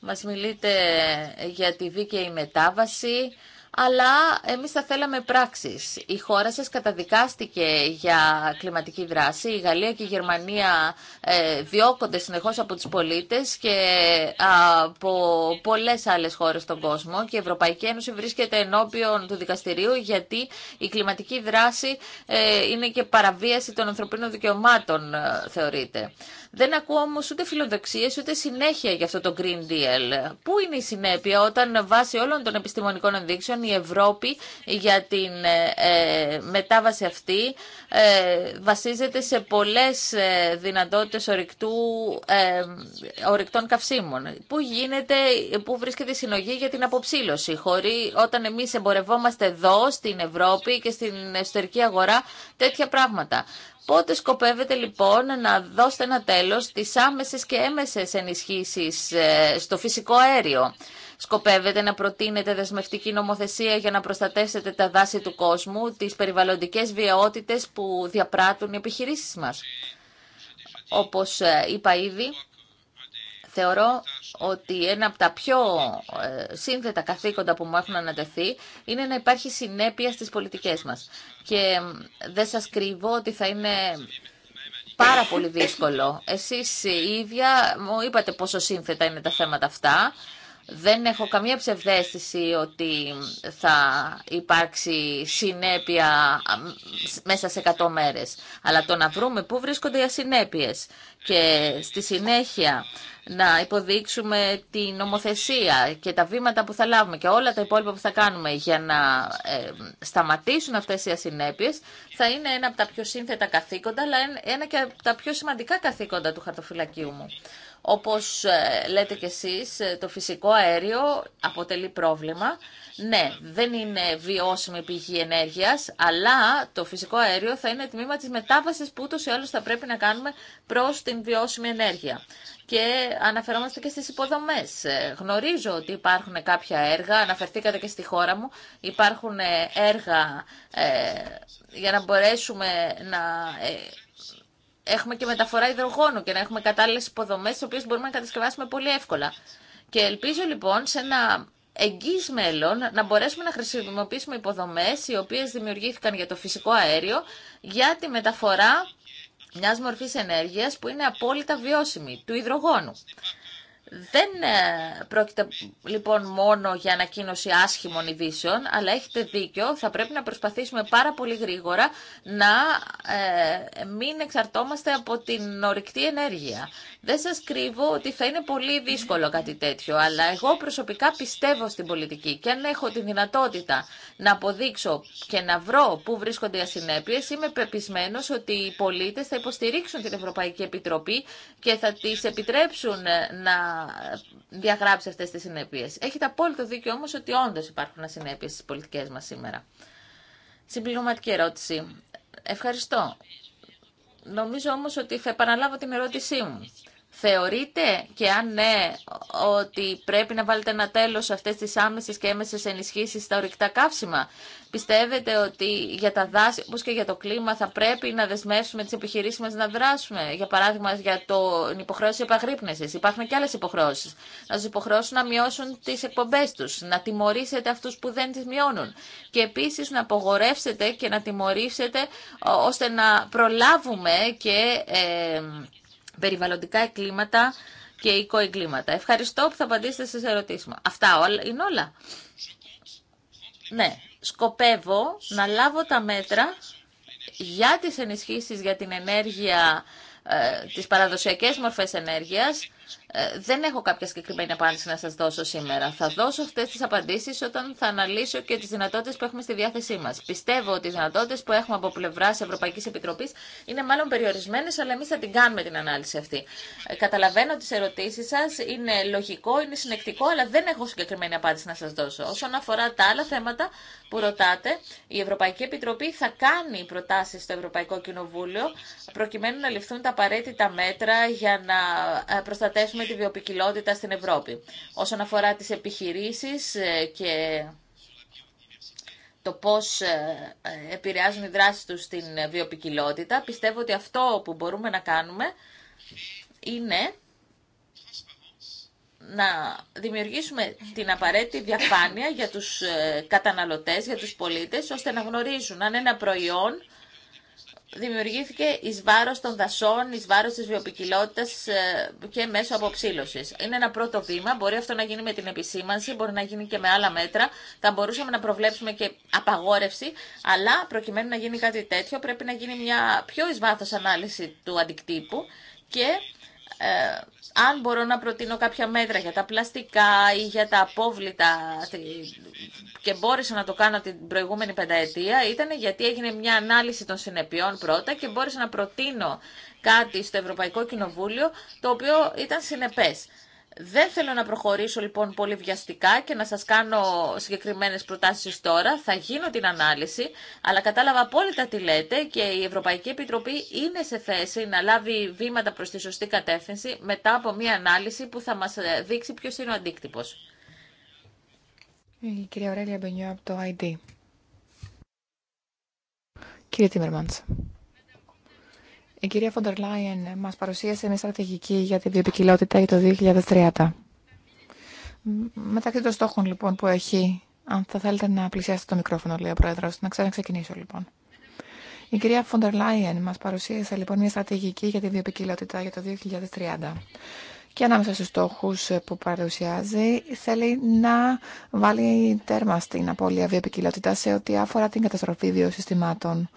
μας μιλείτε για τη δίκαιη μετάβαση, αλλά εμείς θα θέλαμε πράξεις. Η χώρα σας καταδικάστηκε για κλιματική δράση. Η Γαλλία και η Γερμανία ε, διώκονται συνεχώς από τους πολίτες και από πολλές άλλες χώρες στον κόσμο και η Ευρωπαϊκή Ένωση βρίσκεται ενώπιον του δικαστηρίου γιατί η κλιματική δράση ε, είναι και παραβίαση των ανθρωπίνων δικαιωμάτων ε, θεωρείται. Δεν ακούω όμω ούτε φιλοδοξίε ούτε συνέχεια για αυτό το Green Deal. Πού είναι η συνέπεια όταν βάσει όλων των επιστημονικών ενδείξεων η Ευρώπη για την ε, ε, μετάβαση αυτή ε, βασίζεται σε πολλέ δυνατότητε ορικτών καυσίμων. Πού γίνεται, πού βρίσκεται η συνογή για την αποψήλωση. Χωρί, όταν εμεί εμπορευόμαστε εδώ στην Ευρώπη και στην εσωτερική αγορά τέτοια πράγματα. Πότε σκοπεύετε λοιπόν να δώσετε ένα τέλος στις άμεσες και έμεσες ενισχύσεις ε, στο φυσικό αέριο. Σκοπεύετε να προτείνετε δεσμευτική νομοθεσία για να προστατεύσετε τα δάση του κόσμου, τις περιβαλλοντικές βιαιότητες που διαπράττουν οι επιχειρήσεις μας. Όπως ε, είπα ήδη, θεωρώ ότι ένα από τα πιο ε, σύνθετα καθήκοντα που μου έχουν ανατεθεί είναι να υπάρχει συνέπεια στις πολιτικές μας. Και δεν σας κρυβώ ότι θα είναι πάρα πολύ δύσκολο. Εσείς η ε, ίδια μου είπατε πόσο σύνθετα είναι τα θέματα αυτά. Δεν έχω καμία ψευδέστηση ότι θα υπάρξει συνέπεια μέσα σε 100 μέρες. Αλλά το να βρούμε πού βρίσκονται οι ασυνέπειες και στη συνέχεια να υποδείξουμε την νομοθεσία και τα βήματα που θα λάβουμε και όλα τα υπόλοιπα που θα κάνουμε για να ε, σταματήσουν αυτές οι ασυνέπειες θα είναι ένα από τα πιο σύνθετα καθήκοντα αλλά ένα και από τα πιο σημαντικά καθήκοντα του χαρτοφυλακίου μου. Όπως ε, λέτε κι εσείς, ε, το φυσικό αέριο αποτελεί πρόβλημα. Ναι, δεν είναι βιώσιμη πηγή ενέργειας, αλλά το φυσικό αέριο θα είναι τμήμα της μετάβασης που ούτως ή άλλως θα πρέπει να κάνουμε προς την βιώσιμη ενέργεια. Και αναφερόμαστε και στις υποδομές. Ε, γνωρίζω ότι υπάρχουν κάποια έργα, αναφερθήκατε και στη χώρα μου, υπάρχουν έργα για να μπορέσουμε να έχουμε και μεταφορά υδρογόνου και να έχουμε κατάλληλε υποδομέ, τι οποίε μπορούμε να κατασκευάσουμε πολύ εύκολα. Και ελπίζω λοιπόν σε ένα εγγύ μέλλον να μπορέσουμε να χρησιμοποιήσουμε υποδομές οι οποίες δημιουργήθηκαν για το φυσικό αέριο για τη μεταφορά μιας μορφής ενέργειας που είναι απόλυτα βιώσιμη, του υδρογόνου. Δεν ε, πρόκειται λοιπόν μόνο για ανακοίνωση άσχημων ειδήσεων, αλλά έχετε δίκιο, θα πρέπει να προσπαθήσουμε πάρα πολύ γρήγορα να ε, μην εξαρτώμαστε από την ορυκτή ενέργεια. Δεν σας κρύβω ότι θα είναι πολύ δύσκολο κάτι τέτοιο, αλλά εγώ προσωπικά πιστεύω στην πολιτική και αν έχω τη δυνατότητα να αποδείξω και να βρω πού βρίσκονται οι ασυνέπειες, είμαι πεπισμένος ότι οι πολίτες θα υποστηρίξουν την Ευρωπαϊκή Επιτροπή και θα τις επιτρέψουν ε, να διαγράψει αυτές τις συνέπειες. Έχετε απόλυτο δίκιο όμως ότι όντω υπάρχουν ασυνέπειες στι πολιτικές μας σήμερα. Συμπληρωματική ερώτηση. Ευχαριστώ. Νομίζω όμως ότι θα επαναλάβω την ερώτησή μου. Θεωρείτε και αν ναι ότι πρέπει να βάλετε ένα τέλος σε αυτές τις άμεσες και έμεσες ενισχύσεις στα ορυκτά καύσιμα. Πιστεύετε ότι για τα δάση όπως και για το κλίμα θα πρέπει να δεσμεύσουμε τις επιχειρήσεις μας να δράσουμε. Για παράδειγμα για την υποχρέωση επαγρύπνεσης. Υπάρχουν και άλλες υποχρεώσεις. Να τους υποχρεώσουν να μειώσουν τις εκπομπές τους. Να τιμωρήσετε αυτούς που δεν τις μειώνουν. Και επίσης να απογορεύσετε και να τιμωρήσετε ώστε να προλάβουμε και... Ε, περιβαλλοντικά εγκλήματα και οικοεγκλήματα. Ευχαριστώ που θα απαντήσετε στις ερωτήσεις μου. Αυτά όλα, είναι όλα. Ναι, σκοπεύω να λάβω τα μέτρα για τις ενισχύσεις για την ενέργεια, ε, τις παραδοσιακές μορφές ενέργειας, ε, δεν έχω κάποια συγκεκριμένη απάντηση να σας δώσω σήμερα. Θα δώσω αυτές τις απαντήσεις όταν θα αναλύσω και τις δυνατότητες που έχουμε στη διάθεσή μας. Πιστεύω ότι οι δυνατότητες που έχουμε από πλευράς Ευρωπαϊκής Επιτροπής είναι μάλλον περιορισμένες, αλλά εμείς θα την κάνουμε την ανάλυση αυτή. Ε, καταλαβαίνω τις ερωτήσεις σας, είναι λογικό, είναι συνεκτικό, αλλά δεν έχω συγκεκριμένη απάντηση να σας δώσω. Όσον αφορά τα άλλα θέματα που ρωτάτε, η Ευρωπαϊκή Επιτροπή θα κάνει προτάσεις στο Ευρωπαϊκό Κοινοβούλιο προκειμένου να ληφθούν τα απαραίτητα μέτρα για να ε, προστατεύσουν προστατεύσουμε τη βιοπικιλότητα στην Ευρώπη. Όσον αφορά τις επιχειρήσεις ε, και το πώς ε, ε, επηρεάζουν οι δράσεις τους στην βιοπικιλότητα, πιστεύω ότι αυτό που μπορούμε να κάνουμε είναι να δημιουργήσουμε την απαραίτητη διαφάνεια για τους καταναλωτές, για τους πολίτες, ώστε να γνωρίζουν αν ένα προϊόν δημιουργήθηκε ει βάρο των δασών, ει βάρο τη βιοπικιλότητα ε, και μέσω αποψήλωση. Είναι ένα πρώτο βήμα, μπορεί αυτό να γίνει με την επισήμανση, μπορεί να γίνει και με άλλα μέτρα, θα μπορούσαμε να προβλέψουμε και απαγόρευση, αλλά προκειμένου να γίνει κάτι τέτοιο πρέπει να γίνει μια πιο ει ανάλυση του αντικτύπου και ε, αν μπορώ να προτείνω κάποια μέτρα για τα πλαστικά ή για τα απόβλητα και μπόρεσα να το κάνω την προηγούμενη πενταετία ήταν γιατί έγινε μια ανάλυση των συνεπειών πρώτα και μπόρεσα να προτείνω κάτι στο Ευρωπαϊκό Κοινοβούλιο το οποίο ήταν συνεπές. Δεν θέλω να προχωρήσω λοιπόν πολύ βιαστικά και να σας κάνω συγκεκριμένες προτάσεις τώρα. Θα γίνω την ανάλυση, αλλά κατάλαβα απόλυτα τι λέτε και η Ευρωπαϊκή Επιτροπή είναι σε θέση να λάβει βήματα προς τη σωστή κατεύθυνση μετά από μια ανάλυση που θα μας ε, δείξει ποιος είναι ο αντίκτυπος. Η κυρία Ωρέλια ID. Κύριε η κυρία Φοντερ Λάιεν μας παρουσίασε μια στρατηγική για τη βιοπικιλότητα για το 2030. Μεταξύ των στόχων λοιπόν που έχει, αν θα θέλετε να πλησιάσετε το μικρόφωνο, λέει ο Πρόεδρος, να ξαναξεκινήσω λοιπόν. Η κυρία Φοντερ Λάιεν μας παρουσίασε λοιπόν μια στρατηγική για τη βιοπικιλότητα για το 2030 και ανάμεσα στους στόχους που παρουσιάζει θέλει να βάλει τέρμα στην απώλεια βιοπικιλότητα σε ό,τι αφορά την καταστροφή βιοσυστημάτων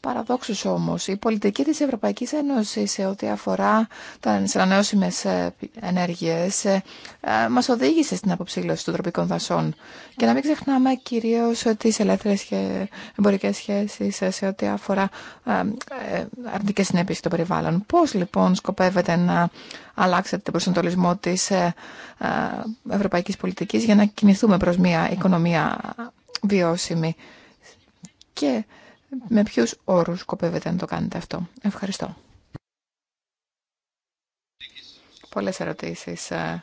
Παραδόξως όμως, η πολιτική της Ευρωπαϊκής Ένωσης σε ό,τι αφορά τα ανανεώσιμες ε, ενέργειες ε, ε, μα οδήγησε στην αποψήλωση των τροπικών δασών. Και να μην ξεχνάμε κυρίως τις ελεύθερες και εμπορικές σχέσεις σε ό,τι αφορά αρνητικές συνέπειες των περιβάλλων. Πώς λοιπόν σκοπεύετε να αλλάξετε τον προσανατολισμό της ευρωπαϊκής πολιτικής για να κινηθούμε προς μια οικονομία βιώσιμη και με ποιους όρους σκοπεύετε να το κάνετε αυτό. Ευχαριστώ. Πολλές ερωτήσεις ε,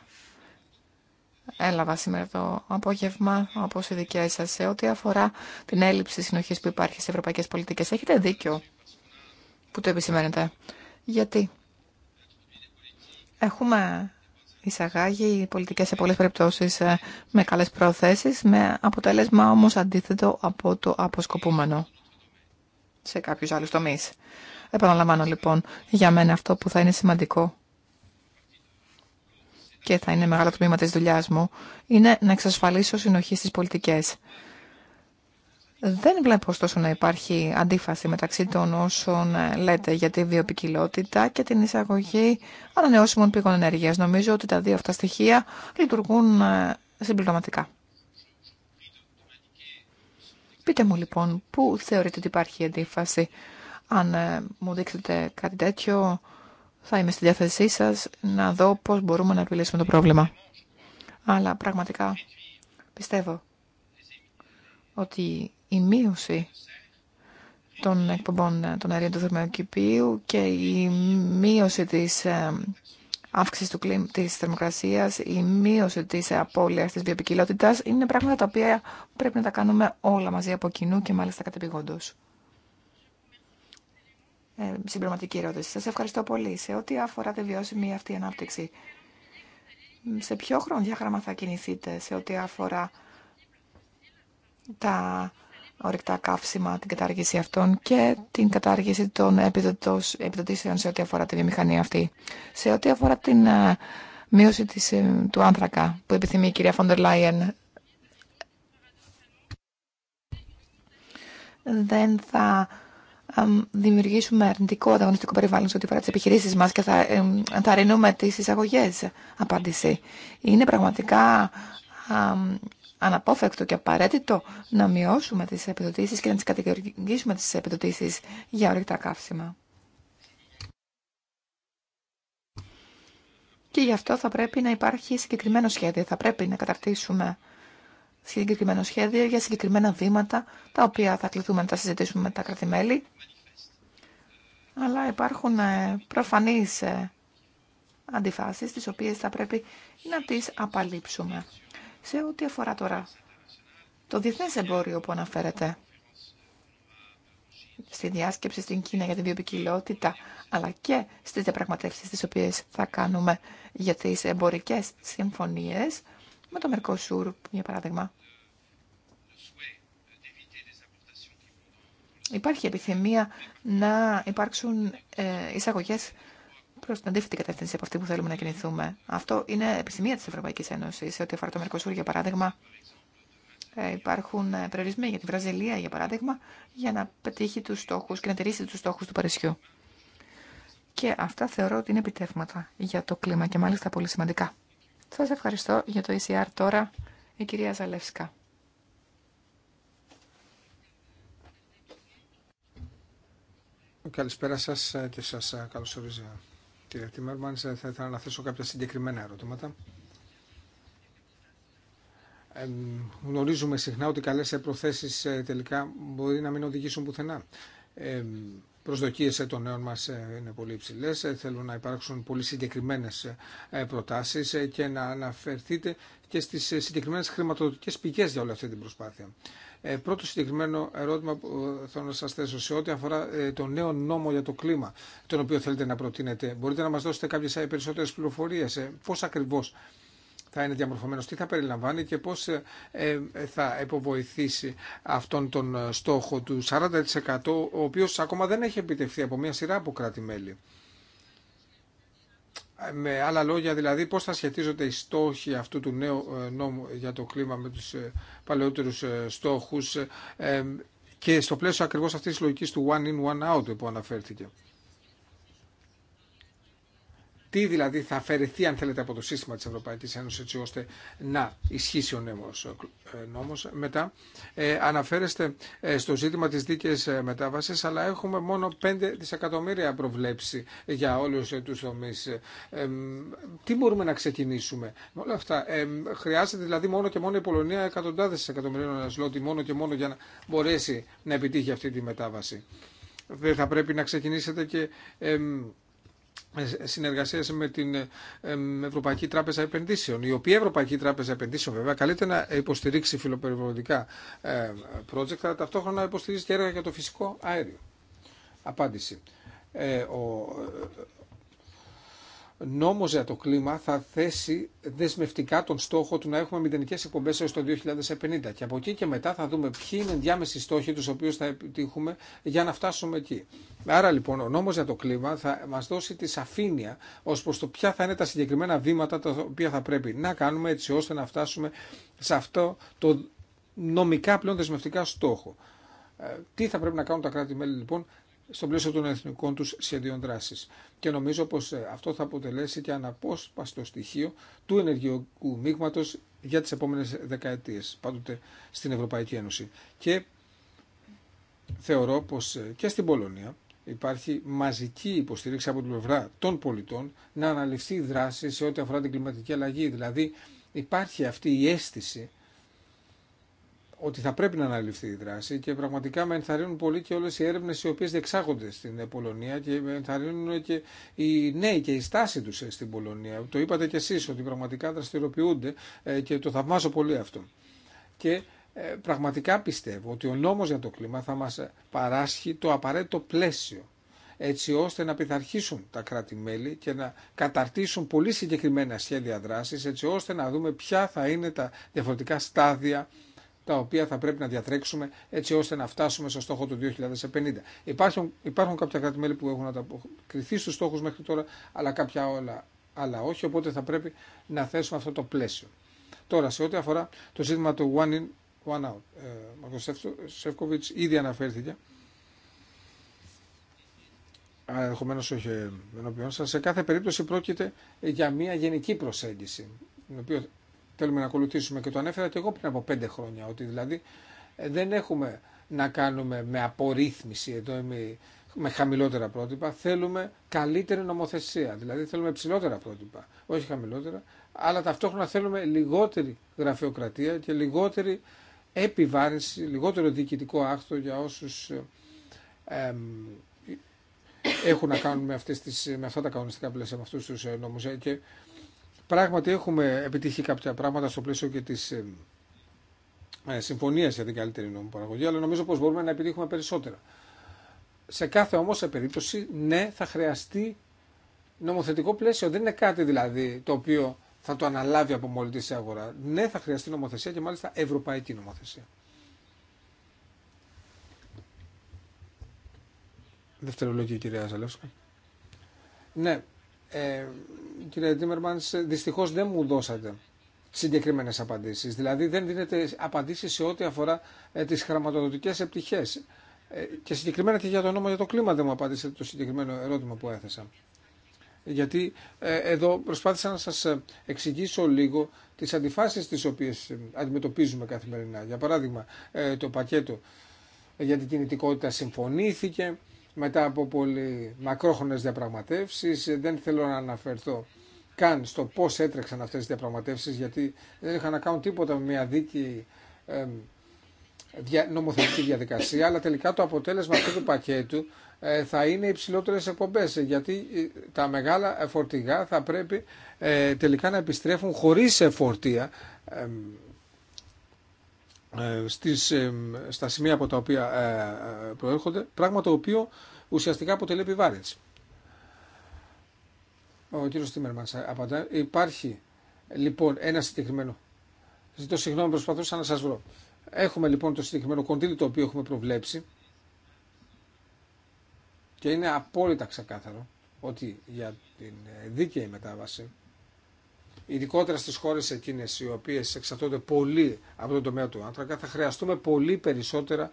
έλαβα σήμερα το απόγευμα, Από οι δικέ σα, σε ό,τι αφορά την έλλειψη συνοχή που υπάρχει σε ευρωπαϊκές πολιτικές. Έχετε δίκιο που το επισημαίνετε. Γιατί έχουμε εισαγάγει πολιτικές σε πολλέ περιπτώσει ε, με καλές προθέσεις, με αποτέλεσμα όμω αντίθετο από το αποσκοπούμενο σε κάποιους άλλους τομείς. Επαναλαμβάνω λοιπόν, για μένα αυτό που θα είναι σημαντικό και θα είναι μεγάλο τμήμα της δουλειά μου, είναι να εξασφαλίσω συνοχή στις πολιτικές. Δεν βλέπω ωστόσο να υπάρχει αντίφαση μεταξύ των όσων ε, λέτε για τη βιοπικιλότητα και την εισαγωγή ανανεώσιμων πηγών ενέργειας. Νομίζω ότι τα δύο αυτά στοιχεία λειτουργούν ε, συμπληρωματικά. Πείτε μου λοιπόν, πού θεωρείτε ότι υπάρχει αντίφαση. Αν ε, μου δείξετε κάτι τέτοιο, θα είμαι στη διάθεσή σας να δω πώς μπορούμε να επιλύσουμε το πρόβλημα. Αλλά πραγματικά πιστεύω ότι η μείωση των εκπομπών ε, των αερίων του θερμοκηπίου και η μείωση της ε, αύξηση του κλίμα, της θερμοκρασίας, η μείωση της απώλειας της βιοπικιλότητας είναι πράγματα τα οποία πρέπει να τα κάνουμε όλα μαζί από κοινού και μάλιστα κατεπηγόντως. Ε, συμπληρωματική ερώτηση. Σας ευχαριστώ πολύ. Σε ό,τι αφορά τη βιώσιμη αυτή ανάπτυξη, σε ποιο χρόνο διάγραμμα θα κινηθείτε σε ό,τι αφορά τα ορεικτά καύσιμα, την κατάργηση αυτών και την κατάργηση των επιδοτήσεων σε ό,τι αφορά τη βιομηχανία αυτή. Σε ό,τι αφορά την ε, μείωση της, ε, του άνθρακα που επιθυμεί η κυρία Φόντερ Λάιεν, δεν θα δημιουργήσουμε αρνητικό ανταγωνιστικό περιβάλλον σε ό,τι αφορά τι επιχειρήσει μα και θα ενθαρρύνουμε τι εισαγωγέ. Απάντηση. Είναι πραγματικά αναπόφευκτο και απαραίτητο να μειώσουμε τις επιδοτήσεις και να τις κατηγορήσουμε τις επιδοτήσεις για ορυκτά καύσιμα. Και γι' αυτό θα πρέπει να υπάρχει συγκεκριμένο σχέδιο. Θα πρέπει να καταρτήσουμε συγκεκριμένο σχέδιο για συγκεκριμένα βήματα, τα οποία θα κληθούμε να τα συζητήσουμε με τα κρατημέλη. Αλλά υπάρχουν ε, προφανείς ε, αντιφάσεις, τις οποίες θα πρέπει να τις απαλείψουμε. Σε ό,τι αφορά τώρα το διεθνές εμπόριο που αναφέρεται στη διάσκεψη στην Κίνα για την βιοπικιλότητα, αλλά και στις διαπραγματεύσεις τις οποίες θα κάνουμε για τις εμπορικές συμφωνίες, με το Μερκοσούρ, για παράδειγμα. Υπάρχει επιθυμία να υπάρξουν ε, εισαγωγές προ την αντίθετη κατεύθυνση από αυτή που θέλουμε να κινηθούμε. Αυτό είναι επισημία τη Ευρωπαϊκή Ένωση. Σε ό,τι αφορά το Μερκοσούρ, για παράδειγμα, ε, υπάρχουν ε, περιορισμοί για τη Βραζιλία, για παράδειγμα, για να πετύχει του στόχου και να τηρήσει του στόχου του Παρισιού. Και αυτά θεωρώ ότι είναι επιτεύγματα για το κλίμα και μάλιστα πολύ σημαντικά. Σα ευχαριστώ για το ECR τώρα, η κυρία Ζαλεύσκα. Καλησπέρα σας και σας καλωσορίζω Κύριε Τιμέρμαν, θα ήθελα να θέσω κάποια συγκεκριμένα ερωτήματα. Ε, γνωρίζουμε συχνά ότι καλές προθέσεις ε, τελικά μπορεί να μην οδηγήσουν πουθενά. Ε, προσδοκίες των νέων μας ε, είναι πολύ υψηλέ. Ε, Θέλω να υπάρξουν πολύ συγκεκριμένες προτάσεις και να αναφερθείτε και στις συγκεκριμένες χρηματοδοτικές πηγές για όλη αυτή την προσπάθεια. Ε, πρώτο συγκεκριμένο ερώτημα που ε, θέλω να σας θέσω σε ό,τι αφορά ε, το νέο νόμο για το κλίμα, τον οποίο θέλετε να προτείνετε. Μπορείτε να μας δώσετε κάποιες περισσότερες πληροφορίες. Πώ ακριβώ θα είναι διαμορφωμένος, τι θα περιλαμβάνει και πώς θα υποβοηθήσει αυτόν τον στόχο του 40% ο οποίος ακόμα δεν έχει επιτευχθεί από μια σειρά από κράτη-μέλη. Με άλλα λόγια, δηλαδή, πώς θα σχετίζονται οι στόχοι αυτού του νέου ε, νόμου για το κλίμα με τους ε, παλαιότερους ε, στόχους και στο πλαίσιο ακριβώς αυτής της λογικής του one in, one out που αναφέρθηκε. Τι δηλαδή θα αφαιρεθεί αν θέλετε από το σύστημα της Ευρωπαϊκής Ένωσης έτσι ώστε να ισχύσει ο νέος ε, ε, νόμος. Μετά ε, αναφέρεστε στο ζήτημα της δίκαιης μετάβασης αλλά έχουμε μόνο 5 δισεκατομμύρια προβλέψει για όλους τους τομείς. τι μπορούμε να ξεκινήσουμε με όλα αυτά. χρειάζεται δηλαδή μόνο και μόνο η Πολωνία εκατοντάδες εκατομμυρίων σλότη μόνο και μόνο για να μπορέσει να επιτύχει αυτή τη μετάβαση. Δεν θα πρέπει να ξεκινήσετε και... Συνεργασία με την ε, Ευρωπαϊκή Τράπεζα Επενδύσεων, η οποία Ευρωπαϊκή Τράπεζα Επενδύσεων βέβαια καλείται να υποστηρίξει φιλοπεριβαλλοντικά ε, project, αλλά ταυτόχρονα υποστηρίζει και έργα για το φυσικό αέριο. Απάντηση. Ε, ο νόμος για το κλίμα θα θέσει δεσμευτικά τον στόχο του να έχουμε μηδενικές εκπομπές έως το 2050 και από εκεί και μετά θα δούμε ποιοι είναι διάμεσοι στόχοι τους οποίους θα επιτύχουμε για να φτάσουμε εκεί. Άρα λοιπόν ο νόμος για το κλίμα θα μας δώσει τη σαφήνεια ως προς το ποια θα είναι τα συγκεκριμένα βήματα τα οποία θα πρέπει να κάνουμε έτσι ώστε να φτάσουμε σε αυτό το νομικά πλέον δεσμευτικά στόχο. Ε, τι θα πρέπει να κάνουν τα κράτη-μέλη λοιπόν στο πλαίσιο των εθνικών τους σχεδίων δράσης. Και νομίζω πως ε, αυτό θα αποτελέσει και αναπόσπαστο στοιχείο του ενεργειακού μείγματος για τις επόμενες δεκαετίες, πάντοτε στην Ευρωπαϊκή Ένωση. Και θεωρώ πως ε, και στην Πολωνία υπάρχει μαζική υποστήριξη από την πλευρά των πολιτών να αναλυφθεί δράση σε ό,τι αφορά την κλιματική αλλαγή. Δηλαδή υπάρχει αυτή η αίσθηση ότι θα πρέπει να αναλυφθεί η δράση και πραγματικά με ενθαρρύνουν πολύ και όλες οι έρευνες οι οποίες διεξάγονται στην Πολωνία και με ενθαρρύνουν και οι νέοι και η στάση τους ε, στην Πολωνία. Το είπατε κι εσείς ότι πραγματικά δραστηριοποιούνται ε, και το θαυμάζω πολύ αυτό. Και ε, πραγματικά πιστεύω ότι ο νόμος για το κλίμα θα μας παράσχει το απαραίτητο πλαίσιο έτσι ώστε να πειθαρχήσουν τα κράτη-μέλη και να καταρτήσουν πολύ συγκεκριμένα σχέδια δράσης, έτσι ώστε να δούμε ποια θα είναι τα διαφορετικά στάδια τα οποία θα πρέπει να διατρέξουμε έτσι ώστε να φτάσουμε στο στόχο του 2050. Υπάρχουν, υπάρχουν κάποια κράτη-μέλη που έχουν ανταποκριθεί στους στόχους μέχρι τώρα, αλλά κάποια όλα, αλλά όχι, οπότε θα πρέπει να θέσουμε αυτό το πλαίσιο. Τώρα, σε ό,τι αφορά το ζήτημα του one in, one out, ε, Μαρκος Σεύκοβιτς ήδη αναφέρθηκε, ενδεχομένω όχι ενώπιον σα. Σε κάθε περίπτωση πρόκειται για μια γενική προσέγγιση, την οποία θέλουμε να ακολουθήσουμε. Και το ανέφερα και εγώ πριν από πέντε χρόνια, ότι δηλαδή ε, δεν έχουμε να κάνουμε με απορρίθμιση εδώ με χαμηλότερα πρότυπα, θέλουμε καλύτερη νομοθεσία. Δηλαδή θέλουμε ψηλότερα πρότυπα, όχι χαμηλότερα, αλλά ταυτόχρονα θέλουμε λιγότερη γραφειοκρατία και λιγότερη επιβάρυνση, λιγότερο διοικητικό άκτο για όσους ε, έχουν να κάνουν με, αυτές τις, με αυτά τα κανονιστικά πλαίσια, με αυτούς τους ε, νόμους. Και Πράγματι έχουμε επιτύχει κάποια πράγματα στο πλαίσιο και της ε, ε, συμφωνίας για την καλύτερη νομοπαραγωγή, αλλά νομίζω πως μπορούμε να επιτύχουμε περισσότερα. Σε κάθε όμως περίπτωση, ναι, θα χρειαστεί νομοθετικό πλαίσιο. Δεν είναι κάτι δηλαδή το οποίο θα το αναλάβει από μόλι τη αγορά. Ναι, θα χρειαστεί νομοθεσία και μάλιστα ευρωπαϊκή νομοθεσία. Δευτερολογία, κυρία Ζαλεύσκα. Ναι, ε, κύριε Τίμερμαν, δυστυχώς δεν μου δώσατε συγκεκριμένες απαντήσεις. Δηλαδή δεν δίνετε απαντήσεις σε ό,τι αφορά ε, τις χρηματοδοτικές επιτυχίες. Ε, και συγκεκριμένα και για το νόμο για το κλίμα δεν μου απαντήσατε το συγκεκριμένο ερώτημα που έθεσα. Γιατί ε, εδώ προσπάθησα να σας εξηγήσω λίγο τις αντιφάσεις τις οποίες αντιμετωπίζουμε καθημερινά. Για παράδειγμα, το πακέτο για την κινητικότητα συμφωνήθηκε, μετά από πολύ μακρόχρονες διαπραγματεύσεις. Δεν θέλω να αναφερθώ καν στο πώς έτρεξαν αυτές οι διαπραγματεύσεις γιατί δεν είχαν να κάνουν τίποτα με μια δίκη ε, νομοθετική διαδικασία αλλά τελικά το αποτέλεσμα αυτού του πακέτου ε, θα είναι υψηλότερε εκπομπές γιατί ε, τα μεγάλα φορτηγά θα πρέπει ε, τελικά να επιστρέφουν χωρίς ε, ε, στις, ε, στα σημεία από τα οποία ε, προέρχονται, πράγμα το οποίο ουσιαστικά αποτελεί επιβάρυνση. Ο κύριος Τιμερμάν, απαντά, υπάρχει λοιπόν ένα συγκεκριμένο, ζητώ συγγνώμη προσπαθούσα να σας βρω, έχουμε λοιπόν το συγκεκριμένο κονδύλι το οποίο έχουμε προβλέψει και είναι απόλυτα ξεκάθαρο ότι για την δίκαιη μετάβαση ειδικότερα στις χώρες εκείνες οι οποίες εξαρτώνται πολύ από τον τομέα του άνθρακα, θα χρειαστούμε πολύ περισσότερα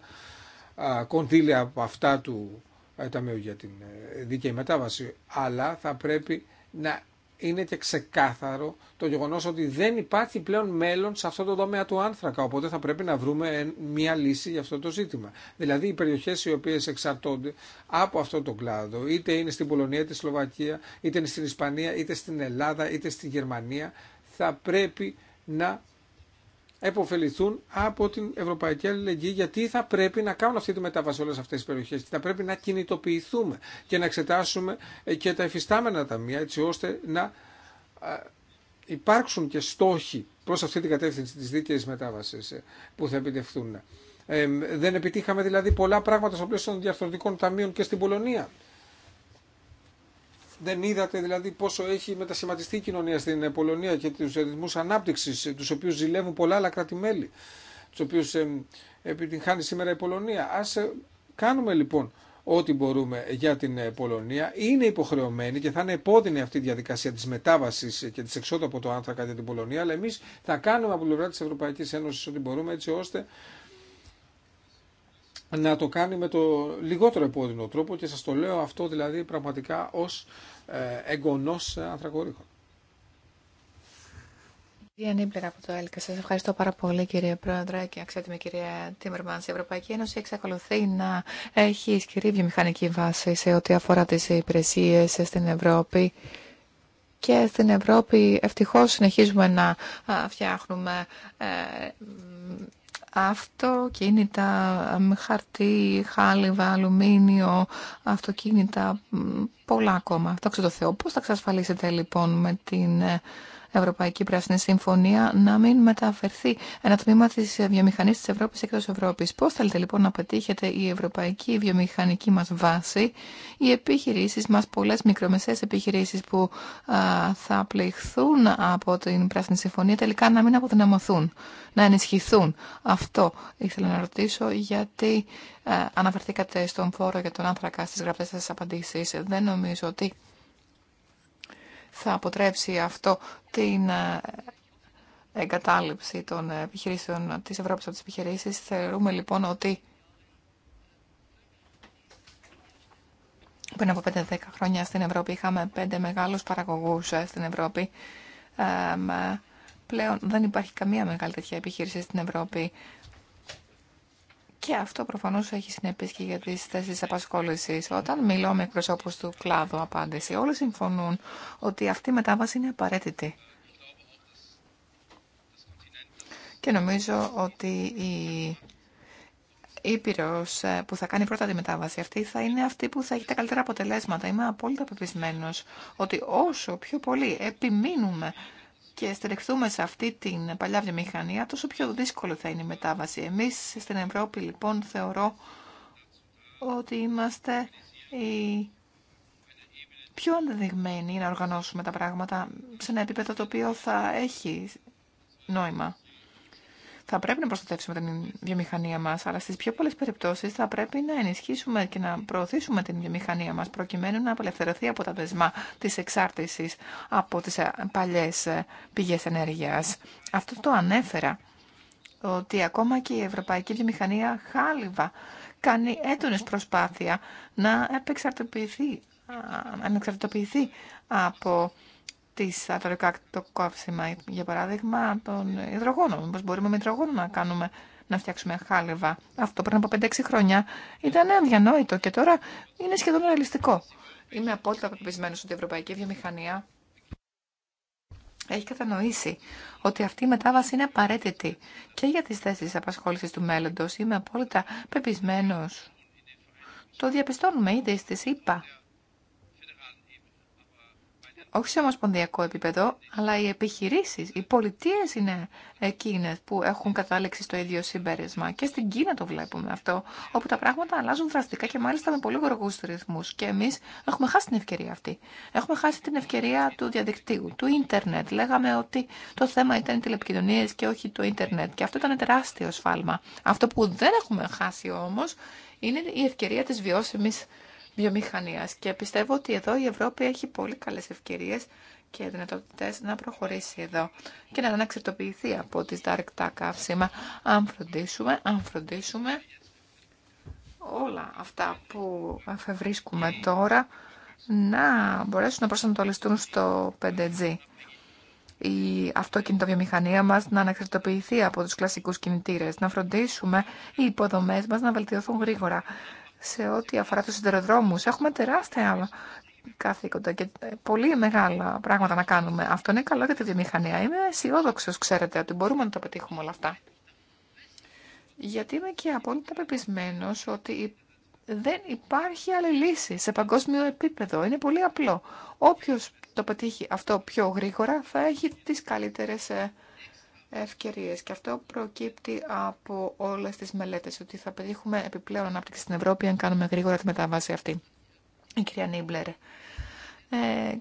κονδύλια από αυτά του ε, Ταμείου για την ε, δίκαιη μετάβαση. Αλλά θα πρέπει να είναι και ξεκάθαρο το γεγονό ότι δεν υπάρχει πλέον μέλλον σε αυτό το τομέα του άνθρακα, οπότε θα πρέπει να βρούμε μια λύση για αυτό το ζήτημα. Δηλαδή οι περιοχές οι οποίες εξαρτώνται από αυτό το κλάδο, είτε είναι στην Πολωνία, είτε στη Σλοβακία, είτε είναι στην Ισπανία, είτε στην Ελλάδα, είτε στη Γερμανία, θα πρέπει να επωφεληθούν από την Ευρωπαϊκή Αλληλεγγύη γιατί θα πρέπει να κάνουν αυτή τη μετάβαση όλες αυτές τις περιοχές θα πρέπει να κινητοποιηθούμε και να εξετάσουμε ε, και τα εφιστάμενα ταμεία έτσι ώστε να ε, υπάρξουν και στόχοι προς αυτή την κατεύθυνση της δίκαιης μετάβασης ε, που θα επιτευχθούν. δεν επιτύχαμε δηλαδή πολλά πράγματα στο πλαίσιο των διαφορετικών ταμείων και στην Πολωνία δεν είδατε δηλαδή πόσο έχει μετασχηματιστεί η κοινωνία στην Πολωνία και του ρυθμού ανάπτυξη, του οποίου ζηλεύουν πολλά άλλα κράτη-μέλη, του οποίου επιτυγχάνει σήμερα η Πολωνία. Α ε, κάνουμε λοιπόν ό,τι μπορούμε για την ε, Πολωνία. Είναι υποχρεωμένη και θα είναι επώδυνη αυτή η διαδικασία τη μετάβαση και τη εξόδου από το άνθρακα για την Πολωνία. Αλλά εμεί θα κάνουμε από πλευρά τη Ευρωπαϊκή Ένωση ό,τι μπορούμε έτσι ώστε να το κάνει με το λιγότερο επώδυνο τρόπο και σας το λέω αυτό δηλαδή πραγματικά ως ε, εγγονός ανθρακορίχων. Κυρία από το ΕΛΚΑ, σας ευχαριστώ πάρα πολύ κύριε Πρόεδρε και αξιότιμη κυρία Τίμερμαν. Η Ευρωπαϊκή Ένωση εξακολουθεί να έχει ισχυρή βιομηχανική βάση σε ό,τι αφορά τις υπηρεσίε στην Ευρώπη. Και στην Ευρώπη ευτυχώς συνεχίζουμε να φτιάχνουμε ε, αυτοκίνητα, χαρτί, χάλιβα, αλουμίνιο, αυτοκίνητα, πολλά ακόμα. Αυτό ξέρω το Θεό. Πώς θα εξασφαλίσετε λοιπόν με την ε, Ευρωπαϊκή Πράσινη Συμφωνία να μην μεταφερθεί ένα τμήμα τη βιομηχανή τη Ευρώπη εκτό Ευρώπη. Πώ θέλετε λοιπόν να πετύχετε η ευρωπαϊκή βιομηχανική μα βάση, οι επιχειρήσει μα πολλέ μικρομεσαίε επιχειρήσει που α, θα πληχθούν από την Πράσινη Συμφωνία τελικά να μην αποδυναμωθούν, να ενισχυθούν. Αυτό ήθελα να ρωτήσω γιατί αναφερθήκατε στον φόρο για τον άνθρακα στις γραπτές σας απαντήσει. Δεν νομίζω ότι θα αποτρέψει αυτό την ε, εγκατάλειψη των επιχειρήσεων της Ευρώπης από τις επιχειρήσεις. Θεωρούμε λοιπόν ότι πριν από 5-10 χρόνια στην Ευρώπη είχαμε 5 μεγάλους παραγωγούς ε, στην Ευρώπη. Ε, πλέον δεν υπάρχει καμία μεγάλη τέτοια επιχείρηση στην Ευρώπη. Και αυτό προφανώ έχει συνεπεί και για τι θέσει απασχόληση. Όταν μιλώ με εκπροσώπου του κλάδου, απάντηση. Όλοι συμφωνούν ότι αυτή η μετάβαση είναι απαραίτητη. Και νομίζω ότι η Ήπειρο ε, που θα κάνει πρώτα τη μετάβαση αυτή θα είναι αυτή που θα έχει τα καλύτερα αποτελέσματα. Είμαι απόλυτα πεπισμένο ότι όσο πιο πολύ επιμείνουμε και στηριχθούμε σε αυτή την παλιά βιομηχανία, τόσο πιο δύσκολο θα είναι η μετάβαση. Εμείς στην Ευρώπη λοιπόν θεωρώ ότι είμαστε οι πιο ανταδειγμένοι να οργανώσουμε τα πράγματα σε ένα επίπεδο το οποίο θα έχει νόημα. Θα πρέπει να προστατεύσουμε την βιομηχανία μα, αλλά στι πιο πολλέ περιπτώσει θα πρέπει να ενισχύσουμε και να προωθήσουμε την βιομηχανία μα, προκειμένου να απελευθερωθεί από τα δεσμά τη εξάρτηση από τι ε, παλιέ ε, πηγέ ενέργεια. Αυτό το ανέφερα ότι ακόμα και η ευρωπαϊκή βιομηχανία χάλιβα κάνει έντονες προσπάθεια να επεξαρτοποιηθεί, να από τις ατορικά κόψιμα, για παράδειγμα, των υδρογόνων. Πώς μπορούμε με υδρογόνο να κάνουμε να φτιάξουμε χάλιβα. Αυτό πριν από 5-6 χρόνια ήταν αδιανόητο και τώρα είναι σχεδόν ρεαλιστικό. Είμαι απόλυτα πεπισμένος ότι η ευρωπαϊκή βιομηχανία έχει κατανοήσει ότι αυτή η μετάβαση είναι απαραίτητη και για τις θέσεις απασχόλησης του μέλλοντος. Είμαι απόλυτα πεπισμένος. Το διαπιστώνουμε ήδη στι ΗΠΑ όχι σε ομοσπονδιακό επίπεδο, αλλά οι επιχειρήσεις, οι πολιτείες είναι εκείνες που έχουν κατάληξει στο ίδιο συμπέρασμα. Και στην Κίνα το βλέπουμε αυτό, όπου τα πράγματα αλλάζουν δραστικά και μάλιστα με πολύ γοργούς ρυθμούς. Και εμείς έχουμε χάσει την ευκαιρία αυτή. Έχουμε χάσει την ευκαιρία του διαδικτύου, του ίντερνετ. Λέγαμε ότι το θέμα ήταν οι τηλεπικοινωνίες και όχι το ίντερνετ. Και αυτό ήταν τεράστιο σφάλμα. Αυτό που δεν έχουμε χάσει όμως είναι η ευκαιρία της βιώσιμης βιομηχανίας και πιστεύω ότι εδώ η Ευρώπη έχει πολύ καλές ευκαιρίες και δυνατότητε να προχωρήσει εδώ και να αναξερτοποιηθεί από τις dark καύσιμα αν φροντίσουμε, αν φροντίσουμε όλα αυτά που αφευρίσκουμε τώρα να μπορέσουν να προσανατολιστούν στο 5G. Η αυτοκίνητο βιομηχανία μας να αναξερτοποιηθεί από τους κλασικούς κινητήρες, να φροντίσουμε οι υποδομές μας να βελτιωθούν γρήγορα σε ό,τι αφορά τους συντεροδρόμους. Έχουμε τεράστια καθήκοντα και πολύ μεγάλα πράγματα να κάνουμε. Αυτό είναι καλό για τη βιομηχανία. Είμαι αισιόδοξο, ξέρετε, ότι μπορούμε να τα πετύχουμε όλα αυτά. Γιατί είμαι και απόλυτα πεπισμένο ότι δεν υπάρχει άλλη λύση σε παγκόσμιο επίπεδο. Είναι πολύ απλό. Όποιος το πετύχει αυτό πιο γρήγορα θα έχει τις καλύτερες ε, ευκαιρίες. Και αυτό προκύπτει από όλες τις μελέτες, ότι θα πετύχουμε επιπλέον ανάπτυξη στην Ευρώπη αν κάνουμε γρήγορα τη μεταβάση αυτή. Η κυρία Νίμπλερ. Ε,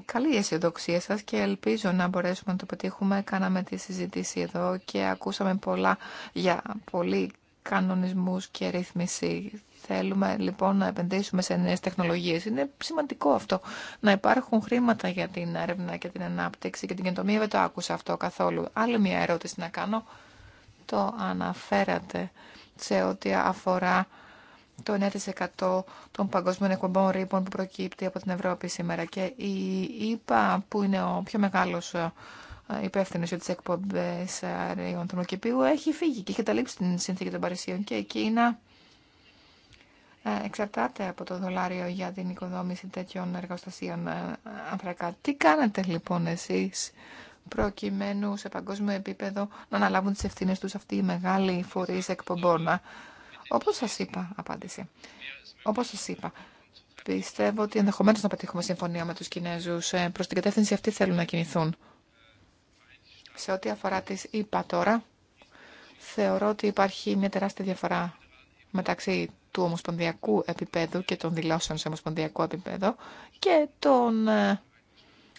καλή αισιοδοξία σας και ελπίζω να μπορέσουμε να το πετύχουμε. Κάναμε τη συζήτηση εδώ και ακούσαμε πολλά για πολλοί κανονισμούς και ρύθμιση. Θέλουμε λοιπόν να επενδύσουμε σε νέες τεχνολογίες. Είναι σημαντικό αυτό. Να υπάρχουν χρήματα για την έρευνα και την ανάπτυξη και την καινοτομία. Δεν το άκουσα αυτό καθόλου. Άλλη μια ερώτηση να κάνω. Το αναφέρατε σε ό,τι αφορά το 9% των παγκόσμιων εκπομπών ρήπων που προκύπτει από την Ευρώπη σήμερα. Και η ΕΠΑ που είναι ο πιο μεγάλος ε, υπεύθυνο για τι εκπομπέ αερίων θερμοκηπίου έχει φύγει και έχει καταλήξει την συνθήκη των Παρισίων και η Κίνα ε, εξαρτάται από το δολάριο για την οικοδόμηση τέτοιων εργοστασίων ε, ανθρακά. Τι κάνετε λοιπόν εσείς προκειμένου σε παγκόσμιο επίπεδο να αναλάβουν τις ευθύνες τους αυτοί οι μεγάλοι φορείς εκπομπών. Ε? Όπως σας είπα, απάντηση. Όπως σας είπα, πιστεύω ότι ενδεχομένως να πετύχουμε συμφωνία με τους Κινέζους. Προς την κατεύθυνση αυτή θέλουν να κινηθούν. Σε ό,τι αφορά τις είπα τώρα, θεωρώ ότι υπάρχει μια τεράστια διαφορά μεταξύ του ομοσπονδιακού επίπεδου και των δηλώσεων σε ομοσπονδιακό επίπεδο και των ε,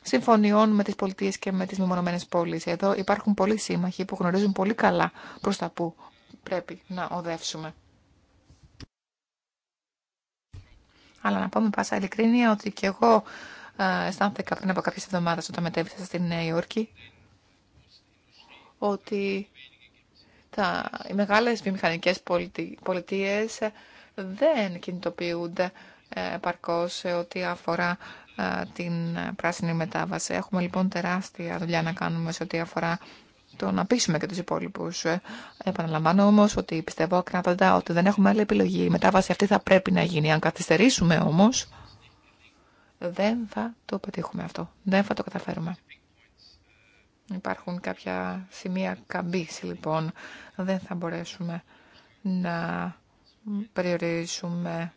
συμφωνιών με τις πολιτείες και με τις μεμονωμένες πόλεις. Εδώ υπάρχουν πολλοί σύμμαχοι που γνωρίζουν πολύ καλά προς τα που πρέπει να οδεύσουμε. Αλλά να πω με πάσα ειλικρίνεια ότι και εγώ ε, αισθάνθηκα πριν από κάποιες εβδομάδες όταν μετέβησα στην Νέα Υόρκη ότι τα, οι μεγάλες βιομηχανικές πολιτείες δεν κινητοποιούνται ε, επαρκώς σε ό,τι αφορά ε, την πράσινη μετάβαση. Έχουμε λοιπόν τεράστια δουλειά να κάνουμε σε ό,τι αφορά το να πείσουμε και τους υπόλοιπους. Ε. Επαναλαμβάνω όμως ότι πιστεύω ακράδαντα ότι δεν έχουμε άλλη επιλογή. Η μετάβαση αυτή θα πρέπει να γίνει. Αν καθυστερήσουμε όμως, δεν θα το πετύχουμε αυτό. Δεν θα το καταφέρουμε. Υπάρχουν κάποια σημεία καμπής, λοιπόν. Δεν θα μπορέσουμε να περιορίσουμε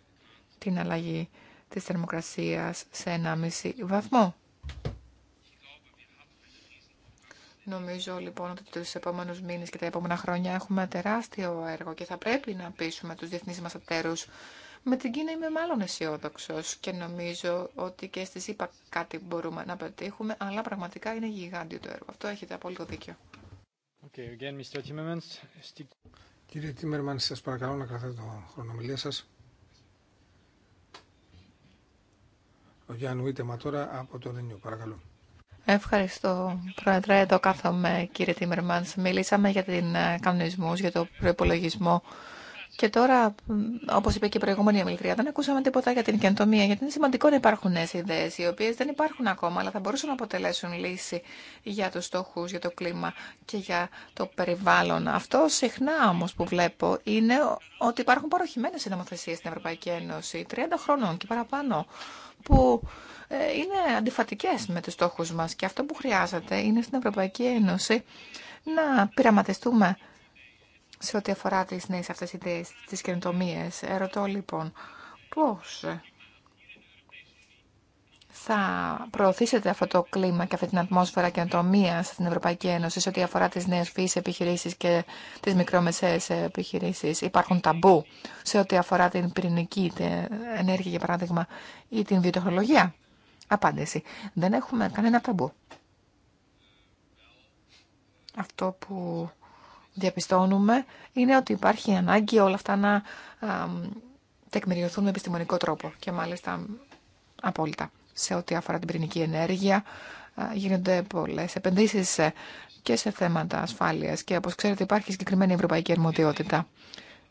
την αλλαγή της θερμοκρασίας σε 1,5 βαθμό. Νομίζω λοιπόν ότι τους επόμενους μήνες και τα επόμενα χρόνια έχουμε τεράστιο έργο και θα πρέπει να πείσουμε τους διεθνείς μας ατέρους. Με την Κίνα είμαι μάλλον αισιόδοξο και νομίζω ότι και στις είπα κάτι μπορούμε να πετύχουμε, αλλά πραγματικά είναι γιγάντιο το έργο. Αυτό έχετε απόλυτο δίκιο. Okay, Κύριε Τίμερμαν, σας παρακαλώ να κρατάτε το χρονομιλία σας. Ο Γιάννου Ήτεμα τώρα από το Ρενιού, παρακαλώ. Ευχαριστώ, Πρόεδρε. Εδώ κάθομαι, κύριε Τίμερμαν. Μιλήσαμε για την ε, κανονισμούς, για το προπολογισμό και τώρα, όπω είπε και η προηγούμενη ομιλητρία, δεν ακούσαμε τίποτα για την καινοτομία, γιατί είναι σημαντικό να υπάρχουν νέε ιδέε, οι οποίε δεν υπάρχουν ακόμα, αλλά θα μπορούσαν να αποτελέσουν λύση για του στόχου, για το κλίμα και για το περιβάλλον. Αυτό συχνά όμω που βλέπω είναι ότι υπάρχουν παροχημένε νομοθεσίε στην Ευρωπαϊκή Ένωση, 30 χρόνων και παραπάνω, που ε, είναι αντιφατικέ με του στόχου μα. Και αυτό που χρειάζεται είναι στην Ευρωπαϊκή Ένωση να πειραματιστούμε σε ό,τι αφορά τις νέες αυτές ιδέες, τις καινοτομίες. ερωτώ λοιπόν, πώς θα προωθήσετε αυτό το κλίμα και αυτή την ατμόσφαιρα καινοτομία στην Ευρωπαϊκή Ένωση σε ό,τι αφορά τις νέες φύσεις επιχειρήσεις και τις μικρομεσαίες επιχειρήσεις. Υπάρχουν ταμπού σε ό,τι αφορά την πυρηνική ενέργεια, για παράδειγμα, ή την βιοτεχνολογία. Απάντηση. Δεν έχουμε κανένα ταμπού. Αυτό που διαπιστώνουμε είναι ότι υπάρχει ανάγκη όλα αυτά να τεκμηριωθούν με επιστημονικό τρόπο και μάλιστα απόλυτα. Σε ό,τι αφορά την πυρηνική ενέργεια γίνονται πολλές επενδύσεις και σε θέματα ασφάλειας και όπως ξέρετε υπάρχει συγκεκριμένη ευρωπαϊκή αρμοδιότητα.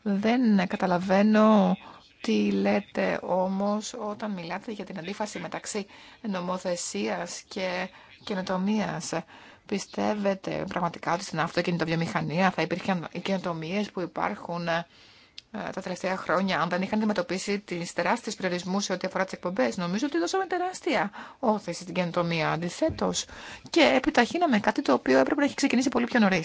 Δεν καταλαβαίνω τι λέτε όμως όταν μιλάτε για την αντίφαση μεταξύ νομοθεσίας και καινοτομίας Πιστεύετε πραγματικά ότι στην αυτοκινητοβιομηχανία θα υπήρχαν οι καινοτομίε που υπάρχουν ε, τα τελευταία χρόνια, αν δεν είχαν αντιμετωπίσει τι τεράστιε περιορισμού σε ό,τι αφορά τι εκπομπέ, νομίζω ότι δώσαμε τεράστια όθεση στην καινοτομία. Αντιθέτω, και επιταχύναμε κάτι το οποίο έπρεπε να έχει ξεκινήσει πολύ πιο νωρί.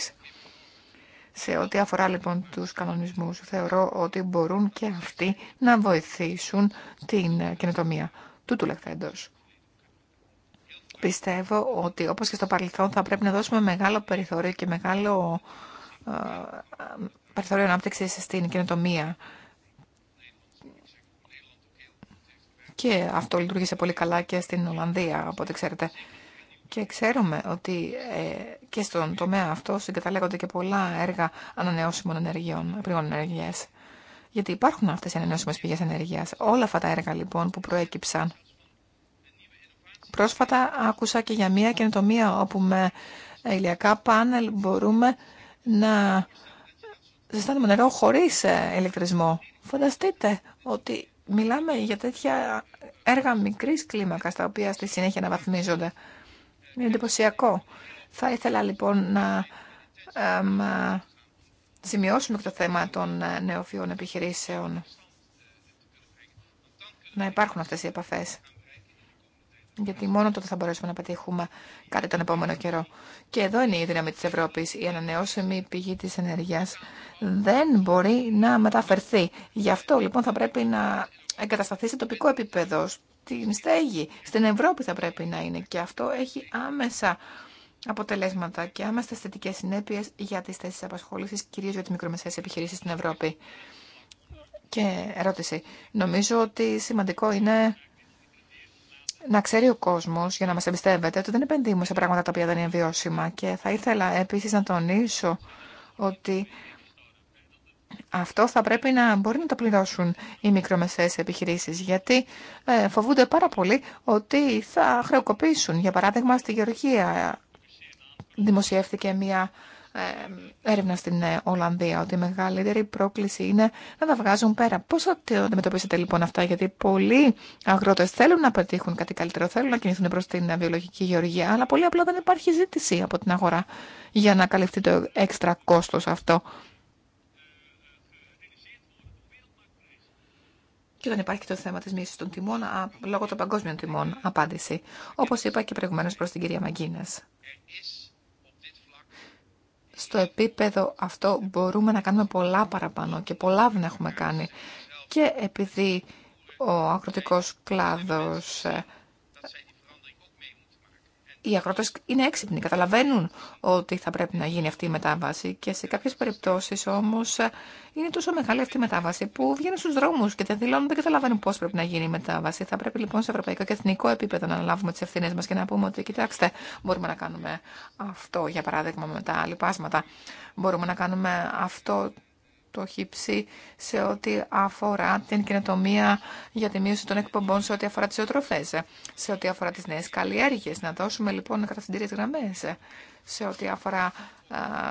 Σε ό,τι αφορά λοιπόν τους κανονισμούς, θεωρώ ότι μπορούν και αυτοί να βοηθήσουν την καινοτομία του τουλεχθέντος. Πιστεύω ότι όπως και στο παρελθόν θα πρέπει να δώσουμε μεγάλο περιθώριο και μεγάλο ε, περιθώριο ανάπτυξη στην καινοτομία. Και αυτό λειτουργήσε πολύ καλά και στην Ολλανδία, από ό,τι ξέρετε. Και ξέρουμε ότι ε, και στον τομέα αυτό συγκαταλέγονται και πολλά έργα ανανεώσιμων ενεργειών, πηγών ενεργειές. Γιατί υπάρχουν αυτές οι ανανεώσιμες πηγές ενεργείας. Όλα αυτά τα έργα λοιπόν που προέκυψαν Πρόσφατα άκουσα και για μία καινοτομία όπου με ηλιακά πάνελ μπορούμε να ζεστάνουμε νερό χωρίς ε, ηλεκτρισμό. Φανταστείτε ότι μιλάμε για τέτοια έργα μικρής κλίμακας τα οποία στη συνέχεια αναβαθμίζονται. Είναι εντυπωσιακό. Θα ήθελα λοιπόν να σημειώσουμε και το θέμα των ε, νεοφιών επιχειρήσεων. Να υπάρχουν αυτές οι επαφές γιατί μόνο τότε θα μπορέσουμε να πετύχουμε κάτι τον επόμενο καιρό. Και εδώ είναι η δύναμη της Ευρώπης. Η ανανεώσιμη πηγή της ενέργειας δεν μπορεί να μεταφερθεί. Γι' αυτό λοιπόν θα πρέπει να εγκατασταθεί σε τοπικό επίπεδο, στην στέγη, στην Ευρώπη θα πρέπει να είναι. Και αυτό έχει άμεσα αποτελέσματα και άμεσα θετικέ συνέπειες για τις θέσει απασχόλησης, κυρίω για τι μικρομεσαίες επιχειρήσει στην Ευρώπη. Και ερώτηση. Νομίζω ότι σημαντικό είναι να ξέρει ο κόσμο, για να μα εμπιστεύεται, ότι δεν επενδύουμε σε πράγματα τα οποία δεν είναι βιώσιμα. Και θα ήθελα επίση να τονίσω ότι αυτό θα πρέπει να μπορεί να το πληρώσουν οι μικρομεσαίες επιχειρήσεις, γιατί ε, φοβούνται πάρα πολύ ότι θα χρεοκοπήσουν. Για παράδειγμα, στη Γεωργία ε, δημοσιεύτηκε μια ε, έρευνα στην ε, Ολλανδία ότι η μεγαλύτερη πρόκληση είναι να τα βγάζουν πέρα. Πώ θα αντιμετωπίσετε λοιπόν αυτά, γιατί πολλοί αγρότε θέλουν να πετύχουν κάτι καλύτερο, θέλουν να κινηθούν προ την ε, βιολογική γεωργία, αλλά πολύ απλά δεν υπάρχει ζήτηση από την αγορά για να καλυφθεί το έξτρα κόστο αυτό. Και όταν υπάρχει το θέμα τη μίση των τιμών α, λόγω των παγκόσμιων τιμών, απάντηση. Όπω είπα και προηγουμένω προ την κυρία Μαγκίνε στο επίπεδο αυτό μπορούμε να κάνουμε πολλά παραπάνω και πολλά δεν έχουμε κάνει. Και επειδή ο αγροτικός κλάδος ε, οι αγρότες είναι έξυπνοι, καταλαβαίνουν ότι θα πρέπει να γίνει αυτή η μετάβαση και σε κάποιες περιπτώσεις όμως ε, είναι τόσο μεγάλη αυτή η μετάβαση που βγαίνουν στους δρόμους και δεν δηλώνουν, δεν καταλαβαίνουν πώς πρέπει να γίνει η μετάβαση. Θα πρέπει λοιπόν σε ευρωπαϊκό και εθνικό επίπεδο να αναλάβουμε τις ευθύνε μας και να πούμε ότι κοιτάξτε μπορούμε να κάνουμε αυτό για παράδειγμα με τα λοιπάσματα, μπορούμε να κάνουμε αυτό το χύψη σε ό,τι αφορά την κοινοτομία για τη μείωση των εκπομπών, σε ό,τι αφορά τις ζωοτροφές, σε ό,τι αφορά τις νέες καλλιέργειες. Να δώσουμε λοιπόν κατασυντήριες γραμμές σε ό,τι αφορά α,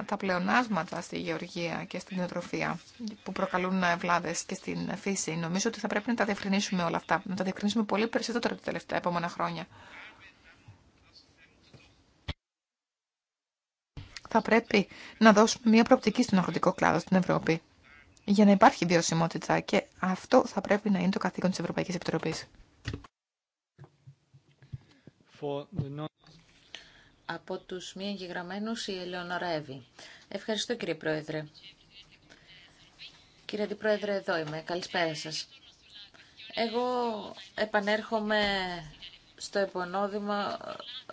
τα πλεονάσματα στη γεωργία και στην υιοτροφία, που προκαλούν βλάβες και στην φύση. Νομίζω ότι θα πρέπει να τα διευκρινίσουμε όλα αυτά, να τα διευκρινίσουμε πολύ περισσότερο τα τελευταία επόμενα χρόνια. Θα πρέπει να δώσουμε μια προοπτική στον αγροτικό κλάδο στην Ευρώπη για να υπάρχει βιωσιμότητα και αυτό θα πρέπει να είναι το καθήκον της Ευρωπαϊκής Επιτροπής. Από τους μη εγγεγραμμένους η Ελεονόρα Εύη. Ευχαριστώ κύριε Πρόεδρε. Κύριε Αντιπρόεδρε, εδώ είμαι. Καλησπέρα σας. Εγώ επανέρχομαι στο επωνόδημα,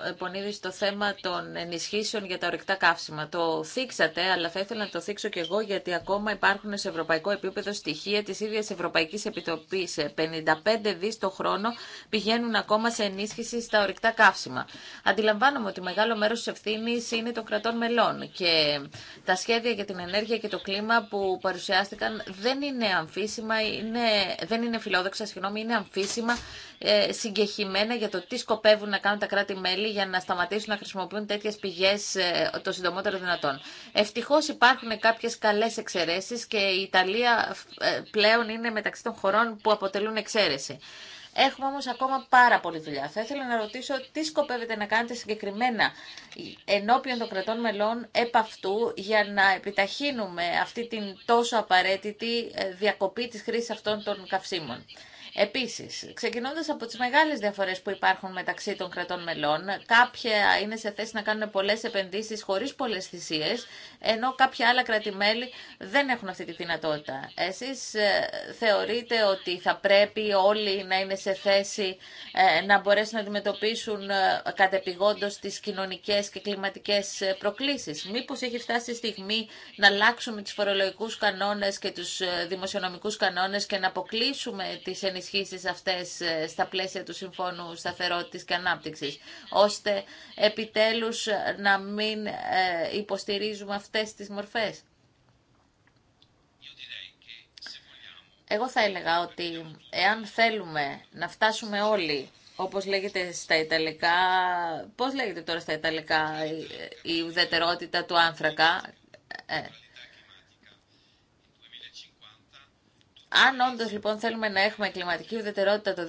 ε, επωνίδη στο θέμα των ενισχύσεων για τα ορυκτά καύσιμα. Το θίξατε, αλλά θα ήθελα να το θίξω και εγώ, γιατί ακόμα υπάρχουν σε ευρωπαϊκό επίπεδο στοιχεία της ίδιας Ευρωπαϊκής Επιτροπής. 55 δις το χρόνο πηγαίνουν ακόμα σε ενίσχυση στα ορυκτά καύσιμα. Αντιλαμβάνομαι ότι μεγάλο μέρος της ευθύνη είναι των κρατών μελών και τα σχέδια για την ενέργεια και το κλίμα που παρουσιάστηκαν δεν είναι αμφίσιμα, είναι, δεν είναι φιλόδοξα, συγγνώμη, είναι αμφίσιμα, ε, συγκεχημένα για το το τι σκοπεύουν να κάνουν τα κράτη-μέλη για να σταματήσουν να χρησιμοποιούν τέτοιε πηγέ ε, το συντομότερο δυνατόν. Ευτυχώ υπάρχουν κάποιε καλέ εξαιρέσει και η Ιταλία ε, πλέον είναι μεταξύ των χωρών που αποτελούν εξαίρεση. Έχουμε όμως ακόμα πάρα πολλή δουλειά. Θα ήθελα να ρωτήσω τι σκοπεύετε να κάνετε συγκεκριμένα ενώπιον των κρατών μελών επ' αυτού για να επιταχύνουμε αυτή την τόσο απαραίτητη ε, διακοπή της χρήσης αυτών των καυσίμων. Επίση, ξεκινώντα από τι μεγάλε διαφορέ που υπάρχουν μεταξύ των κρατών μελών, κάποια είναι σε θέση να κάνουν πολλέ επενδύσει χωρί πολλέ θυσίε, ενώ κάποια άλλα κρατημέλη δεν έχουν αυτή τη δυνατότητα. Εσείς ε, θεωρείτε ότι θα πρέπει όλοι να είναι σε θέση ε, να μπορέσουν να αντιμετωπίσουν ε, κατεπηγόντω τι κοινωνικέ και κλιματικέ προκλήσει. Μήπως έχει φτάσει η στιγμή να αλλάξουμε τις φορολογικούς κανόνες και τους δημοσιονομικούς κανόνες και να αποκλείσουμε τις ενισχύσει αυτές ε, στα πλαίσια του Συμφώνου Σταθερότητας και ανάπτυξη. ώστε επιτέλους να μην ε, υποστηρίζουμε αυτές τις μορφές. Εγώ θα έλεγα ότι εάν θέλουμε να φτάσουμε όλοι, όπως λέγεται στα Ιταλικά, πώς λέγεται τώρα στα Ιταλικά η ουδετερότητα του άνθρακα, ε, Αν όντω λοιπόν θέλουμε να έχουμε κλιματική ουδετερότητα το 2050,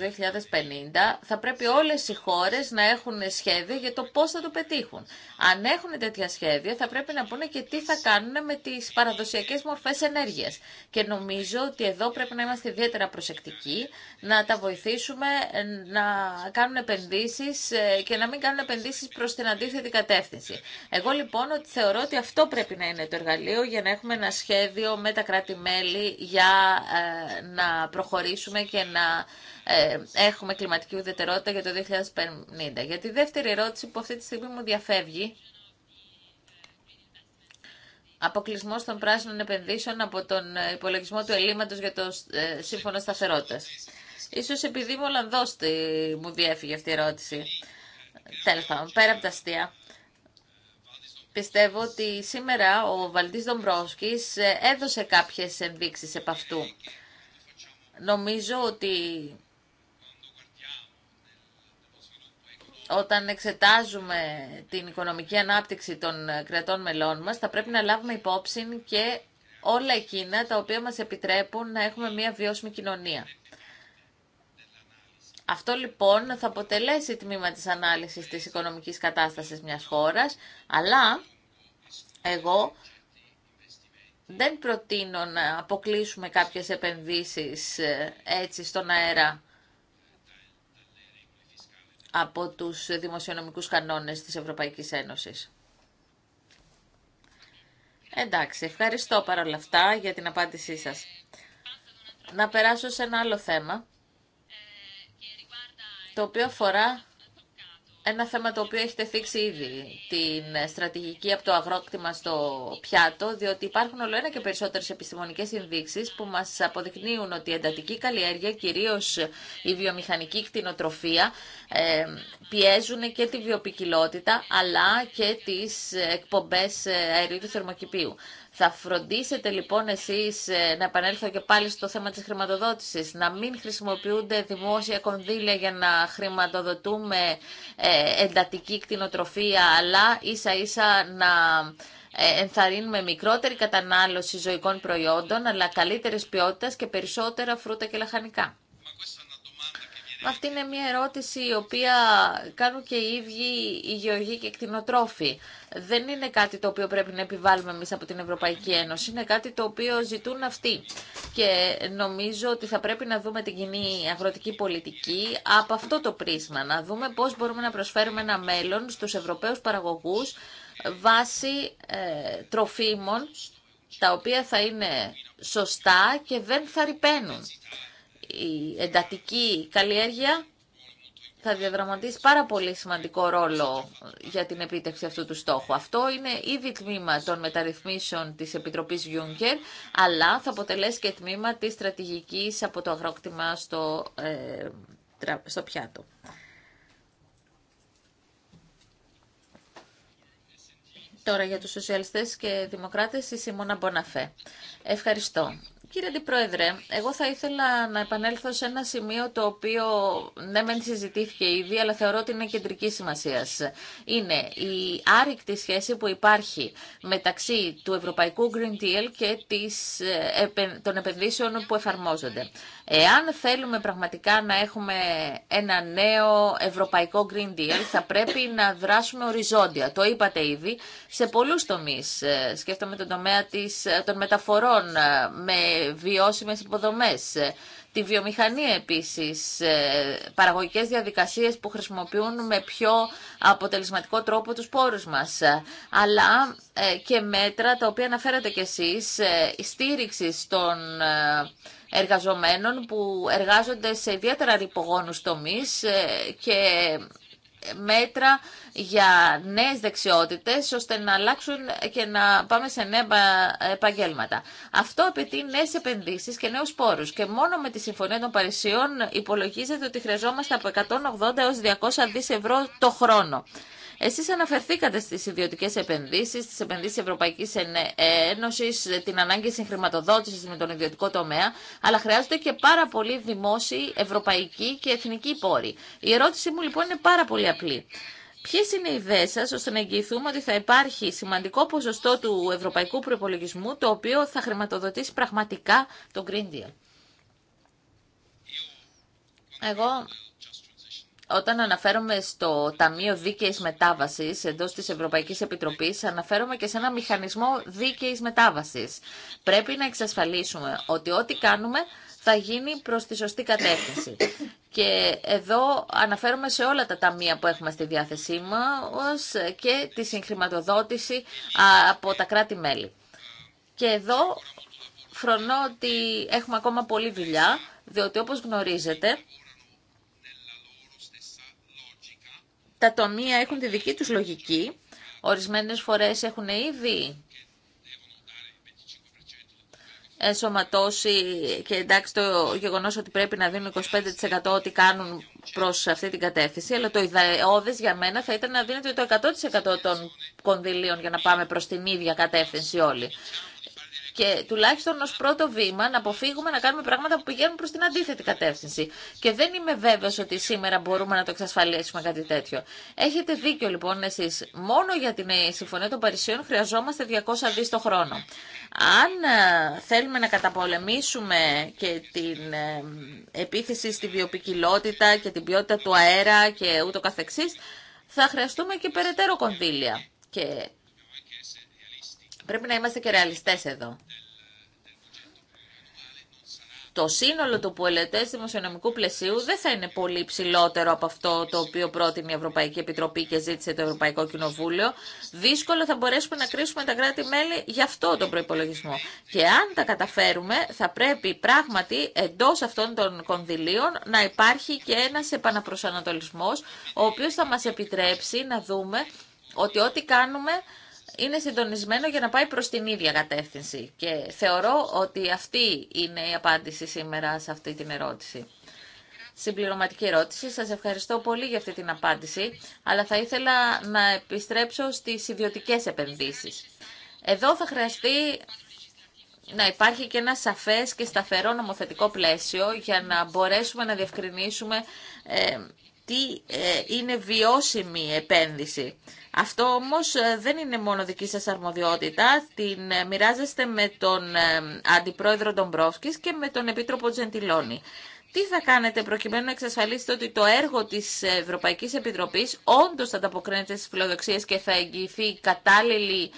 θα πρέπει όλε οι χώρε να έχουν σχέδια για το πώ θα το πετύχουν. Αν έχουν τέτοια σχέδια, θα πρέπει να πούνε και τι θα κάνουν με τι παραδοσιακέ μορφέ ενέργεια. Και νομίζω ότι εδώ πρέπει να είμαστε ιδιαίτερα προσεκτικοί, να τα βοηθήσουμε ε, να κάνουν επενδύσει ε, και να μην κάνουν επενδύσει προ την αντίθετη κατεύθυνση. Εγώ λοιπόν ότι θεωρώ ότι αυτό πρέπει να είναι το εργαλείο για να έχουμε ένα σχέδιο με τα κράτη-μέλη για ε, να προχωρήσουμε και να ε, έχουμε κλιματική ουδετερότητα για το 2050. Για τη δεύτερη ερώτηση που αυτή τη στιγμή μου διαφεύγει, αποκλεισμό των πράσινων επενδύσεων από τον ε, υπολογισμό του ελλείμματο για το ε, σύμφωνο σταθερότητα. σω επειδή είμαι Ολλανδό, μου διέφυγε αυτή η ερώτηση. Τέλο πάντων, πέρα από τα αστεία. Πιστεύω ότι σήμερα ο Βαλτής Δομπρόσκης ε, έδωσε κάποιες ενδείξεις επ' αυτού. Νομίζω ότι όταν εξετάζουμε την οικονομική ανάπτυξη των ε, κρατών μελών μας, θα πρέπει να λάβουμε υπόψη και όλα εκείνα τα οποία μας επιτρέπουν να έχουμε μια βιώσιμη κοινωνία. Αυτό λοιπόν θα αποτελέσει τμήμα της ανάλυσης της οικονομικής κατάστασης μιας χώρας, αλλά εγώ δεν προτείνω να αποκλείσουμε κάποιες επενδύσεις ε, έτσι στον αέρα από τους δημοσιονομικούς κανόνες της Ευρωπαϊκής Ένωσης. Εντάξει, ευχαριστώ παρόλα αυτά για την απάντησή σας. Να περάσω σε ένα άλλο θέμα το οποίο αφορά ένα θέμα το οποίο έχετε θίξει ήδη, την στρατηγική από το αγρόκτημα στο πιάτο, διότι υπάρχουν όλο ένα και περισσότερε επιστημονικέ ενδείξει που μα αποδεικνύουν ότι η εντατική καλλιέργεια, κυρίω η βιομηχανική κτηνοτροφία, ε, πιέζουν και τη βιοπικιλότητα αλλά και τι εκπομπέ ε, αερίου του θερμοκηπίου. Θα φροντίσετε λοιπόν εσείς ε, να επανέλθω και πάλι στο θέμα της χρηματοδότησης, να μην χρησιμοποιούνται δημόσια κονδύλια για να χρηματοδοτούμε ε, εντατική κτηνοτροφία, αλλά ίσα ίσα να ε, ενθαρρύνουμε μικρότερη κατανάλωση ζωικών προϊόντων, αλλά καλύτερες ποιότητας και περισσότερα φρούτα και λαχανικά. Αυτή είναι μια ερώτηση η οποία κάνουν και οι ίδιοι οι γεωργοί και εκτινοτρόφοι. Δεν είναι κάτι το οποίο πρέπει να επιβάλλουμε εμείς από την Ευρωπαϊκή Ένωση. Είναι κάτι το οποίο ζητούν αυτοί. Και νομίζω ότι θα πρέπει να δούμε την κοινή αγροτική πολιτική από αυτό το πρίσμα. Να δούμε πώς μπορούμε να προσφέρουμε ένα μέλλον στους Ευρωπαίους παραγωγούς βάσει ε, τροφίμων τα οποία θα είναι σωστά και δεν θα ρηπαίνουν η εντατική καλλιέργεια θα διαδραματίσει πάρα πολύ σημαντικό ρόλο για την επίτευξη αυτού του στόχου. Αυτό είναι ήδη τμήμα των μεταρρυθμίσεων της Επιτροπής Juncker, αλλά θα αποτελέσει και τμήμα της στρατηγικής από το αγρόκτημα στο, ε, στο πιάτο. Τώρα για τους σοσιαλιστές και δημοκράτες η Σιμώνα Μποναφέ. Ευχαριστώ. Κύριε Αντιπρόεδρε, εγώ θα ήθελα να επανέλθω σε ένα σημείο το οποίο ναι μεν συζητήθηκε ήδη, αλλά θεωρώ ότι είναι κεντρική σημασία. Είναι η άρρηκτη σχέση που υπάρχει μεταξύ του Ευρωπαϊκού Green Deal και της, ε, των επενδύσεων που εφαρμόζονται. Εάν θέλουμε πραγματικά να έχουμε ένα νέο Ευρωπαϊκό Green Deal, θα πρέπει να δράσουμε οριζόντια. Το είπατε ήδη, σε πολλούς τομείς. Ε, σκέφτομαι τον τομέα της, ε, των μεταφορών με βιώσιμες υποδομές, ε, τη βιομηχανία επίσης, ε, παραγωγικές διαδικασίες που χρησιμοποιούν με πιο αποτελεσματικό τρόπο τους πόρους μας, αλλά ε, και μέτρα τα οποία αναφέρατε κι εσείς, η στήριξη των εργαζομένων που εργάζονται σε ιδιαίτερα ρηπογόνους τομείς και μέτρα για νέες δεξιότητες ώστε να αλλάξουν και να πάμε σε νέα επαγγέλματα. Αυτό απαιτεί νέες επενδύσεις και νέους πόρους και μόνο με τη Συμφωνία των Παρισιών υπολογίζεται ότι χρειαζόμαστε από 180 έως 200 δις ευρώ το χρόνο. Εσείς αναφερθήκατε στις ιδιωτικές επενδύσεις, στις επενδύσεις Ευρωπαϊκής Ένωσης, την ανάγκη συγχρηματοδότησης με τον ιδιωτικό τομέα, αλλά χρειάζονται και πάρα πολλοί δημόσιοι, ευρωπαϊκοί και εθνικοί πόροι. Η ερώτησή μου λοιπόν είναι πάρα πολύ απλή. Ποιε είναι οι ιδέε σα ώστε να εγγυηθούμε ότι θα υπάρχει σημαντικό ποσοστό του ευρωπαϊκού προπολογισμού το οποίο θα χρηματοδοτήσει πραγματικά το Green Deal. Εγώ όταν αναφέρομαι στο Ταμείο δίκαιη Μετάβασης εντό της ευρωπαϊκή Επιτροπή, αναφέρομαι και σε ένα μηχανισμό δίκαιης μετάβασης. Πρέπει να εξασφαλίσουμε ότι ό,τι κάνουμε θα γίνει προς τη σωστή κατεύθυνση. Και εδώ αναφέρομαι σε όλα τα ταμεία που έχουμε στη διάθεσή μας και τη συγχρηματοδότηση από τα κράτη-μέλη. Και εδώ φρονώ ότι έχουμε ακόμα πολλή δουλειά, διότι όπως γνωρίζετε τα τομεία έχουν τη δική τους λογική. Ορισμένες φορές έχουν ήδη ενσωματώσει και εντάξει το γεγονός ότι πρέπει να δίνουν 25% ό,τι κάνουν προς αυτή την κατεύθυνση, αλλά το ιδεώδες για μένα θα ήταν να δίνεται το 100% των κονδυλίων για να πάμε προς την ίδια κατεύθυνση όλοι και τουλάχιστον ως πρώτο βήμα να αποφύγουμε να κάνουμε πράγματα που πηγαίνουν προς την αντίθετη κατεύθυνση. Και δεν είμαι βέβαιος ότι σήμερα μπορούμε να το εξασφαλίσουμε κάτι τέτοιο. Έχετε δίκιο λοιπόν εσείς. Μόνο για την ε, Συμφωνία των Παρισιών χρειαζόμαστε 200 δις το χρόνο. Αν ε, θέλουμε να καταπολεμήσουμε και την ε, επίθεση στη βιοπικιλότητα και την ποιότητα του αέρα και ούτω καθεξής, θα χρειαστούμε και περαιτέρω κονδύλια. Και Πρέπει να είμαστε και ρεαλιστές εδώ. Το σύνολο του ελετέ δημοσιονομικού πλαισίου δεν θα είναι πολύ ψηλότερο από αυτό το οποίο πρότεινε η Ευρωπαϊκή Επιτροπή και ζήτησε το Ευρωπαϊκό Κοινοβούλιο. Δύσκολο θα μπορέσουμε να κρίσουμε τα κράτη-μέλη για αυτό τον προπολογισμό. Και αν τα καταφέρουμε, θα πρέπει πράγματι εντό αυτών των κονδυλίων να υπάρχει και ένα επαναπροσανατολισμό, ο οποίο θα μα επιτρέψει να δούμε ότι ό,τι κάνουμε είναι συντονισμένο για να πάει προς την ίδια κατεύθυνση. Και θεωρώ ότι αυτή είναι η απάντηση σήμερα σε αυτή την ερώτηση. Συμπληρωματική ερώτηση. Σας ευχαριστώ πολύ για αυτή την απάντηση, αλλά θα ήθελα να επιστρέψω στις ιδιωτικέ επενδύσεις. Εδώ θα χρειαστεί να υπάρχει και ένα σαφές και σταθερό νομοθετικό πλαίσιο για να μπορέσουμε να διευκρινίσουμε ε, τι ε, είναι βιώσιμη επένδυση. Αυτό όμως ε, δεν είναι μόνο δική σας αρμοδιότητα, την ε, μοιράζεστε με τον ε, Αντιπρόεδρο Ντομπρόφσκης και με τον Επίτροπο Τζεντιλόνη. Τι θα κάνετε προκειμένου να εξασφαλίσετε ότι το έργο της Ευρωπαϊκής Επιτροπής όντως θα ανταποκρίνεται στις φιλοδοξίες και θα εγγυηθεί κατάλληλη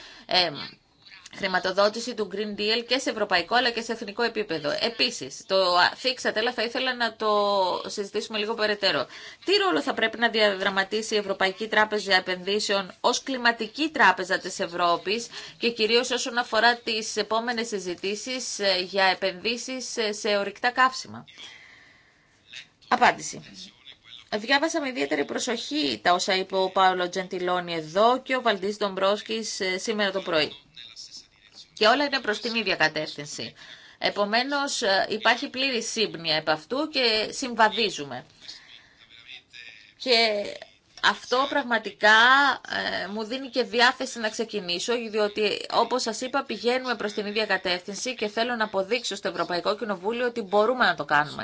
χρηματοδότηση του Green Deal και σε ευρωπαϊκό αλλά και σε εθνικό επίπεδο. Επίσης, το θίξατε, αλλά θα ήθελα να το συζητήσουμε λίγο περαιτέρω. Τι ρόλο θα πρέπει να διαδραματίσει η Ευρωπαϊκή Τράπεζα Επενδύσεων ως κλιματική τράπεζα της Ευρώπης και κυρίως όσον αφορά τις επόμενες συζητήσει ε, για επενδύσεις ε, σε ορυκτά καύσιμα. Απάντηση. Διάβασα με ιδιαίτερη προσοχή τα όσα είπε ο Παύλο Τζεντιλόνι εδώ και ο Βαλτή Ντομπρόσκη ε, σήμερα το πρωί και όλα είναι προς την ίδια κατεύθυνση. Επομένως ε, υπάρχει πλήρη σύμπνοια επ' αυτού και συμβαδίζουμε. Και αυτό πραγματικά ε, μου δίνει και διάθεση να ξεκινήσω, διότι όπως σας είπα πηγαίνουμε προς την ίδια κατεύθυνση και θέλω να αποδείξω στο Ευρωπαϊκό Κοινοβούλιο ότι μπορούμε να το κάνουμε.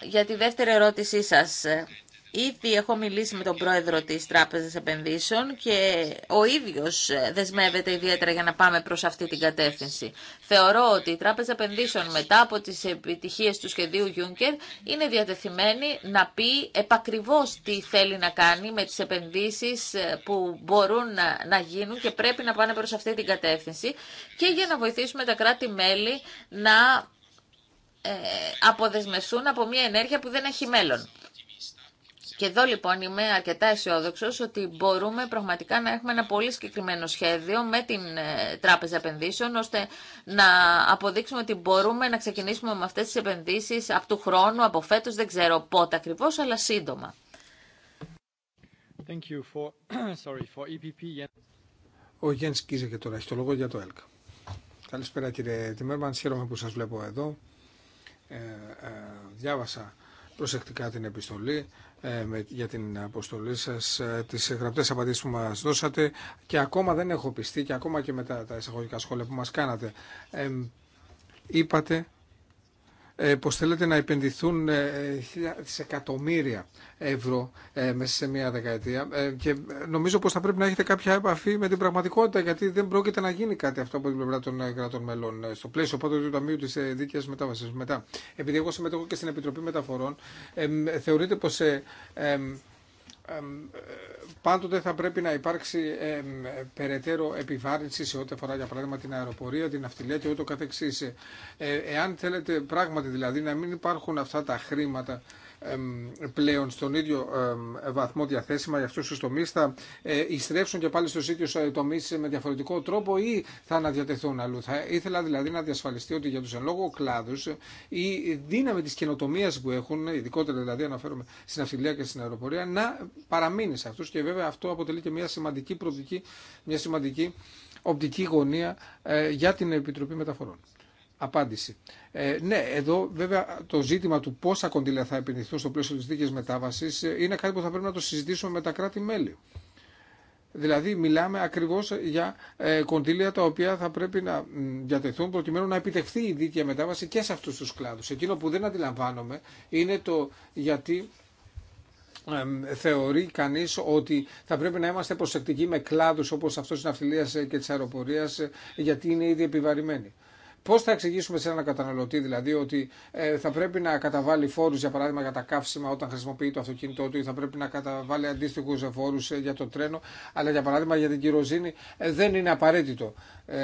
Για τη δεύτερη ερώτησή σας, ε, Ήδη έχω μιλήσει με τον πρόεδρο τη Τράπεζας Επενδύσεων και ο ίδιο δεσμεύεται ιδιαίτερα για να πάμε προ αυτή την κατεύθυνση. Θεωρώ ότι η Τράπεζα Επενδύσεων μετά από τι επιτυχίε του σχεδίου Juncker είναι διατεθειμένη να πει επακριβώ τι θέλει να κάνει με τι επενδύσεις που μπορούν να γίνουν και πρέπει να πάνε προ αυτή την κατεύθυνση και για να βοηθήσουμε τα κράτη-μέλη να ε, αποδεσμευτούν από μια ενέργεια που δεν έχει μέλλον. Και εδώ λοιπόν είμαι αρκετά αισιόδοξο ότι μπορούμε πραγματικά να έχουμε ένα πολύ συγκεκριμένο σχέδιο με την ε, Τράπεζα Επενδύσεων, ώστε να αποδείξουμε ότι μπορούμε να ξεκινήσουμε με αυτέ τι επενδύσει από του χρόνου, από φέτο, δεν ξέρω πότε ακριβώ, αλλά σύντομα. Thank you for... <coughs> Sorry, for EPP. Ο Γιάννη Κίζα και τώρα έχει το λόγο για το ΕΛΚΑ. Καλησπέρα κύριε Τιμέρμαν, χαίρομαι που σας βλέπω εδώ. Ε, ε διάβασα προσεκτικά την επιστολή ε, για την αποστολή σας, ε, τις γραπτές απαντήσεις που μας δώσατε και ακόμα δεν έχω πιστεί και ακόμα και μετά τα εισαγωγικά σχόλια που μας κάνατε. Ε, είπατε ε, πως θέλετε να επενδυθούν ε, δισεκατομμύρια ευρώ ε, μέσα σε μία δεκαετία και νομίζω πως θα πρέπει να έχετε κάποια επαφή με την πραγματικότητα γιατί δεν πρόκειται να γίνει κάτι αυτό από την πλευρά των κρατών μελών στο πλαίσιο πάντως του Ταμείου της Δίκαιας Μετάβασης. Μετά, επειδή εγώ συμμετέχω και στην Επιτροπή Μεταφορών, θεωρείται πως πάντοτε θα πρέπει να υπάρξει ε, περαιτέρω επιβάρυνση σε ό,τι αφορά για παράδειγμα την αεροπορία, την αυτιλία και ούτω καθεξής. Ε, εάν θέλετε πράγματι δηλαδή να μην υπάρχουν αυτά τα χρήματα πλέον στον ίδιο βαθμό διαθέσιμα για αυτούς τους τομείς θα ε, ειστρέψουν και πάλι στους ίδιους ε, τομείς με διαφορετικό τρόπο ή θα αναδιατεθούν αλλού. Θα ήθελα δηλαδή να διασφαλιστεί ότι για τους εν λόγω κλάδους η δύναμη της καινοτομία που έχουν, ειδικότερα δηλαδή αναφέρομαι στην αυτιλία και στην αεροπορία, να παραμείνει σε αυτούς και βέβαια αυτό αποτελεί και μια σημαντική προοπτική, μια σημαντική οπτική γωνία ε, για την Επιτροπή Μεταφορών απάντηση. Ε, ναι, εδώ βέβαια το ζήτημα του πόσα κονδύλια θα επενδυθούν στο πλαίσιο της δίκαιης μετάβασης ε, είναι κάτι που θα πρέπει να το συζητήσουμε με τα κράτη-μέλη. Δηλαδή μιλάμε ακριβώς για ε, κονδύλια τα οποία θα πρέπει να διατεθούν προκειμένου να επιτευχθεί η δίκαιη μετάβαση και σε αυτούς τους κλάδους. Εκείνο που δεν αντιλαμβάνομαι είναι το γιατί θεωρεί κανείς ότι θα πρέπει να είμαστε προσεκτικοί με κλάδους όπως αυτός της ναυτιλίας ε, και της αεροπορίας ε, γιατί είναι ήδη επιβαρημένοι. Πώ θα εξηγήσουμε σε έναν καταναλωτή δηλαδή ότι ε, θα πρέπει να καταβάλει φόρου για παράδειγμα για τα καύσιμα όταν χρησιμοποιεί το αυτοκίνητό του ή θα πρέπει να καταβάλει αντίστοιχου φόρου ε, για το τρένο, αλλά για παράδειγμα για την κυροζήνη ε, δεν είναι απαραίτητο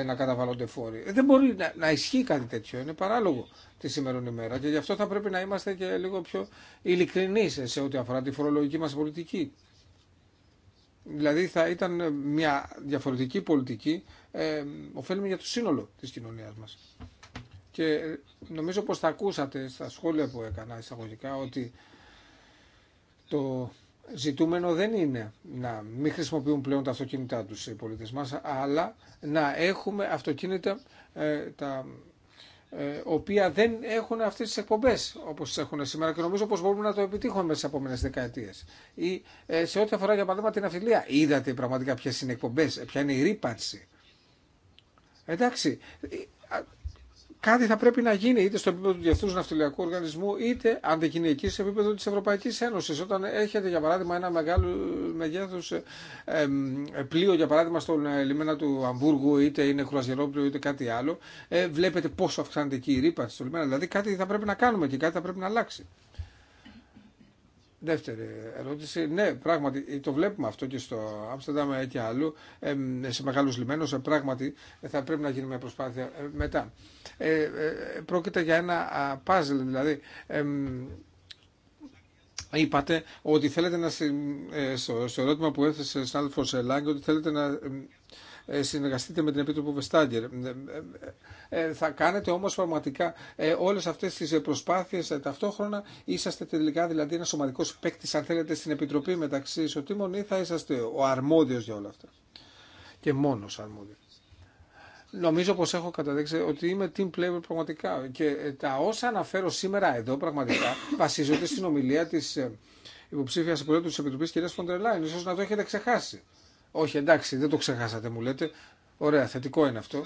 να καταβάλλονται φόροι. Δεν μπορεί να, να ισχύει κάτι τέτοιο. Είναι παράλογο τη σήμερον ημέρα και γι' αυτό θα πρέπει να είμαστε και λίγο πιο ειλικρινεί σε ό,τι αφορά τη φορολογική μα πολιτική. Δηλαδή θα ήταν μια διαφορετική πολιτική ε, ωφέλιμη για το σύνολο της κοινωνίας μας. Και ε, νομίζω πως θα ακούσατε στα σχόλια που έκανα εισαγωγικά ότι το ζητούμενο δεν είναι να μην χρησιμοποιούν πλέον τα αυτοκίνητά τους οι πολίτες μας, αλλά να έχουμε αυτοκίνητα ε, τα οποία δεν έχουν αυτές τις εκπομπές όπως τις έχουν σήμερα και νομίζω πως μπορούμε να το επιτύχουμε μέσα στις επόμενες δεκαετίες. Ή σε ό,τι αφορά για παράδειγμα την αφιλία, είδατε πραγματικά ποιες είναι οι εκπομπές, ποια είναι η ρήπανση Εντάξει, κάτι θα πρέπει να γίνει είτε στο επίπεδο του Διεθνού Ναυτιλιακού Οργανισμού, είτε αν δεν γίνει εκεί, σε επίπεδο τη Ευρωπαϊκή Ένωση. Όταν έχετε, για παράδειγμα, ένα μεγάλο μεγέθου πλοίο, για παράδειγμα, στον ε, λιμένα του Αμβούργου, είτε είναι κρουαζιερόπλοιο, είτε κάτι άλλο, ε, βλέπετε πόσο αυξάνεται εκεί η ρήπανση στο λιμένα. Δηλαδή κάτι θα πρέπει να κάνουμε και κάτι θα πρέπει να αλλάξει. Δεύτερη ερώτηση. Ναι, πράγματι, το βλέπουμε αυτό και στο Άμστερνταμ και αλλού, σε μεγάλους λιμένους, ε, πράγματι θα πρέπει να γίνει μια προσπάθεια ε, μετά. Ε, ε, πρόκειται για ένα παζλ, δηλαδή, είπατε ότι θέλετε να, στο, ερώτημα που έθεσε ο Σάλφο Λάγκη, ότι θέλετε να ε, συνεργαστείτε με την Επίτροπο Βεστάγκερ. Ε, ε, θα κάνετε όμως πραγματικά όλες αυτές τις προσπάθειες ταυτόχρονα. Είσαστε τελικά δηλαδή ένας ομαδικός παίκτη αν θέλετε στην Επιτροπή μεταξύ ισοτήμων ή θα είσαστε ο αρμόδιος για όλα αυτά. Και μόνος αρμόδιος. Νομίζω πως έχω καταδείξει ότι είμαι team player πραγματικά και τα όσα αναφέρω σήμερα εδώ πραγματικά <coughs> βασίζονται στην ομιλία της υποψήφιας πρόεδρου της Επιτροπής κ. Φοντρελάιν. Ίσως να το έχετε ξεχάσει. Όχι, εντάξει, δεν το ξεχάσατε, μου λέτε. Ωραία, θετικό είναι αυτό.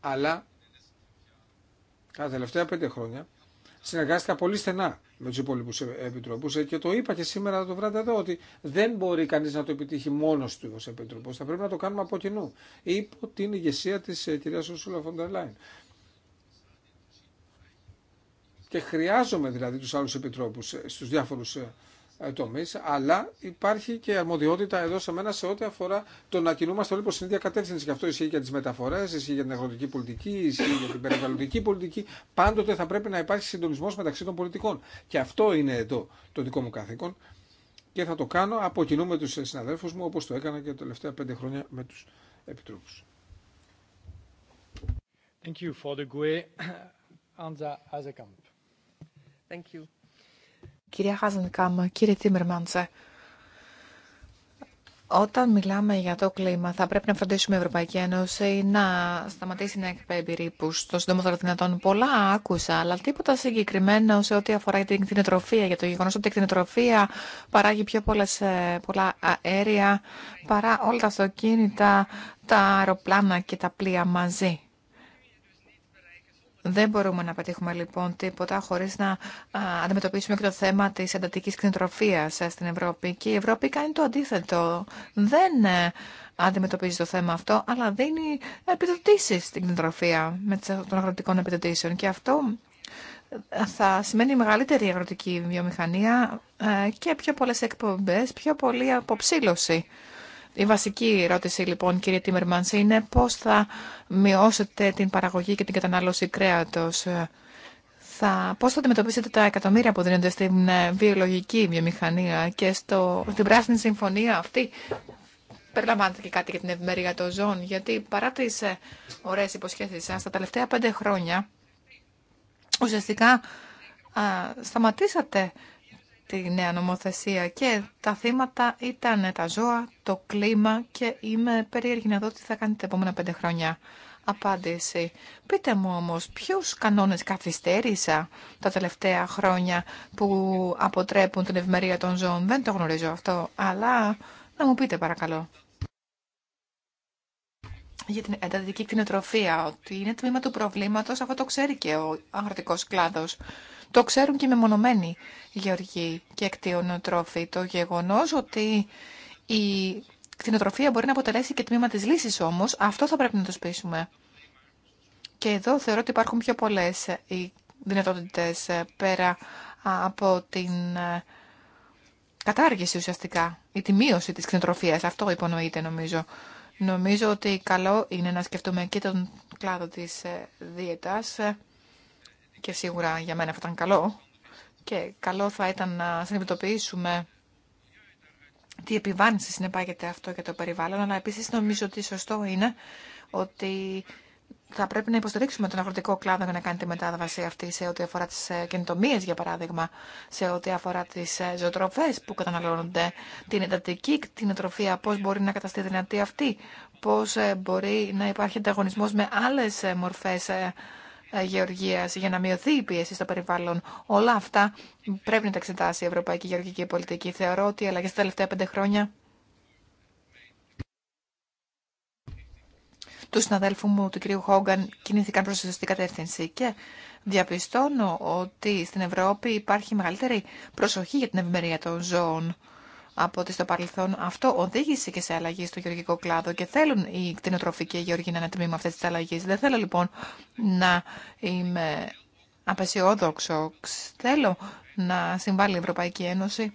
Αλλά τα τελευταία πέντε χρόνια συνεργάστηκα πολύ στενά με του υπόλοιπου επιτροπού ε, και το είπα και σήμερα το βράδυ εδώ ότι δεν μπορεί κανεί να το επιτύχει μόνο του ω επιτροπό. Θα πρέπει να το κάνουμε από κοινού. Υπό την ηγεσία τη ε, κυρία Ούσουλα Φοντερ Λάιν. Και χρειάζομαι δηλαδή του άλλου επιτρόπου ε, στου διάφορου ε, τομεί, αλλά υπάρχει και αρμοδιότητα εδώ σε μένα σε ό,τι αφορά το να κινούμαστε όλοι προ την ίδια κατεύθυνση. Και αυτό ισχύει για τι μεταφορέ, ισχύει για την αγροτική πολιτική, ισχύει για την περιβαλλοντική πολιτική. Πάντοτε θα πρέπει να υπάρχει συντονισμό μεταξύ των πολιτικών. Και αυτό είναι εδώ το δικό μου καθήκον. Και θα το κάνω από κοινού με του συναδέλφου μου, όπω το έκανα και τα τελευταία πέντε χρόνια με του επιτρόπου. Thank you for GUE. E, Anza Azekamp. Thank you. Κυρία Χάζενκαμ, κύριε Τίμερμαντσε, όταν μιλάμε για το κλίμα, θα πρέπει να φροντίσουμε η Ευρωπαϊκή Ένωση να σταματήσει να εκπέμπει ρήπου στο σύντομο των δυνατόν. Πολλά άκουσα, αλλά τίποτα συγκεκριμένο σε ό,τι αφορά την κτηνοτροφία. Για το γεγονό ότι η κτηνοτροφία παράγει πιο πολλές, ε, πολλά αέρια παρά όλα τα αυτοκίνητα, τα αεροπλάνα και τα πλοία μαζί. Δεν μπορούμε να πετύχουμε λοιπόν τίποτα χωρί να αντιμετωπίσουμε και το θέμα τη εντατική κτηνοτροφία ε, στην Ευρώπη. Και η Ευρώπη κάνει το αντίθετο. Δεν ε, αντιμετωπίζει το θέμα αυτό, αλλά δίνει επιδοτήσει στην κτηνοτροφία με των αγροτικών επιδοτήσεων. Και αυτό ε, θα σημαίνει μεγαλύτερη αγροτική βιομηχανία και πιο πολλέ εκπομπέ, πιο πολλή αποψήλωση. Η βασική ερώτηση λοιπόν κύριε Τίμερμανς είναι πώς θα μειώσετε την παραγωγή και την κατανάλωση κρέατος. Ε, θα, πώς θα αντιμετωπίσετε τα εκατομμύρια που δίνονται στην ε, βιολογική βιομηχανία και στο, στην πράσινη συμφωνία αυτή. Περιλαμβάνεται και κάτι για την ευημερία των ζώων, γιατί παρά τις ε, ωραίες υποσχέσεις σας, τα τελευταία πέντε χρόνια ουσιαστικά σταματήσατε τη νέα νομοθεσία και τα θύματα ήταν τα ζώα, το κλίμα και είμαι περίεργη να δω τι θα κάνετε τα επόμενα πέντε χρόνια. Απάντηση. Πείτε μου όμως ποιους κανόνες καθυστέρησα τα τελευταία χρόνια που αποτρέπουν την ευμερία των ζώων. Δεν το γνωρίζω αυτό, αλλά να μου πείτε παρακαλώ για την εντατική κτηνοτροφία, ότι είναι τμήμα του προβλήματος, αυτό το ξέρει και ο αγροτικός κλάδος. Το ξέρουν και οι μεμονωμένοι γεωργοί και κτηνοτρόφοι. Το γεγονός ότι η κτηνοτροφία μπορεί να αποτελέσει και τμήμα της λύσης όμως, αυτό θα πρέπει να το σπίσουμε. Και εδώ θεωρώ ότι υπάρχουν πιο πολλές ε, οι δυνατότητες ε, πέρα από την ε, κατάργηση ουσιαστικά ή τη της κτηνοτροφίας. Αυτό υπονοείται νομίζω. Νομίζω ότι καλό είναι να σκεφτούμε και τον κλάδο της ε, δίαιτας ε, και σίγουρα για μένα θα ήταν καλό και καλό θα ήταν να συνειδητοποιήσουμε τι επιβάρυνση συνεπάγεται αυτό για το περιβάλλον αλλά επίσης νομίζω ότι σωστό είναι ότι θα πρέπει να υποστηρίξουμε τον αγροτικό κλάδο για να κάνει τη μετάβαση αυτή σε ό,τι αφορά τι ε, καινοτομίε, για παράδειγμα, σε ό,τι αφορά τι ε, ζωοτροφέ που καταναλώνονται, την εντατική κτηνοτροφία, πώ μπορεί να καταστεί δυνατή αυτή, πώ ε, μπορεί να υπάρχει ανταγωνισμός με άλλε μορφέ γεωργία, για να μειωθεί η πίεση στο περιβάλλον. Όλα αυτά πρέπει να τα εξετάσει η Ευρωπαϊκή Γεωργική Πολιτική. Θεωρώ ότι αλλά και στα τελευταία πέντε χρόνια του συναδέλφου μου, του κ. Χόγκαν, κινήθηκαν προς τη σωστή κατεύθυνση. Και διαπιστώνω ότι στην Ευρώπη υπάρχει μεγαλύτερη προσοχή για την ευημερία των ζώων από ότι στο παρελθόν. Αυτό οδήγησε και σε αλλαγή στο γεωργικό κλάδο και θέλουν οι κτηνοτροφικοί γεωργοί να είναι τμήμα αυτές της αλλαγή. Δεν θέλω λοιπόν να είμαι απεσιόδοξο. Θέλω να συμβάλλει η Ευρωπαϊκή Ένωση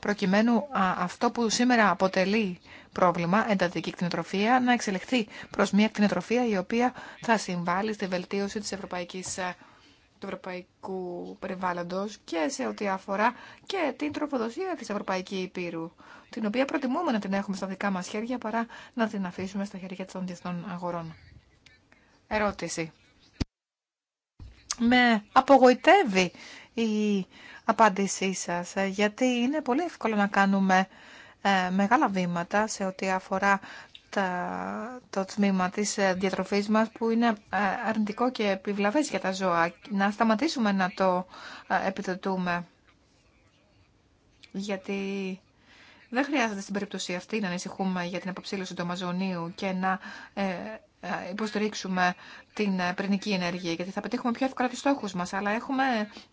προκειμένου αυτό που σήμερα αποτελεί πρόβλημα, εντατική κτηνοτροφία, να εξελιχθεί προς μια κτηνοτροφία η οποία θα συμβάλλει στη βελτίωση της ευρωπαϊκής ε, του ευρωπαϊκού περιβάλλοντος και σε ό,τι αφορά και την τροφοδοσία της Ευρωπαϊκή Υπήρου, την οποία προτιμούμε να την έχουμε στα δικά μας χέρια παρά να την αφήσουμε στα χέρια των διεθνών αγορών. Ερώτηση. Με απογοητεύει η απάντησή σας, ε, γιατί είναι πολύ εύκολο να κάνουμε ε, μεγάλα βήματα σε ό,τι αφορά το τμήμα της ε, διατροφής μας που είναι ε, αρνητικό και επιβλαβές για τα ζώα. Να σταματήσουμε να το επιδοτούμε. Γιατί δεν χρειάζεται στην περίπτωση αυτή να ανησυχούμε για την αποψήλωση του Αμαζονίου και να υποστηρίξουμε την πυρηνική ενέργεια, γιατί θα πετύχουμε πιο εύκολα τους στόχους μας. Αλλά έχουμε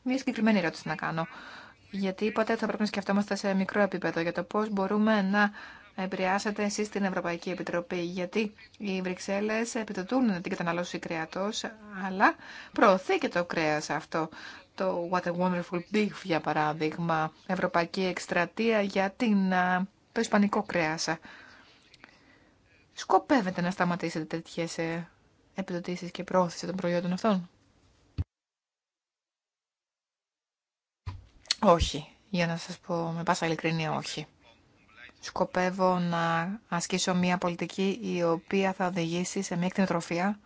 μια συγκεκριμένη ερώτηση να κάνω γιατί είπατε ότι θα πρέπει να σκεφτόμαστε σε μικρό επίπεδο για το πώ μπορούμε να επηρεάσετε εσεί την Ευρωπαϊκή Επιτροπή, γιατί οι Βρυξέλλε επιδοτούν την κατανάλωση κρέατο, αλλά προωθεί και το κρέα αυτό. Το What a Wonderful Beef, για παράδειγμα, Ευρωπαϊκή Εκστρατεία για την, το Ισπανικό κρέα. Σκοπεύετε να σταματήσετε τέτοιε επιδοτήσει και προώθηση των προϊόντων αυτών. Όχι. Για να σας πω με πάσα ειλικρινή, όχι. Σκοπεύω να ασκήσω μια πολιτική η οποία θα οδηγήσει σε μια εκτινοτροφία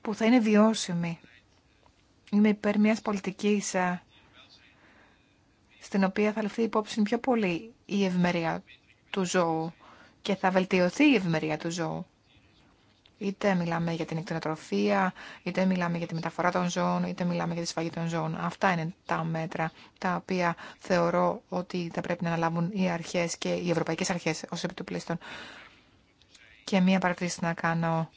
που θα είναι βιώσιμη. Είμαι υπέρ μιας πολιτικής ε, στην οποία θα ληφθεί υπόψη πιο πολύ η ευμερία του ζώου και θα βελτιωθεί η ευμερία του ζώου. Είτε μιλάμε για την εκτενοτροφία, είτε μιλάμε για τη μεταφορά των ζώων, είτε μιλάμε για τη σφαγή των ζώων. Αυτά είναι τα μέτρα τα οποία θεωρώ ότι θα πρέπει να αναλάβουν οι αρχές και οι ευρωπαϊκές αρχές ως επιτοπλίστων. Και μία παρατήρηση να κάνω.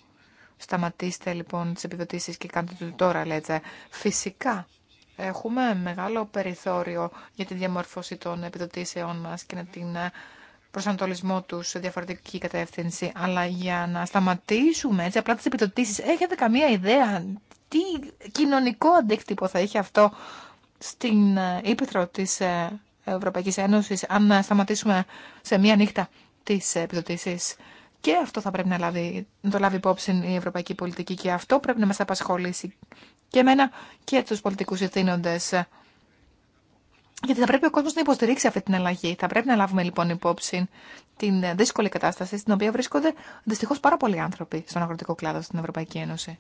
Σταματήστε λοιπόν τις επιδοτήσεις και κάντε το τώρα, λέτε. Φυσικά έχουμε μεγάλο περιθώριο για τη διαμόρφωση των επιδοτήσεών μας και να την προσανατολισμό του σε διαφορετική κατεύθυνση. Αλλά για να σταματήσουμε έτσι απλά τι επιδοτήσει, έχετε καμία ιδέα τι κοινωνικό αντίκτυπο θα είχε αυτό στην ύπεθρο ε, τη ε, Ευρωπαϊκή Ένωση, αν σταματήσουμε σε μία νύχτα τι επιδοτήσει. Και αυτό θα πρέπει να, λάβει, να το λάβει υπόψη η ευρωπαϊκή πολιτική και αυτό πρέπει να μας απασχολήσει και εμένα και τους πολιτικούς ευθύνοντες γιατί θα πρέπει ο κόσμο να υποστηρίξει αυτή την αλλαγή. Θα πρέπει να λάβουμε λοιπόν υπόψη την δύσκολη κατάσταση στην οποία βρίσκονται δυστυχώ πάρα πολλοί άνθρωποι στον αγροτικό κλάδο στην Ευρωπαϊκή Ένωση.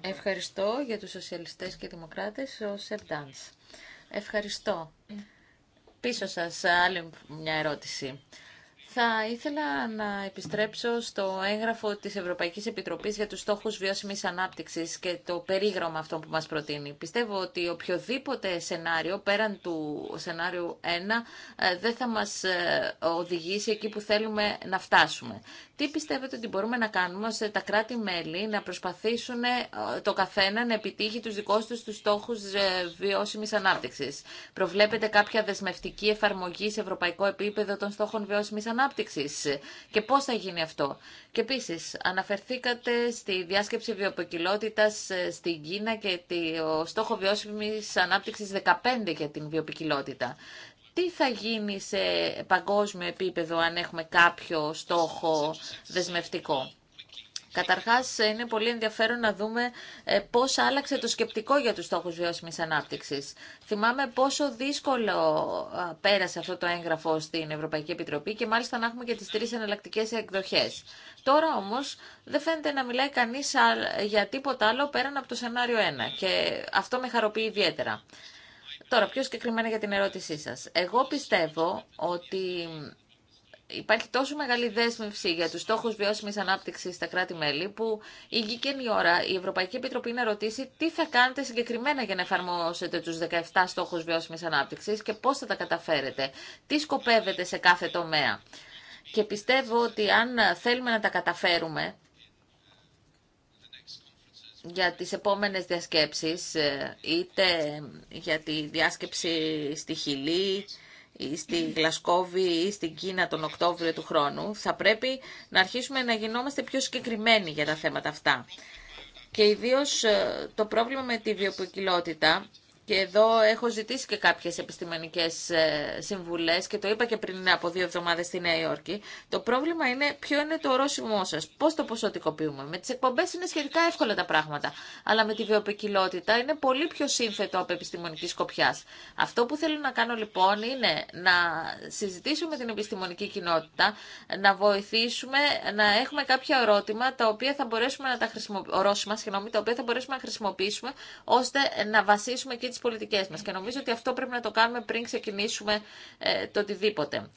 Ευχαριστώ για τους σοσιαλιστές και δημοκράτες, ο Σεπ Ευχαριστώ. Ε. Πίσω σας άλλη μια ερώτηση. Θα ήθελα να επιστρέψω στο έγγραφο της Ευρωπαϊκής Επιτροπής για τους στόχους βιώσιμης ανάπτυξης και το περίγραμμα αυτό που μας προτείνει. Πιστεύω ότι οποιοδήποτε σενάριο, πέραν του σενάριου 1, ε, δεν θα μας ε, οδηγήσει εκεί που θέλουμε να φτάσουμε. Τι πιστεύετε ότι μπορούμε να κάνουμε ώστε τα κράτη-μέλη να προσπαθήσουν ε, το καθένα να επιτύχει τους δικούς τους τους στόχους βιώσιμης ανάπτυξης. Προβλέπετε κάποια δεσμευτική εφαρμογή σε ευρωπαϊκό επίπεδο των στόχων βιώσιμης και πώς θα γίνει αυτό. Και επίση, αναφερθήκατε στη διάσκεψη βιοποικιλότητας ε, στην Κίνα και το στόχο βιώσιμη ανάπτυξης 15 για την βιοποικιλότητα. Τι θα γίνει σε παγκόσμιο επίπεδο αν έχουμε κάποιο στόχο δεσμευτικό. Καταρχάς, είναι πολύ ενδιαφέρον να δούμε ε, πώ άλλαξε το σκεπτικό για τους στόχου βιώσιμη ανάπτυξη. Θυμάμαι πόσο δύσκολο ε, πέρασε αυτό το έγγραφο στην Ευρωπαϊκή Επιτροπή και μάλιστα να έχουμε και τις τρεις εναλλακτικέ εκδοχέ. Τώρα όμως δεν φαίνεται να μιλάει κανεί για τίποτα άλλο πέραν από το σενάριο 1 και αυτό με χαροποιεί ιδιαίτερα. Τώρα, πιο συγκεκριμένα για την ερώτησή σας. Εγώ πιστεύω ότι υπάρχει τόσο μεγάλη δέσμευση για τους στόχους βιώσιμης ανάπτυξης στα κράτη-μέλη που ήγηκε η ώρα η Ευρωπαϊκή Επιτροπή να ρωτήσει τι θα κάνετε συγκεκριμένα για να εφαρμόσετε τους 17 στόχους βιώσιμης ανάπτυξης και πώς θα τα καταφέρετε, τι σκοπεύετε σε κάθε τομέα. Και πιστεύω ότι αν θέλουμε να τα καταφέρουμε για τις επόμενες διασκέψεις, ε, είτε για τη διάσκεψη στη Χιλή, ή στην Γλασκόβη ή στην Κίνα τον Οκτώβριο του χρόνου, θα πρέπει να αρχίσουμε να γινόμαστε πιο συγκεκριμένοι για τα θέματα αυτά. Και ιδίως ε, το πρόβλημα με τη βιοποικιλότητα και εδώ έχω ζητήσει και κάποιε επιστημονικέ ε, συμβουλέ και το είπα και πριν από δύο εβδομάδε στη Νέα Υόρκη. Το πρόβλημα είναι ποιο είναι το ορόσημό σα. Πώ το ποσοτικοποιούμε. Με τι εκπομπέ είναι σχετικά εύκολα τα πράγματα, αλλά με τη βιοπικιλότητα είναι πολύ πιο σύνθετο από επιστημονική σκοπιά. Αυτό που θέλω να κάνω λοιπόν είναι να συζητήσουμε με την επιστημονική κοινότητα, να βοηθήσουμε να έχουμε κάποια ερώτημα τα οποία θα μπορέσουμε να τα χρησιμοποιήσουμε, ορόσημα, συγγνώμη, τα οποία θα μπορέσουμε να χρησιμοποιήσουμε ώστε να βασίσουμε και τις πολιτικές μας και νομίζω ότι αυτό πρέπει να το κάνουμε πριν ξεκινήσουμε ε, το οτιδήποτε.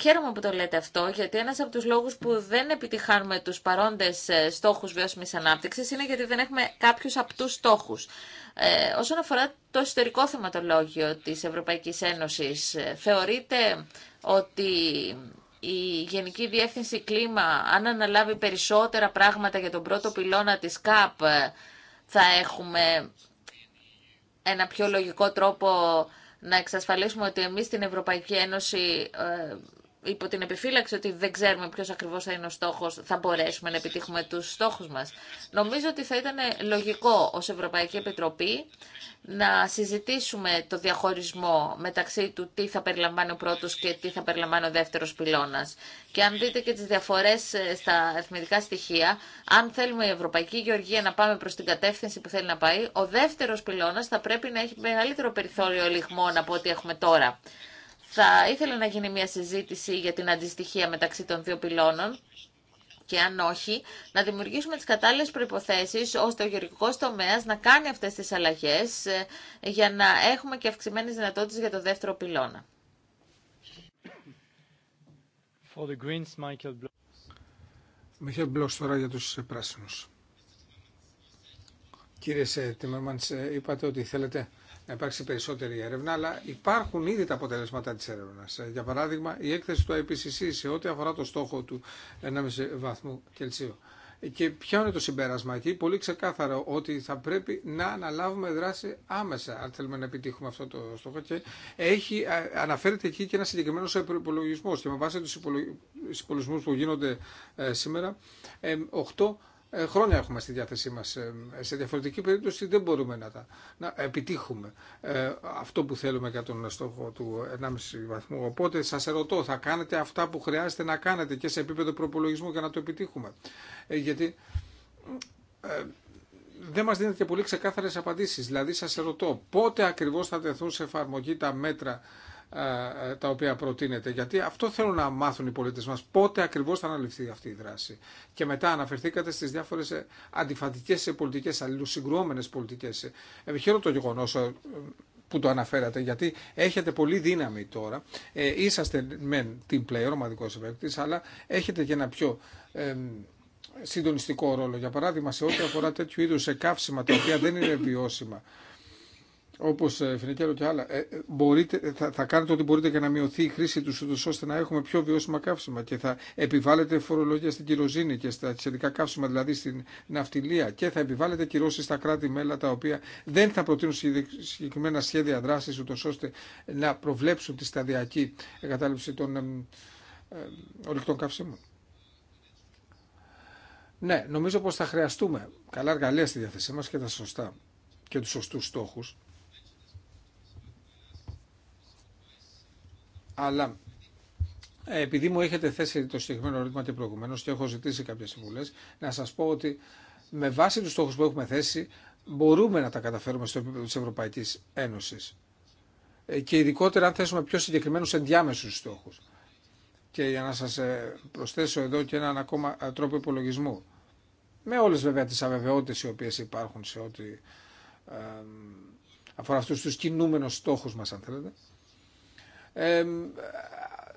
Χαίρομαι που το λέτε αυτό, γιατί ένα από του λόγου που δεν επιτυχάνουμε του παρόντε ε, στόχου βιώσιμη ανάπτυξη είναι γιατί δεν έχουμε κάποιου απτού στόχου. Ε, όσον αφορά το εσωτερικό θεματολόγιο τη Ευρωπαϊκή Ένωση, ε, θεωρείτε ότι η Γενική Διεύθυνση Κλίμα, αν αναλάβει περισσότερα πράγματα για τον πρώτο πυλώνα της ΚΑΠ, ε, θα έχουμε ένα πιο λογικό τρόπο να εξασφαλίσουμε ότι εμείς στην Ευρωπαϊκή Ένωση ε, υπό την επιφύλαξη ότι δεν ξέρουμε ποιο ακριβώ θα είναι ο στόχο, θα μπορέσουμε να επιτύχουμε του στόχου μα. Νομίζω ότι θα ήταν λογικό ω Ευρωπαϊκή Επιτροπή να συζητήσουμε το διαχωρισμό μεταξύ του τι θα περιλαμβάνει ο πρώτο και τι θα περιλαμβάνει ο δεύτερο πυλώνα. Και αν δείτε και τι διαφορέ ε, στα αριθμητικά στοιχεία, αν θέλουμε η Ευρωπαϊκή Γεωργία να πάμε προ την κατεύθυνση που θέλει να πάει, ο δεύτερο πυλώνα θα πρέπει να έχει μεγαλύτερο περιθώριο λιγμών από ό,τι έχουμε τώρα. Θα ήθελα να γίνει μια συζήτηση για την αντιστοιχία μεταξύ των δύο πυλώνων και αν όχι, να δημιουργήσουμε τις κατάλληλες προϋποθέσεις ώστε ο γεωργικός τομέας να κάνει αυτές τις αλλαγές ε, για να έχουμε και αυξημένες δυνατότητες για το δεύτερο πυλώνα. For the τώρα για τους πράσινους. Κύριε Τιμερμαντς, ε, είπατε ότι θέλετε να υπάρξει περισσότερη έρευνα, αλλά υπάρχουν ήδη τα αποτελέσματα της έρευνας. Ε, για παράδειγμα, η έκθεση του IPCC σε ό,τι αφορά το στόχο του 1,5 βαθμού Κελσίου. Και ποιο είναι το συμπέρασμα εκεί, πολύ ξεκάθαρο, ότι θα πρέπει να αναλάβουμε δράση άμεσα, αν θέλουμε να επιτύχουμε αυτό το στόχο. Και έχει, αναφέρεται εκεί και ένα συγκεκριμένο προπολογισμό. Και με βάση του υπολογισμού που γίνονται ε, σήμερα, 8 ε, ε, χρόνια έχουμε στη διάθεσή μας. Ε, σε διαφορετική περίπτωση δεν μπορούμε να, τα, να επιτύχουμε ε, αυτό που θέλουμε για τον στόχο του 1,5 βαθμού. Οπότε σας ερωτώ, θα κάνετε αυτά που χρειάζεται να κάνετε και σε επίπεδο προπολογισμού για να το επιτύχουμε. γιατί δεν μας δίνετε πολύ ξεκάθαρες απαντήσεις. Δηλαδή σας ερωτώ πότε ακριβώς θα τεθούν σε εφαρμογή τα μέτρα ε, ε, τα οποία προτείνεται. Γιατί αυτό θέλουν να μάθουν οι πολιτέ μα, πότε ακριβώ θα αναλυφθεί αυτή η δράση. Και μετά αναφερθήκατε στι διάφορε ε, αντιφατικές πολιτικές, αλληλοσυγκρουόμενες πολιτικέ. Επιχαίρω το γεγονό που το αναφέρατε, γιατί έχετε πολύ δύναμη τώρα. είσαστε μεν την player, ομαδικό επέκτης, αλλά έχετε και ένα πιο συντονιστικό ρόλο. Για παράδειγμα, σε ό,τι αφορά τέτοιου είδου καύσιμα τα οποία δεν είναι βιώσιμα όπως ε, φινικέλο και άλλα, ε, ε, μπορείτε, θα, κάνετε ό,τι μπορείτε και να μειωθεί η χρήση του ώστε να έχουμε πιο βιώσιμα καύσιμα και θα επιβάλλετε φορολογία στην κυροζήνη και στα σχετικά καύσιμα, δηλαδή στην ναυτιλία και θα επιβάλλετε κυρώσει στα κράτη-μέλα τα οποία δεν θα προτείνουν συγκεκριμένα σχέδια δράση ώστε να προβλέψουν τη σταδιακή εγκατάλειψη των ε, ε, καυσίμων. Ναι, νομίζω πω θα χρειαστούμε καλά εργαλεία στη διάθεσή μα και τα σωστά και τους σωστού στόχους αλλά ε, επειδή μου έχετε θέσει το συγκεκριμένο ερώτημα και προηγουμένω και έχω ζητήσει κάποιε συμβουλέ, να σα πω ότι με βάση του στόχου που έχουμε θέσει, μπορούμε να τα καταφέρουμε στο επίπεδο τη Ευρωπαϊκή Ένωση. Ε, και ειδικότερα αν θέσουμε πιο συγκεκριμένου ενδιάμεσου στόχου. Και για να σα ε, προσθέσω εδώ και έναν ακόμα τρόπο υπολογισμού. Με όλε βέβαια τι αβεβαιότητε οι οποίε υπάρχουν σε ό,τι αφορά αυτού του κινούμενου στόχου μα, αν θέλετε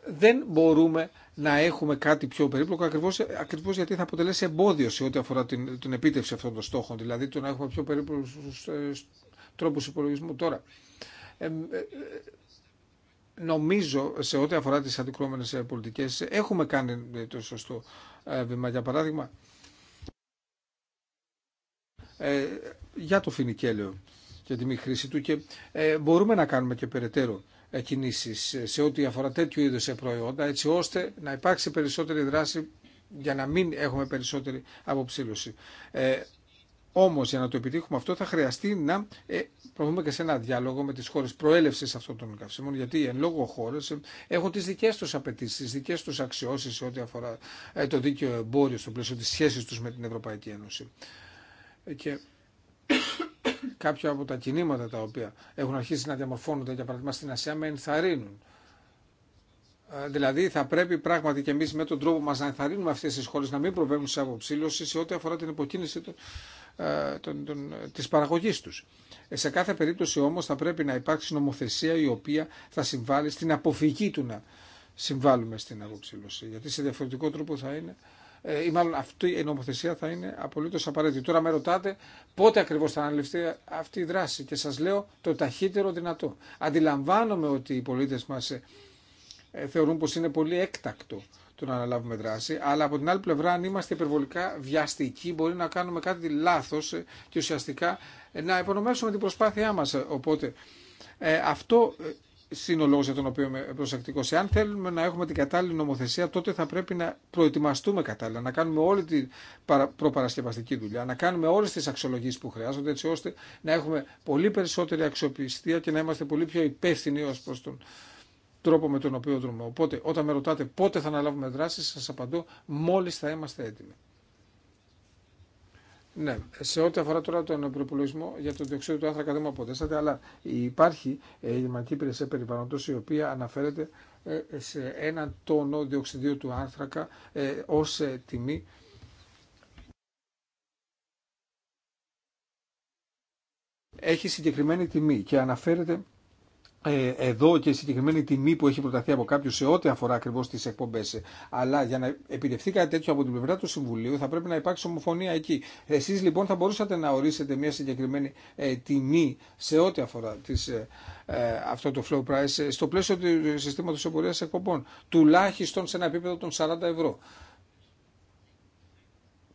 δεν μπορούμε να έχουμε κάτι πιο περίπλοκο ακριβώς, ακριβώς γιατί θα αποτελέσει εμπόδιο σε ό,τι αφορά την, την επίτευξη αυτών των στόχων, δηλαδή το να έχουμε πιο περίπλοκους ε, τρόπους υπολογισμού τώρα. Ε, νομίζω σε ό,τι αφορά τις αντικρώμενες ε, πολιτικές έχουμε κάνει ε, το σωστό ε, βήμα. Για παράδειγμα, για το φινικέλαιο και τη μη χρήση του και μπορούμε να κάνουμε και περαιτέρω κινήσεις ε, σε ό,τι αφορά τέτοιου είδους προϊόντα έτσι ώστε να υπάρξει περισσότερη δράση για να μην έχουμε περισσότερη αποψήλωση. Ε, όμως για να το επιτύχουμε αυτό θα χρειαστεί να ε, προβούμε και σε ένα διάλογο με τις χώρες προέλευσης αυτών των καυσίμων γιατί εν λόγω χώρες ε, έχουν τις δικές τους απαιτήσεις, τις δικές τους αξιώσεις σε ό,τι αφορά ε, το δίκαιο εμπόριο στο πλαίσιο της σχέσης τους με την Ευρωπαϊκή Ένωση. Και κάποια από τα κινήματα τα οποία έχουν αρχίσει να διαμορφώνονται, για παράδειγμα στην Ασία, με ενθαρρύνουν. Ε, δηλαδή θα πρέπει πράγματι και εμεί με τον τρόπο μα να ενθαρρύνουμε αυτέ τι χώρε να μην προβαίνουν σε αποψήλωση σε ό,τι αφορά την υποκίνηση τη παραγωγή του. της παραγωγής τους. Ε, σε κάθε περίπτωση όμως θα πρέπει να υπάρξει νομοθεσία η οποία θα συμβάλλει στην αποφυγή του να συμβάλλουμε στην αποψήλωση. Γιατί σε διαφορετικό τρόπο θα είναι ε, ή μάλλον αυτή η νομοθεσία θα είναι απολύτω απαραίτητη. Τώρα με ρωτάτε πότε ακριβώ θα αναλυφθεί αυτή η δράση και σα λέω το ταχύτερο δυνατό. Αντιλαμβάνομαι ότι οι πολίτε μα ε, ε, θεωρούν πω είναι πολύ έκτακτο το να αναλάβουμε δράση, αλλά από την άλλη πλευρά, αν είμαστε υπερβολικά βιαστικοί, μπορεί να κάνουμε κάτι λάθο και ουσιαστικά να υπονομεύσουμε την προσπάθειά μα. Οπότε αυτό είναι ο για τον οποίο είμαι προσεκτικό. Εάν θέλουμε να έχουμε την κατάλληλη νομοθεσία, τότε θα πρέπει να προετοιμαστούμε κατάλληλα, να κάνουμε όλη την προπαρασκευαστική δουλειά, να κάνουμε όλε τι αξιολογήσει που χρειάζονται, έτσι ώστε να έχουμε πολύ περισσότερη αξιοπιστία και να είμαστε πολύ πιο υπεύθυνοι ω προ τον τρόπο με τον οποίο δρούμε. Οπότε, όταν με ρωτάτε πότε θα αναλάβουμε δράση, σα απαντώ μόλι θα είμαστε έτοιμοι. Ναι, σε ό,τι αφορά τώρα τον προπολογισμό για το διοξείδιο του άνθρακα δεν μου αποδέσατε, αλλά υπάρχει η δηματικη Υπηρεσία Περιβάλλοντο η οποία αναφέρεται ε, σε έναν τόνο διοξιδίου του άνθρακα ε, ω ε, τιμή. Έχει συγκεκριμένη τιμή και αναφέρεται ε, εδώ και συγκεκριμένη τιμή που έχει προταθεί από κάποιους σε ό,τι αφορά ακριβώς τι εκπομπές. Αλλά για να επιτευχθεί κάτι τέτοιο από την πλευρά του Συμβουλίου θα πρέπει να υπάρξει ομοφωνία εκεί. Εσείς λοιπόν θα μπορούσατε να ορίσετε μια συγκεκριμένη ε, τιμή σε ό,τι αφορά τις, ε, αυτό το flow price στο πλαίσιο του συστήματος εμπορίας εκπομπών. Τουλάχιστον σε ένα επίπεδο των 40 ευρώ.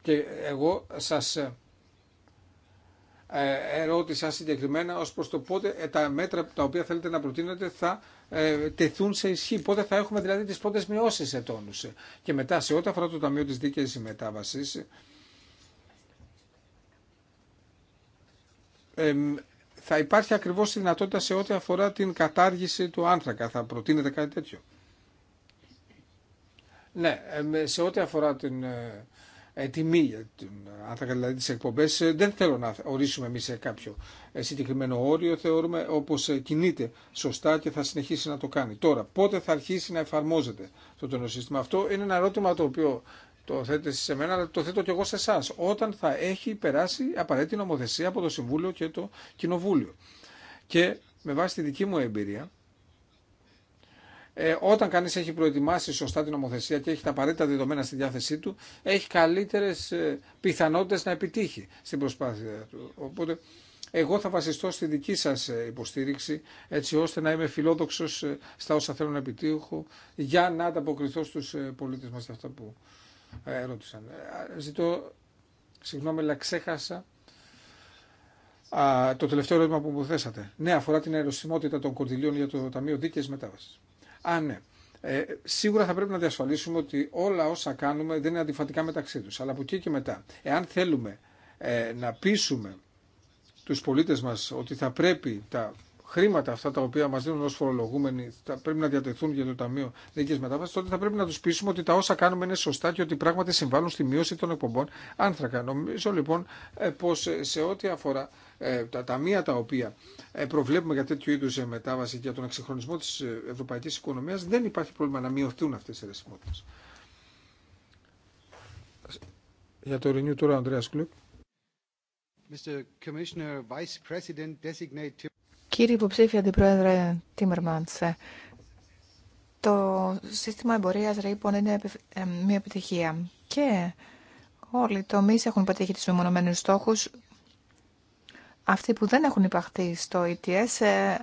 Και εγώ σας ε, ερώτησα συγκεκριμένα ως προς το πότε ε, τα μέτρα τα οποία θέλετε να προτείνετε θα ε, τεθούν σε ισχύ. Πότε θα έχουμε δηλαδή τις πρώτες μειώσεις ετώνους. Και μετά σε ό,τι αφορά το Ταμείο της Δίκαιης Μετάβασης, θα υπάρχει ακριβώς δυνατότητα σε ό,τι αφορά την κατάργηση του άνθρακα. Θα προτείνετε κάτι τέτοιο. Ναι, σε ό,τι αφορά την τιμή για την τις εκπομπές. Ε, δεν θέλω να ορίσουμε εμείς κάποιο ε, συγκεκριμένο όριο, θεωρούμε όπως ε, κινείται σωστά και θα συνεχίσει να το κάνει. Τώρα, πότε θα αρχίσει να εφαρμόζεται το τόνο σύστημα. Αυτό είναι ένα ερώτημα το οποίο το θέτε σε μένα, αλλά το θέτω και εγώ σε εσά. Όταν θα έχει περάσει απαραίτητη νομοθεσία από το Συμβούλιο και το Κοινοβούλιο. Και με βάση τη δική μου εμπειρία, ε, όταν κανείς έχει προετοιμάσει σωστά την νομοθεσία και έχει τα απαραίτητα δεδομένα στη διάθεσή του, έχει καλύτερες ε, πιθανότητες να επιτύχει στην προσπάθεια του. Οπότε, εγώ θα βασιστώ στη δική σας ε, υποστήριξη, έτσι ώστε να είμαι φιλόδοξος στα όσα θέλω να επιτύχω, για να ανταποκριθώ στους πολίτες μας για αυτά που ερώτησαν. Ζητώ, συγγνώμη, αλλά ξέχασα το τελευταίο ερώτημα που μου θέσατε. Ναι, αφορά την αεροσιμότητα των κοντιλίων για το Ταμείο Δίκαιη μετάβαση. Α, ναι. Ε, σίγουρα θα πρέπει να διασφαλίσουμε ότι όλα όσα κάνουμε δεν είναι αντιφατικά μεταξύ τους. Αλλά από εκεί και μετά, εάν θέλουμε ε, να πείσουμε τους πολίτες μας ότι θα πρέπει τα χρήματα αυτά τα οποία μα δίνουν ω φορολογούμενοι θα πρέπει να διατεθούν για το Ταμείο Δίκαιη Μετάβαση, τότε θα πρέπει να του πείσουμε ότι τα όσα κάνουμε είναι σωστά και ότι πράγματι συμβάλλουν στη μείωση των εκπομπών άνθρακα. Νομίζω λοιπόν ε, πω ε, σε ό,τι αφορά ε, τα ταμεία τα οποία ε, προβλέπουμε για τέτοιου είδου ε, μετάβαση για τον εξυγχρονισμό τη ευρωπαϊκή οικονομία, δεν υπάρχει πρόβλημα να μειωθούν αυτέ οι αιρεσιμότητε. Για το Κύριε υποψήφια αντιπρόεδρε Τίμερμαντς, το σύστημα εμπορίας ρήπων λοιπόν, είναι μια επιτυχία και όλοι οι τομείς έχουν πετύχει του μεμονωμένους στόχους αυτοί που δεν έχουν υπαχθεί στο ETS ε,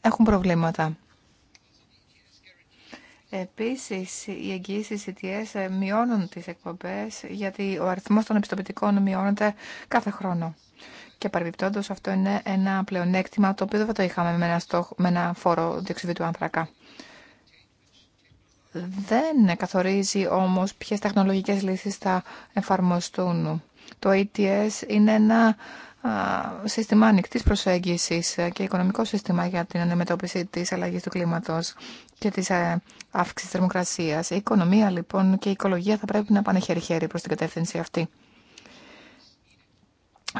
έχουν προβλήματα. Επίσης, οι εγγύησει ETS ε, μειώνουν τις εκπομπές γιατί ο αριθμός των επιστοποιητικών μειώνεται κάθε χρόνο. Και παρεμπιπτόντως αυτό είναι ένα πλεονέκτημα το οποίο δεν θα το είχαμε με ένα, με φόρο διοξιδίου άνθρακα. Δεν καθορίζει όμως ποιες τεχνολογικές λύσεις θα εφαρμοστούν. Το ETS είναι ένα σύστημα ανοιχτή προσέγγιση και οικονομικό σύστημα για την αντιμετώπιση τη αλλαγή του κλίματο και τη ε, αύξηση τη θερμοκρασία. Η οικονομία λοιπόν και η οικολογία θα πρέπει να πάνε χέρι-χέρι προ την κατεύθυνση αυτή.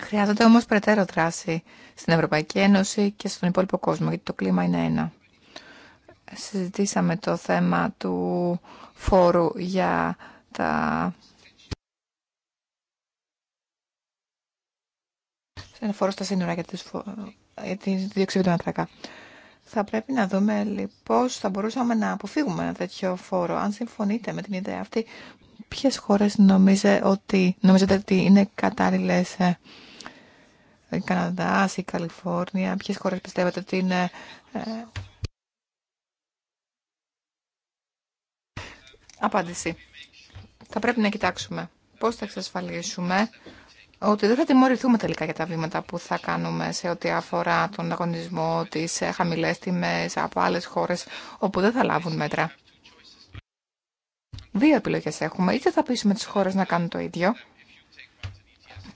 Χρειάζεται όμω περαιτέρω δράση στην Ευρωπαϊκή Ένωση και στον υπόλοιπο κόσμο, γιατί το κλίμα είναι ένα. Συζητήσαμε το θέμα του φόρου για τα σαν φόρο στα σύνορα για, τις, για τη του ανθρακά. Θα πρέπει να δούμε λοιπόν θα μπορούσαμε να αποφύγουμε ένα τέτοιο φόρο. Αν συμφωνείτε με την ιδέα αυτή, ποιε χώρε νομίζετε ότι, νομίζετε ότι είναι κατάλληλες ε, η Καναδά, η Καλιφόρνια, ποιες χώρες πιστεύετε ότι είναι... Ε, απάντηση. Θα πρέπει να κοιτάξουμε πώς θα εξασφαλίσουμε ότι δεν θα τιμωρηθούμε τελικά για τα βήματα που θα κάνουμε σε ό,τι αφορά τον αγωνισμό, τις ε, χαμηλές τιμέ από άλλε χώρε όπου δεν θα λάβουν μέτρα. Δύο επιλογέ έχουμε. Είτε θα πείσουμε τις χώρε να κάνουν το ίδιο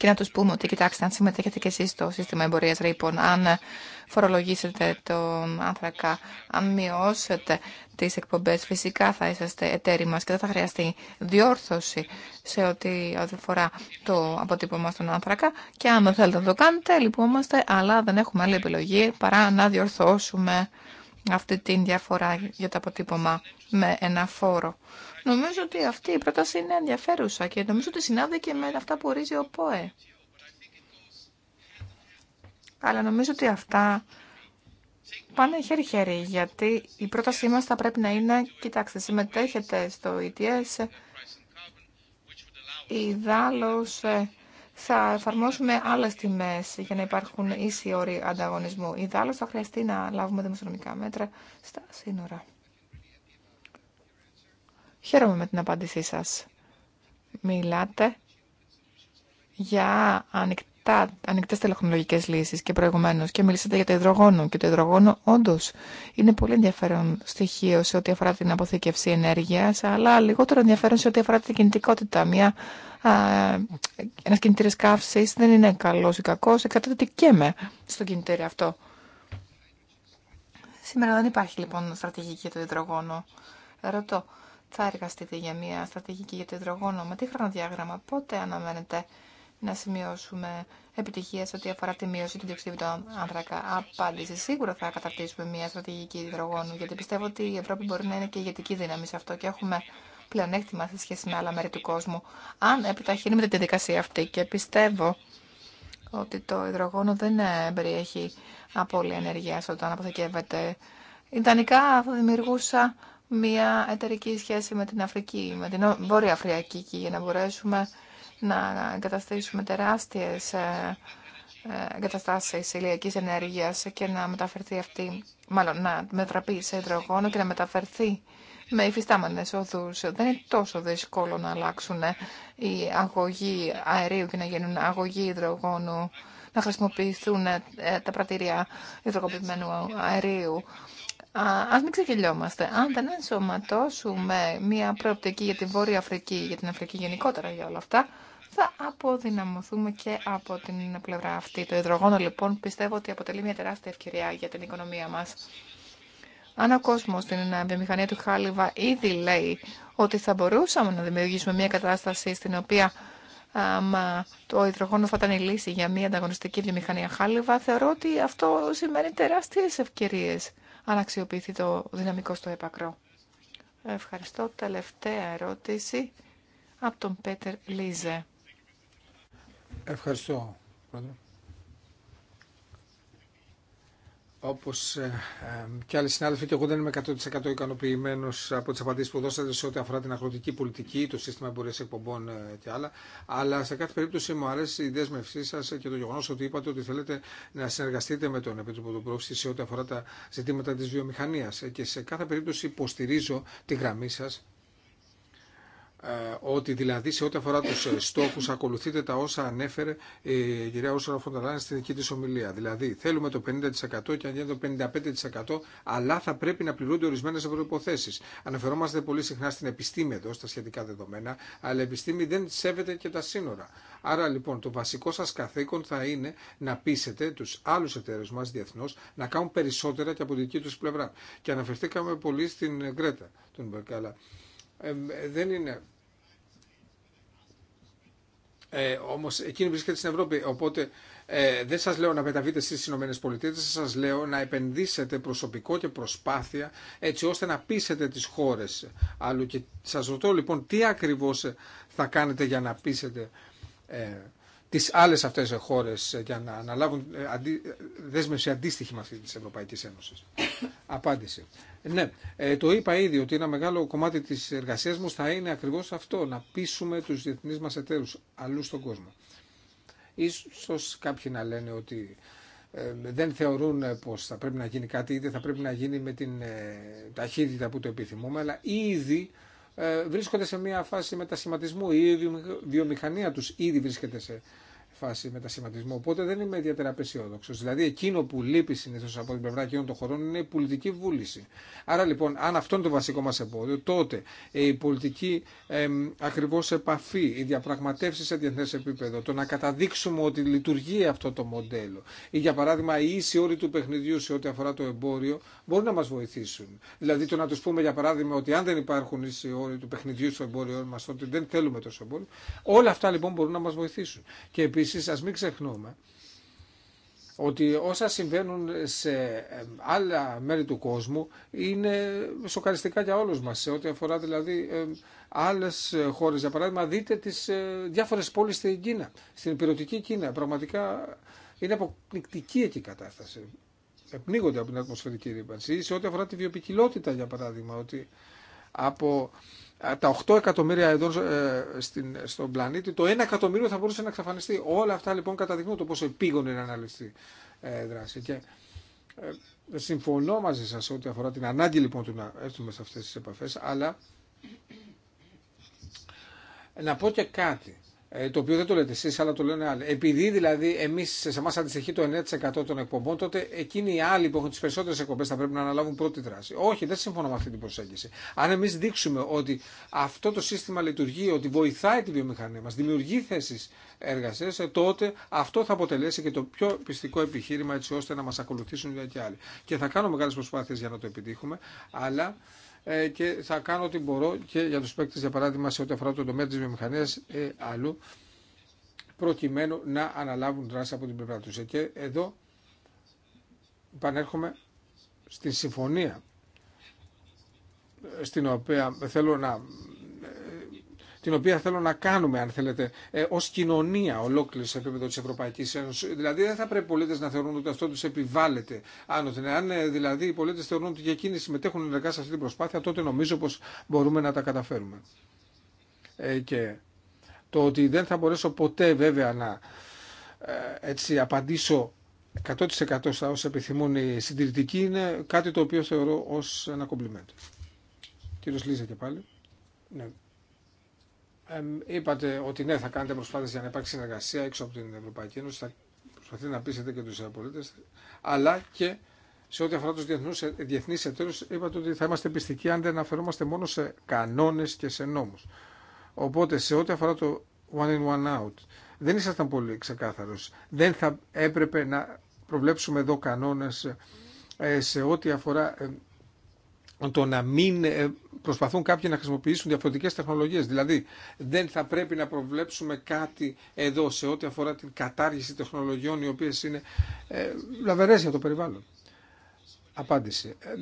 και να τους πούμε ότι κοιτάξτε αν συμμετέχετε και εσείς στο σύστημα εμπορίας ρήπων, λοιπόν, αν φορολογήσετε τον άνθρακα, αν μειώσετε τις εκπομπές, φυσικά θα είσαστε εταίροι μας και δεν θα χρειαστεί διόρθωση σε ό,τι αφορά το αποτύπωμα στον άνθρακα και αν δεν θέλετε να το κάνετε λυπόμαστε, αλλά δεν έχουμε άλλη επιλογή παρά να διορθώσουμε αυτή την διαφορά για το αποτύπωμα με ένα φόρο. Νομίζω ότι αυτή η πρόταση είναι ενδιαφέρουσα και νομίζω ότι συνάδει και με αυτά που ορίζει ο ΠΟΕ. Αλλά νομίζω ότι αυτά πάνε χέρι-χέρι, γιατί η πρότασή μας θα πρέπει να είναι, κοιτάξτε, συμμετέχετε στο ETS, η θα εφαρμόσουμε άλλε τιμέ για να υπάρχουν ίσοι όροι ανταγωνισμού. Ιδάλω θα χρειαστεί να λάβουμε δημοσιονομικά μέτρα στα σύνορα. Χαίρομαι με την απάντησή σας. Μιλάτε για ανοιχτέ ανοιχτές λύσει λύσεις και προηγουμένως και μιλήσατε για το υδρογόνο και το υδρογόνο όντως είναι πολύ ενδιαφέρον στοιχείο σε ό,τι αφορά την αποθήκευση ενέργεια, αλλά λιγότερο ενδιαφέρον σε ό,τι αφορά την κινητικότητα. Μια ένα κινητήρε καύση δεν είναι καλό ή κακός, εξαρτάται και με στο κινητήρι αυτό. Σήμερα δεν υπάρχει λοιπόν στρατηγική για το υδρογόνο. Ρωτώ, θα εργαστείτε για μια στρατηγική για το υδρογόνο, με τι χρονοδιάγραμμα, πότε αναμένετε να σημειώσουμε επιτυχία σε ό,τι αφορά τη μείωση του διοξιδίου του άνθρακα. Απάντηση. Σίγουρα θα καταρτήσουμε μια στρατηγική υδρογόνου, γιατί πιστεύω ότι η Ευρώπη μπορεί να είναι και ηγετική δύναμη σε αυτό και έχουμε πλεονέκτημα σε σχέση με άλλα μέρη του κόσμου, αν επιταχύνουμε τη διαδικασία αυτή και πιστεύω ότι το υδρογόνο δεν περιέχει απόλυτη ενέργεια όταν αποθηκεύεται. Ιδανικά θα δημιουργούσα μια εταιρική σχέση με την Αφρική, με την Βόρεια Αφρική για να μπορέσουμε να εγκαταστήσουμε τεράστιες ε, ε, εγκαταστάσεις ηλιακής ενέργειας και να μεταφερθεί αυτή, μάλλον να μετραπεί σε υδρογόνο και να μεταφερθεί με υφιστάμενες οδούς. Δεν είναι τόσο δύσκολο να αλλάξουν ε, οι αγωγοί αερίου και να γίνουν αγωγοί υδρογόνου, να χρησιμοποιηθούν ε, ε, τα πρατήρια υδρογοποιημένου αερίου. Ας μην ξεχυλιόμαστε. Αν δεν ενσωματώσουμε μια προοπτική για την Βόρεια Αφρική, για την Αφρική γενικότερα για όλα αυτά, θα αποδυναμωθούμε και από την πλευρά αυτή. Το υδρογόνο λοιπόν πιστεύω ότι αποτελεί μια τεράστια ευκαιρία για την οικονομία μας. Αν ο κόσμο στην ε, βιομηχανία του Χάλιβα ήδη λέει ότι θα μπορούσαμε να δημιουργήσουμε μια κατάσταση στην οποία το υδρογόνο θα ήταν η λύση για μια ανταγωνιστική βιομηχανία Χάλιβα, θεωρώ ότι αυτό σημαίνει τεράστιε ευκαιρίε αν αξιοποιηθεί το δυναμικό στο έπακρο. Ευχαριστώ. Τελευταία ερώτηση από τον Πέτερ Λίζε. Ευχαριστώ, Όπω ε, ε, και άλλοι συνάδελφοι και εγώ δεν είμαι 100% ικανοποιημένο από τι απαντήσει που δώσατε σε ό,τι αφορά την αγροτική πολιτική, το σύστημα εμπορία εκπομπών ε, και άλλα. Αλλά σε κάθε περίπτωση μου αρέσει η δέσμευσή σα και το γεγονό ότι είπατε ότι θέλετε να συνεργαστείτε με τον Επίτροπο του Πρόφηση σε ό,τι αφορά τα ζητήματα τη βιομηχανία. Και σε κάθε περίπτωση υποστηρίζω τη γραμμή σα. Ε, ότι δηλαδή σε ό,τι αφορά τους ε, στόχους ακολουθείτε τα όσα ανέφερε ε, η κυρία Όσαρα Φονταλάνη στην δική τη ομιλία. Δηλαδή θέλουμε το 50% και αν γίνεται το 55% αλλά θα πρέπει να πληρούνται ορισμένε προποθέσει. Αναφερόμαστε πολύ συχνά στην επιστήμη εδώ, στα σχετικά δεδομένα, αλλά η επιστήμη δεν σέβεται και τα σύνορα. Άρα λοιπόν το βασικό σας καθήκον θα είναι να πείσετε τους άλλους εταίρους μας διεθνώς να κάνουν περισσότερα και από δική του πλευρά. Και αναφερθήκαμε πολύ στην Γκρέτα, τον Μπερκάλα. δεν είναι ε, Όμω εκείνη βρίσκεται στην Ευρώπη. Οπότε ε, δεν σα λέω να μεταβείτε στι Ηνωμένε Πολιτείε, σα λέω να επενδύσετε προσωπικό και προσπάθεια έτσι ώστε να πείσετε τι χώρε άλλου. Και σα ρωτώ λοιπόν τι ακριβώ θα κάνετε για να πείσετε. Ε, τι άλλε αυτές χώρε ε, για να αναλάβουν ε, ε, δέσμευση αντίστοιχη με αυτή τη Ευρωπαϊκή Ένωση. Απάντηση. Ναι, το είπα ήδη ότι ένα μεγάλο κομμάτι τη εργασία μου θα είναι ακριβώ αυτό, να πείσουμε του διεθνεί μα εταίρου αλλού στον κόσμο. σω κάποιοι να λένε ότι δεν θεωρούν πω θα πρέπει να γίνει κάτι ή θα πρέπει να γίνει με την ταχύτητα που το επιθυμούμε, αλλά ήδη βρίσκονται σε μια φάση μετασχηματισμού. Η βιομηχανία τους ήδη βρίσκεται σε φάση μετασχηματισμού. Οπότε δεν είμαι ιδιαίτερα απεσιόδοξο. Δηλαδή, εκείνο που λείπει συνήθω από την πλευρά εκείνων των χωρών είναι η πολιτική βούληση. Άρα λοιπόν, αν αυτό είναι το βασικό μα εμπόδιο, τότε η πολιτική ε, ακριβώ επαφή, οι διαπραγματεύσει σε διεθνέ επίπεδο, το να καταδείξουμε ότι λειτουργεί αυτό το μοντέλο ή για παράδειγμα οι ίσοι όροι του παιχνιδιού σε ό,τι αφορά το εμπόριο μπορούν να μα βοηθήσουν. Δηλαδή, το να του πούμε για παράδειγμα ότι αν δεν υπάρχουν ίση όροι του παιχνιδιού στο εμπόριο μα, ότι δεν θέλουμε τόσο εμπόριο. Όλα αυτά λοιπόν μπορούν να μα βοηθήσουν. Και Επίσης, ας μην ξεχνούμε ότι όσα συμβαίνουν σε άλλα μέρη του κόσμου είναι σοκαριστικά για όλους μας σε ό,τι αφορά δηλαδή άλλες χώρες. Για παράδειγμα δείτε τις ε, διάφορες πόλεις στην Κίνα, στην πυρωτική Κίνα. Πραγματικά είναι αποκνικτική εκεί η κατάσταση. Επνίγονται από την ατμοσφαιρική ρήπανση. Σε ό,τι αφορά τη βιοπικιλότητα για παράδειγμα, ότι από τα 8 εκατομμύρια εδώ ε, στον πλανήτη, το 1 εκατομμύριο θα μπορούσε να εξαφανιστεί. Όλα αυτά λοιπόν καταδεικνύουν το πόσο επίγον είναι να αναλυστεί ε, δράση. Και, ε, συμφωνώ μαζί σας ό,τι αφορά την ανάγκη λοιπόν του να έρθουμε σε αυτές τις επαφέ, αλλά να πω και κάτι ε, το οποίο δεν το λέτε εσεί, αλλά το λένε άλλοι. Επειδή δηλαδή εμεί σε εμά αντιστοιχεί το 9% των εκπομπών, τότε εκείνοι οι άλλοι που έχουν τι περισσότερε εκπομπέ θα πρέπει να αναλάβουν πρώτη δράση. Όχι, δεν συμφωνώ με αυτή την προσέγγιση. Αν εμεί δείξουμε ότι αυτό το σύστημα λειτουργεί, ότι βοηθάει τη βιομηχανία μα, δημιουργεί θέσει εργασία, ε, τότε αυτό θα αποτελέσει και το πιο πιστικό επιχείρημα έτσι ώστε να μα ακολουθήσουν και άλλοι. Και θα κάνουμε μεγάλε προσπάθειε για να το επιτύχουμε, αλλά ε, και θα κάνω ό,τι μπορώ και για τους παίκτες, για παράδειγμα, σε ό,τι αφορά το τομέα της βιομηχανίας ε, αλλού, προκειμένου να αναλάβουν δράση από την πλευρά τους. Ε, και εδώ επανέρχομαι στη συμφωνία ε, στην οποία θέλω να την οποία θέλω να κάνουμε, αν θέλετε, ε, ω κοινωνία ολόκληρη σε επίπεδο τη Ευρωπαϊκή Ένωση. Δηλαδή, δεν θα πρέπει οι πολίτε να θεωρούν ότι αυτό του επιβάλλεται άνωθεν. Αν ε, δηλαδή οι πολίτε θεωρούν ότι και εκείνοι συμμετέχουν ενεργά σε αυτή την προσπάθεια, τότε νομίζω πω μπορούμε να τα καταφέρουμε. Ε, και το ότι δεν θα μπορέσω ποτέ βέβαια να έτσι απαντήσω 100% στα όσα επιθυμούν οι συντηρητικοί είναι κάτι το οποίο θεωρώ ως ένα κομπλιμέντο. Κύριος Λίζα και πάλι. Ναι είπατε ότι ναι, θα κάνετε προσπάθειες για να υπάρξει συνεργασία έξω από την Ευρωπαϊκή Ένωση, θα προσπαθείτε να πείσετε και τους πολίτε. αλλά και σε ό,τι αφορά τους διεθνεί διεθνείς είπατε ότι θα είμαστε πιστικοί αν δεν αναφερόμαστε μόνο σε κανόνες και σε νόμους. Οπότε, σε ό,τι αφορά το one in, one out, δεν ήσασταν πολύ ξεκάθαρο. Δεν θα έπρεπε να προβλέψουμε εδώ κανόνες ε, σε ό,τι αφορά ε, το να μην ε, προσπαθούν κάποιοι να χρησιμοποιήσουν διαφορετικέ τεχνολογίε. Δηλαδή δεν θα πρέπει να προβλέψουμε κάτι εδώ σε ό,τι αφορά την κατάργηση τεχνολογιών οι οποίε είναι ε, λαβερές για το περιβάλλον. Απάντηση. Ε,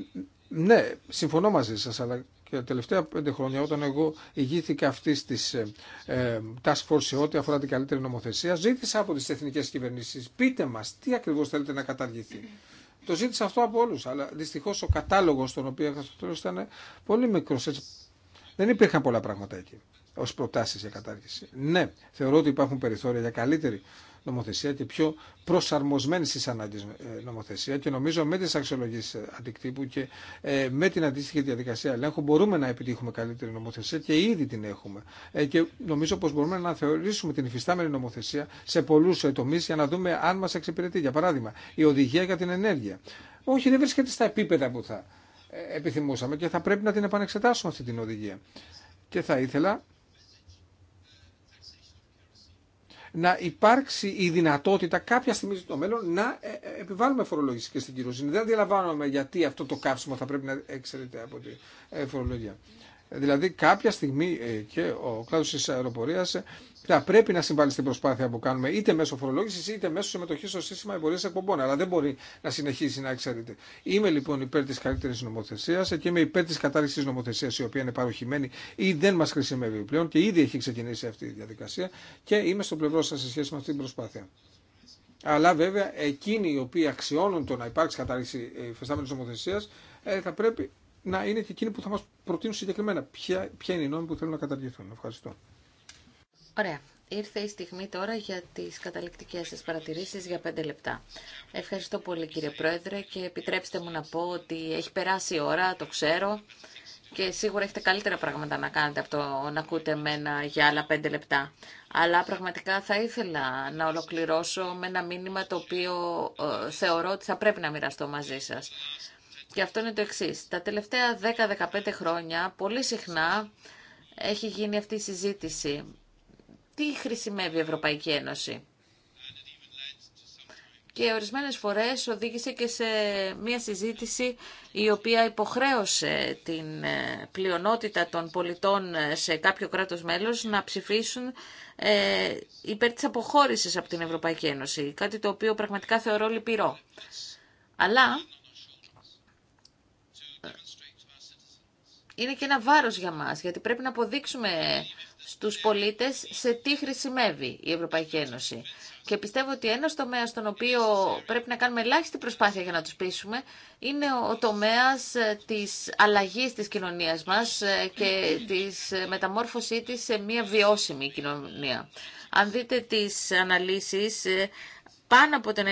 ναι, συμφωνώ μαζί σα, αλλά και τα τελευταία πέντε χρόνια όταν εγώ ηγήθηκα αυτή τη ε, ε, task force σε ό,τι αφορά την καλύτερη νομοθεσία, ζήτησα από τι εθνικέ κυβερνήσει, πείτε μα τι ακριβώ θέλετε να καταργηθεί. Το ζήτησα αυτό από όλου, αλλά δυστυχώ ο κατάλογο τον οποίο είχα στο ήταν πολύ μικρό. Δεν υπήρχαν πολλά πράγματα εκεί ω προτάσει για κατάργηση. Ναι, θεωρώ ότι υπάρχουν περιθώρια για καλύτερη νομοθεσία και πιο προσαρμοσμένη στι ανάγκε ε, νομοθεσία και νομίζω με τι αξιολογήσει ε, αντικτύπου και ε, με την αντίστοιχη διαδικασία ελέγχου μπορούμε να επιτύχουμε καλύτερη νομοθεσία και ήδη την έχουμε. Και νομίζω πω μπορούμε να θεωρήσουμε την υφιστάμενη νομοθεσία σε πολλού τομείς για να δούμε αν μα εξυπηρετεί. Για παράδειγμα, η οδηγία για την ενέργεια. Όχι, δεν βρίσκεται στα επίπεδα που θα επιθυμούσαμε και θα πρέπει να την επανεξετάσουμε αυτή την οδηγία. Και θα ήθελα να υπάρξει η δυνατότητα κάποια στιγμή στο μέλλον να ε, ε, επιβάλλουμε φορολογική και στην κυρωσύνη. Δεν αντιλαμβάνομαι γιατί αυτό το κάψιμο θα πρέπει να εξαιρείται από τη ε, φορολογία. Δηλαδή κάποια στιγμή και ο κλάδος της αεροπορίας θα πρέπει να συμβάλλει στην προσπάθεια που κάνουμε είτε μέσω φορολόγηση είτε μέσω συμμετοχή στο σύστημα εμπορία εκπομπών. Αλλά δεν μπορεί να συνεχίσει να εξαρτηθεί. Είμαι λοιπόν υπέρ τη καλύτερη νομοθεσία και είμαι υπέρ τη κατάρριξη νομοθεσία η οποία είναι παροχημένη ή δεν μα χρησιμεύει πλέον και ήδη έχει ξεκινήσει αυτή η διαδικασία και είμαι στο πλευρό σα σε σχέση με αυτή την προσπάθεια. Αλλά βέβαια εκείνοι οι οποίοι αξιώνουν το να υπάρξει κατάρριξη ε, υφιστάμενη νομοθεσία ε, θα πρέπει να είναι και εκείνοι που θα μα προτείνουν συγκεκριμένα ποια, ποια είναι η νόμη που θέλουν να καταργηθούν. Ευχαριστώ. Ωραία. Ήρθε η στιγμή τώρα για τις καταληκτικές σας παρατηρήσεις για πέντε λεπτά. Ευχαριστώ πολύ κύριε Πρόεδρε και επιτρέψτε μου να πω ότι έχει περάσει η ώρα, το ξέρω και σίγουρα έχετε καλύτερα πράγματα να κάνετε από το να ακούτε εμένα για άλλα πέντε λεπτά. Αλλά πραγματικά θα ήθελα να ολοκληρώσω με ένα μήνυμα το οποίο ε, θεωρώ ότι θα πρέπει να μοιραστώ μαζί σας. Και αυτό είναι το εξή. Τα τελευταία 10-15 χρόνια πολύ συχνά έχει γίνει αυτή η συζήτηση τι χρησιμεύει η Ευρωπαϊκή Ένωση. Και ορισμένες φορές οδήγησε και σε μια συζήτηση η οποία υποχρέωσε την ε, πλειονότητα των πολιτών ε, σε κάποιο κράτος μέλος να ψηφίσουν ε, υπέρ της αποχώρησης από την Ευρωπαϊκή Ένωση. Κάτι το οποίο πραγματικά θεωρώ λυπηρό. Αλλά είναι και ένα βάρος για μας, γιατί πρέπει να αποδείξουμε στους πολίτες σε τι χρησιμεύει η Ευρωπαϊκή Ένωση. Και πιστεύω ότι ένα τομέα στον οποίο πρέπει να κάνουμε ελάχιστη προσπάθεια για να του πείσουμε είναι ο τομέα ε, τη αλλαγή τη κοινωνία μα ε, και τη ε, μεταμόρφωσή της σε μια βιώσιμη κοινωνία. Αν δείτε τι αναλύσει πάνω από το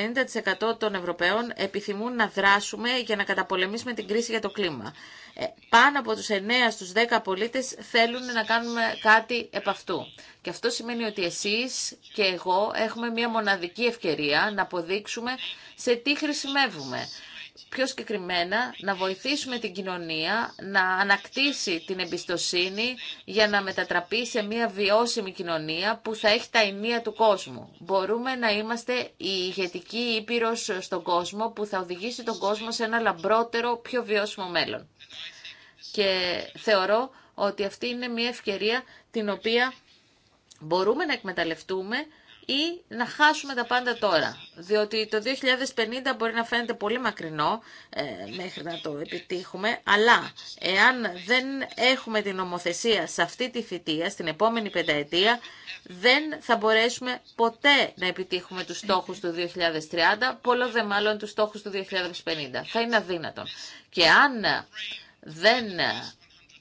90% των Ευρωπαίων επιθυμούν να δράσουμε για να καταπολεμήσουμε την κρίση για το κλίμα. Ε, πάνω από τους 9 στους 10 πολίτες θέλουν να κάνουμε κάτι επ' αυτού. Και αυτό σημαίνει ότι εσείς και εγώ έχουμε μια μοναδική ευκαιρία να αποδείξουμε σε τι χρησιμεύουμε πιο συγκεκριμένα να βοηθήσουμε την κοινωνία να ανακτήσει την εμπιστοσύνη για να μετατραπεί σε μια βιώσιμη κοινωνία που θα έχει τα ενία του κόσμου. Μπορούμε να είμαστε η ηγετική ήπειρος στον κόσμο που θα οδηγήσει τον κόσμο σε ένα λαμπρότερο, πιο βιώσιμο μέλλον. Και θεωρώ ότι αυτή είναι μια ευκαιρία την οποία μπορούμε να εκμεταλλευτούμε ή να χάσουμε τα πάντα τώρα. Διότι το 2050 μπορεί να φαίνεται πολύ μακρινό ε, μέχρι να το επιτύχουμε, αλλά εάν δεν έχουμε την νομοθεσία σε αυτή τη φυτία, στην επόμενη πενταετία, δεν θα μπορέσουμε ποτέ να επιτύχουμε τους στόχους του 2030, πολλό δε μάλλον τους στόχους του 2050. Θα είναι αδύνατον. Και αν δεν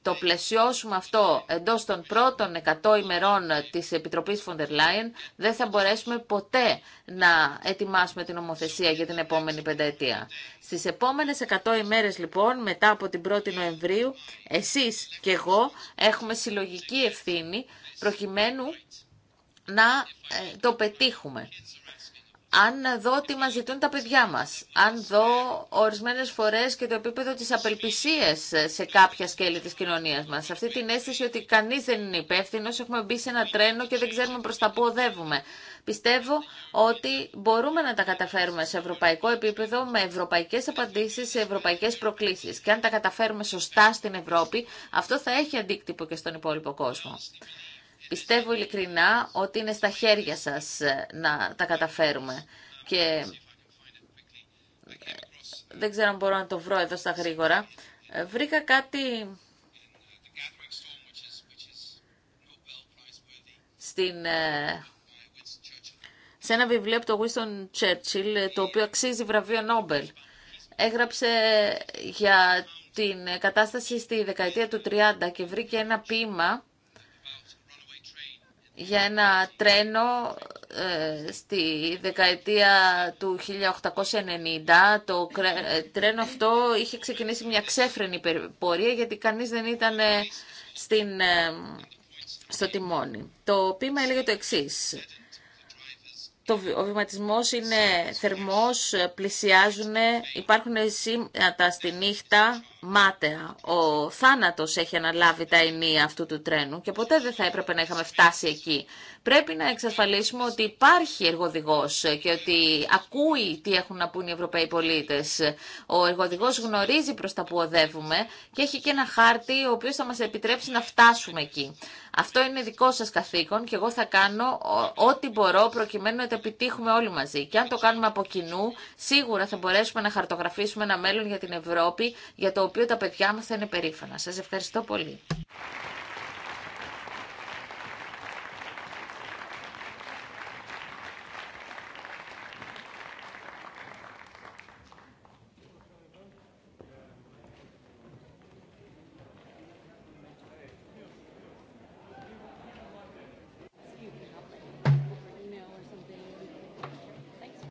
το πλαισιώσουμε αυτό εντός των πρώτων 100 ημερών της Επιτροπής Φοντερ Λάιεν, δεν θα μπορέσουμε ποτέ να ετοιμάσουμε την ομοθεσία για την επόμενη πενταετία. Στις επόμενες 100 ημέρες λοιπόν, μετά από την 1η Νοεμβρίου, εσείς και εγώ έχουμε συλλογική ευθύνη προκειμένου να ε, το πετύχουμε αν δω τι μας ζητούν τα παιδιά μας, αν δω ορισμένες φορές και το επίπεδο της απελπισίας σε κάποια σκέλη της κοινωνίας μας, αυτή την αίσθηση ότι κανείς δεν είναι υπεύθυνο, έχουμε μπει σε ένα τρένο και δεν ξέρουμε προς τα που οδεύουμε. Πιστεύω ότι μπορούμε να τα καταφέρουμε σε ευρωπαϊκό επίπεδο με ευρωπαϊκές απαντήσεις σε ευρωπαϊκές προκλήσεις. Και αν τα καταφέρουμε σωστά στην Ευρώπη, αυτό θα έχει αντίκτυπο και στον υπόλοιπο κόσμο. Πιστεύω ειλικρινά ότι είναι στα χέρια σας ε, να τα καταφέρουμε. Και ε, δεν ξέρω αν μπορώ να το βρω εδώ στα γρήγορα. Ε, βρήκα κάτι στην σε ένα βιβλίο από τον Winston Churchill, το οποίο αξίζει βραβείο Νόμπελ. Έγραψε για την κατάσταση στη δεκαετία του 30 και βρήκε ένα ποίημα για ένα τρένο ε, στη δεκαετία του 1890 το ε, τρένο αυτό είχε ξεκινήσει μια ξέφρενη πορεία γιατί κανείς δεν ήταν ε, στην, στο τιμόνι. Το πείμα έλεγε το εξής. Το, ο βηματισμός είναι θερμός, πλησιάζουν, υπάρχουν σήματα στη νύχτα, μάταια. Ο θάνατος έχει αναλάβει τα ενία αυτού του τρένου και ποτέ δεν θα έπρεπε να είχαμε φτάσει εκεί. Πρέπει να εξασφαλίσουμε ότι υπάρχει εργοδηγός και ότι ακούει τι έχουν να πούν οι Ευρωπαίοι πολίτες. Ο εργοδηγός γνωρίζει προς τα που οδεύουμε και έχει και ένα χάρτη ο οποίος θα μας επιτρέψει να φτάσουμε εκεί. Αυτό είναι δικό σας καθήκον και εγώ θα κάνω ό,τι μπορώ προκειμένου να το επιτύχουμε όλοι μαζί. Και αν το κάνουμε από κοινού, σίγουρα θα μπορέσουμε να χαρτογραφήσουμε ένα μέλλον για την Ευρώπη, για το οποίο τα παιδιά μας θα είναι περήφανα. Σας ευχαριστώ πολύ.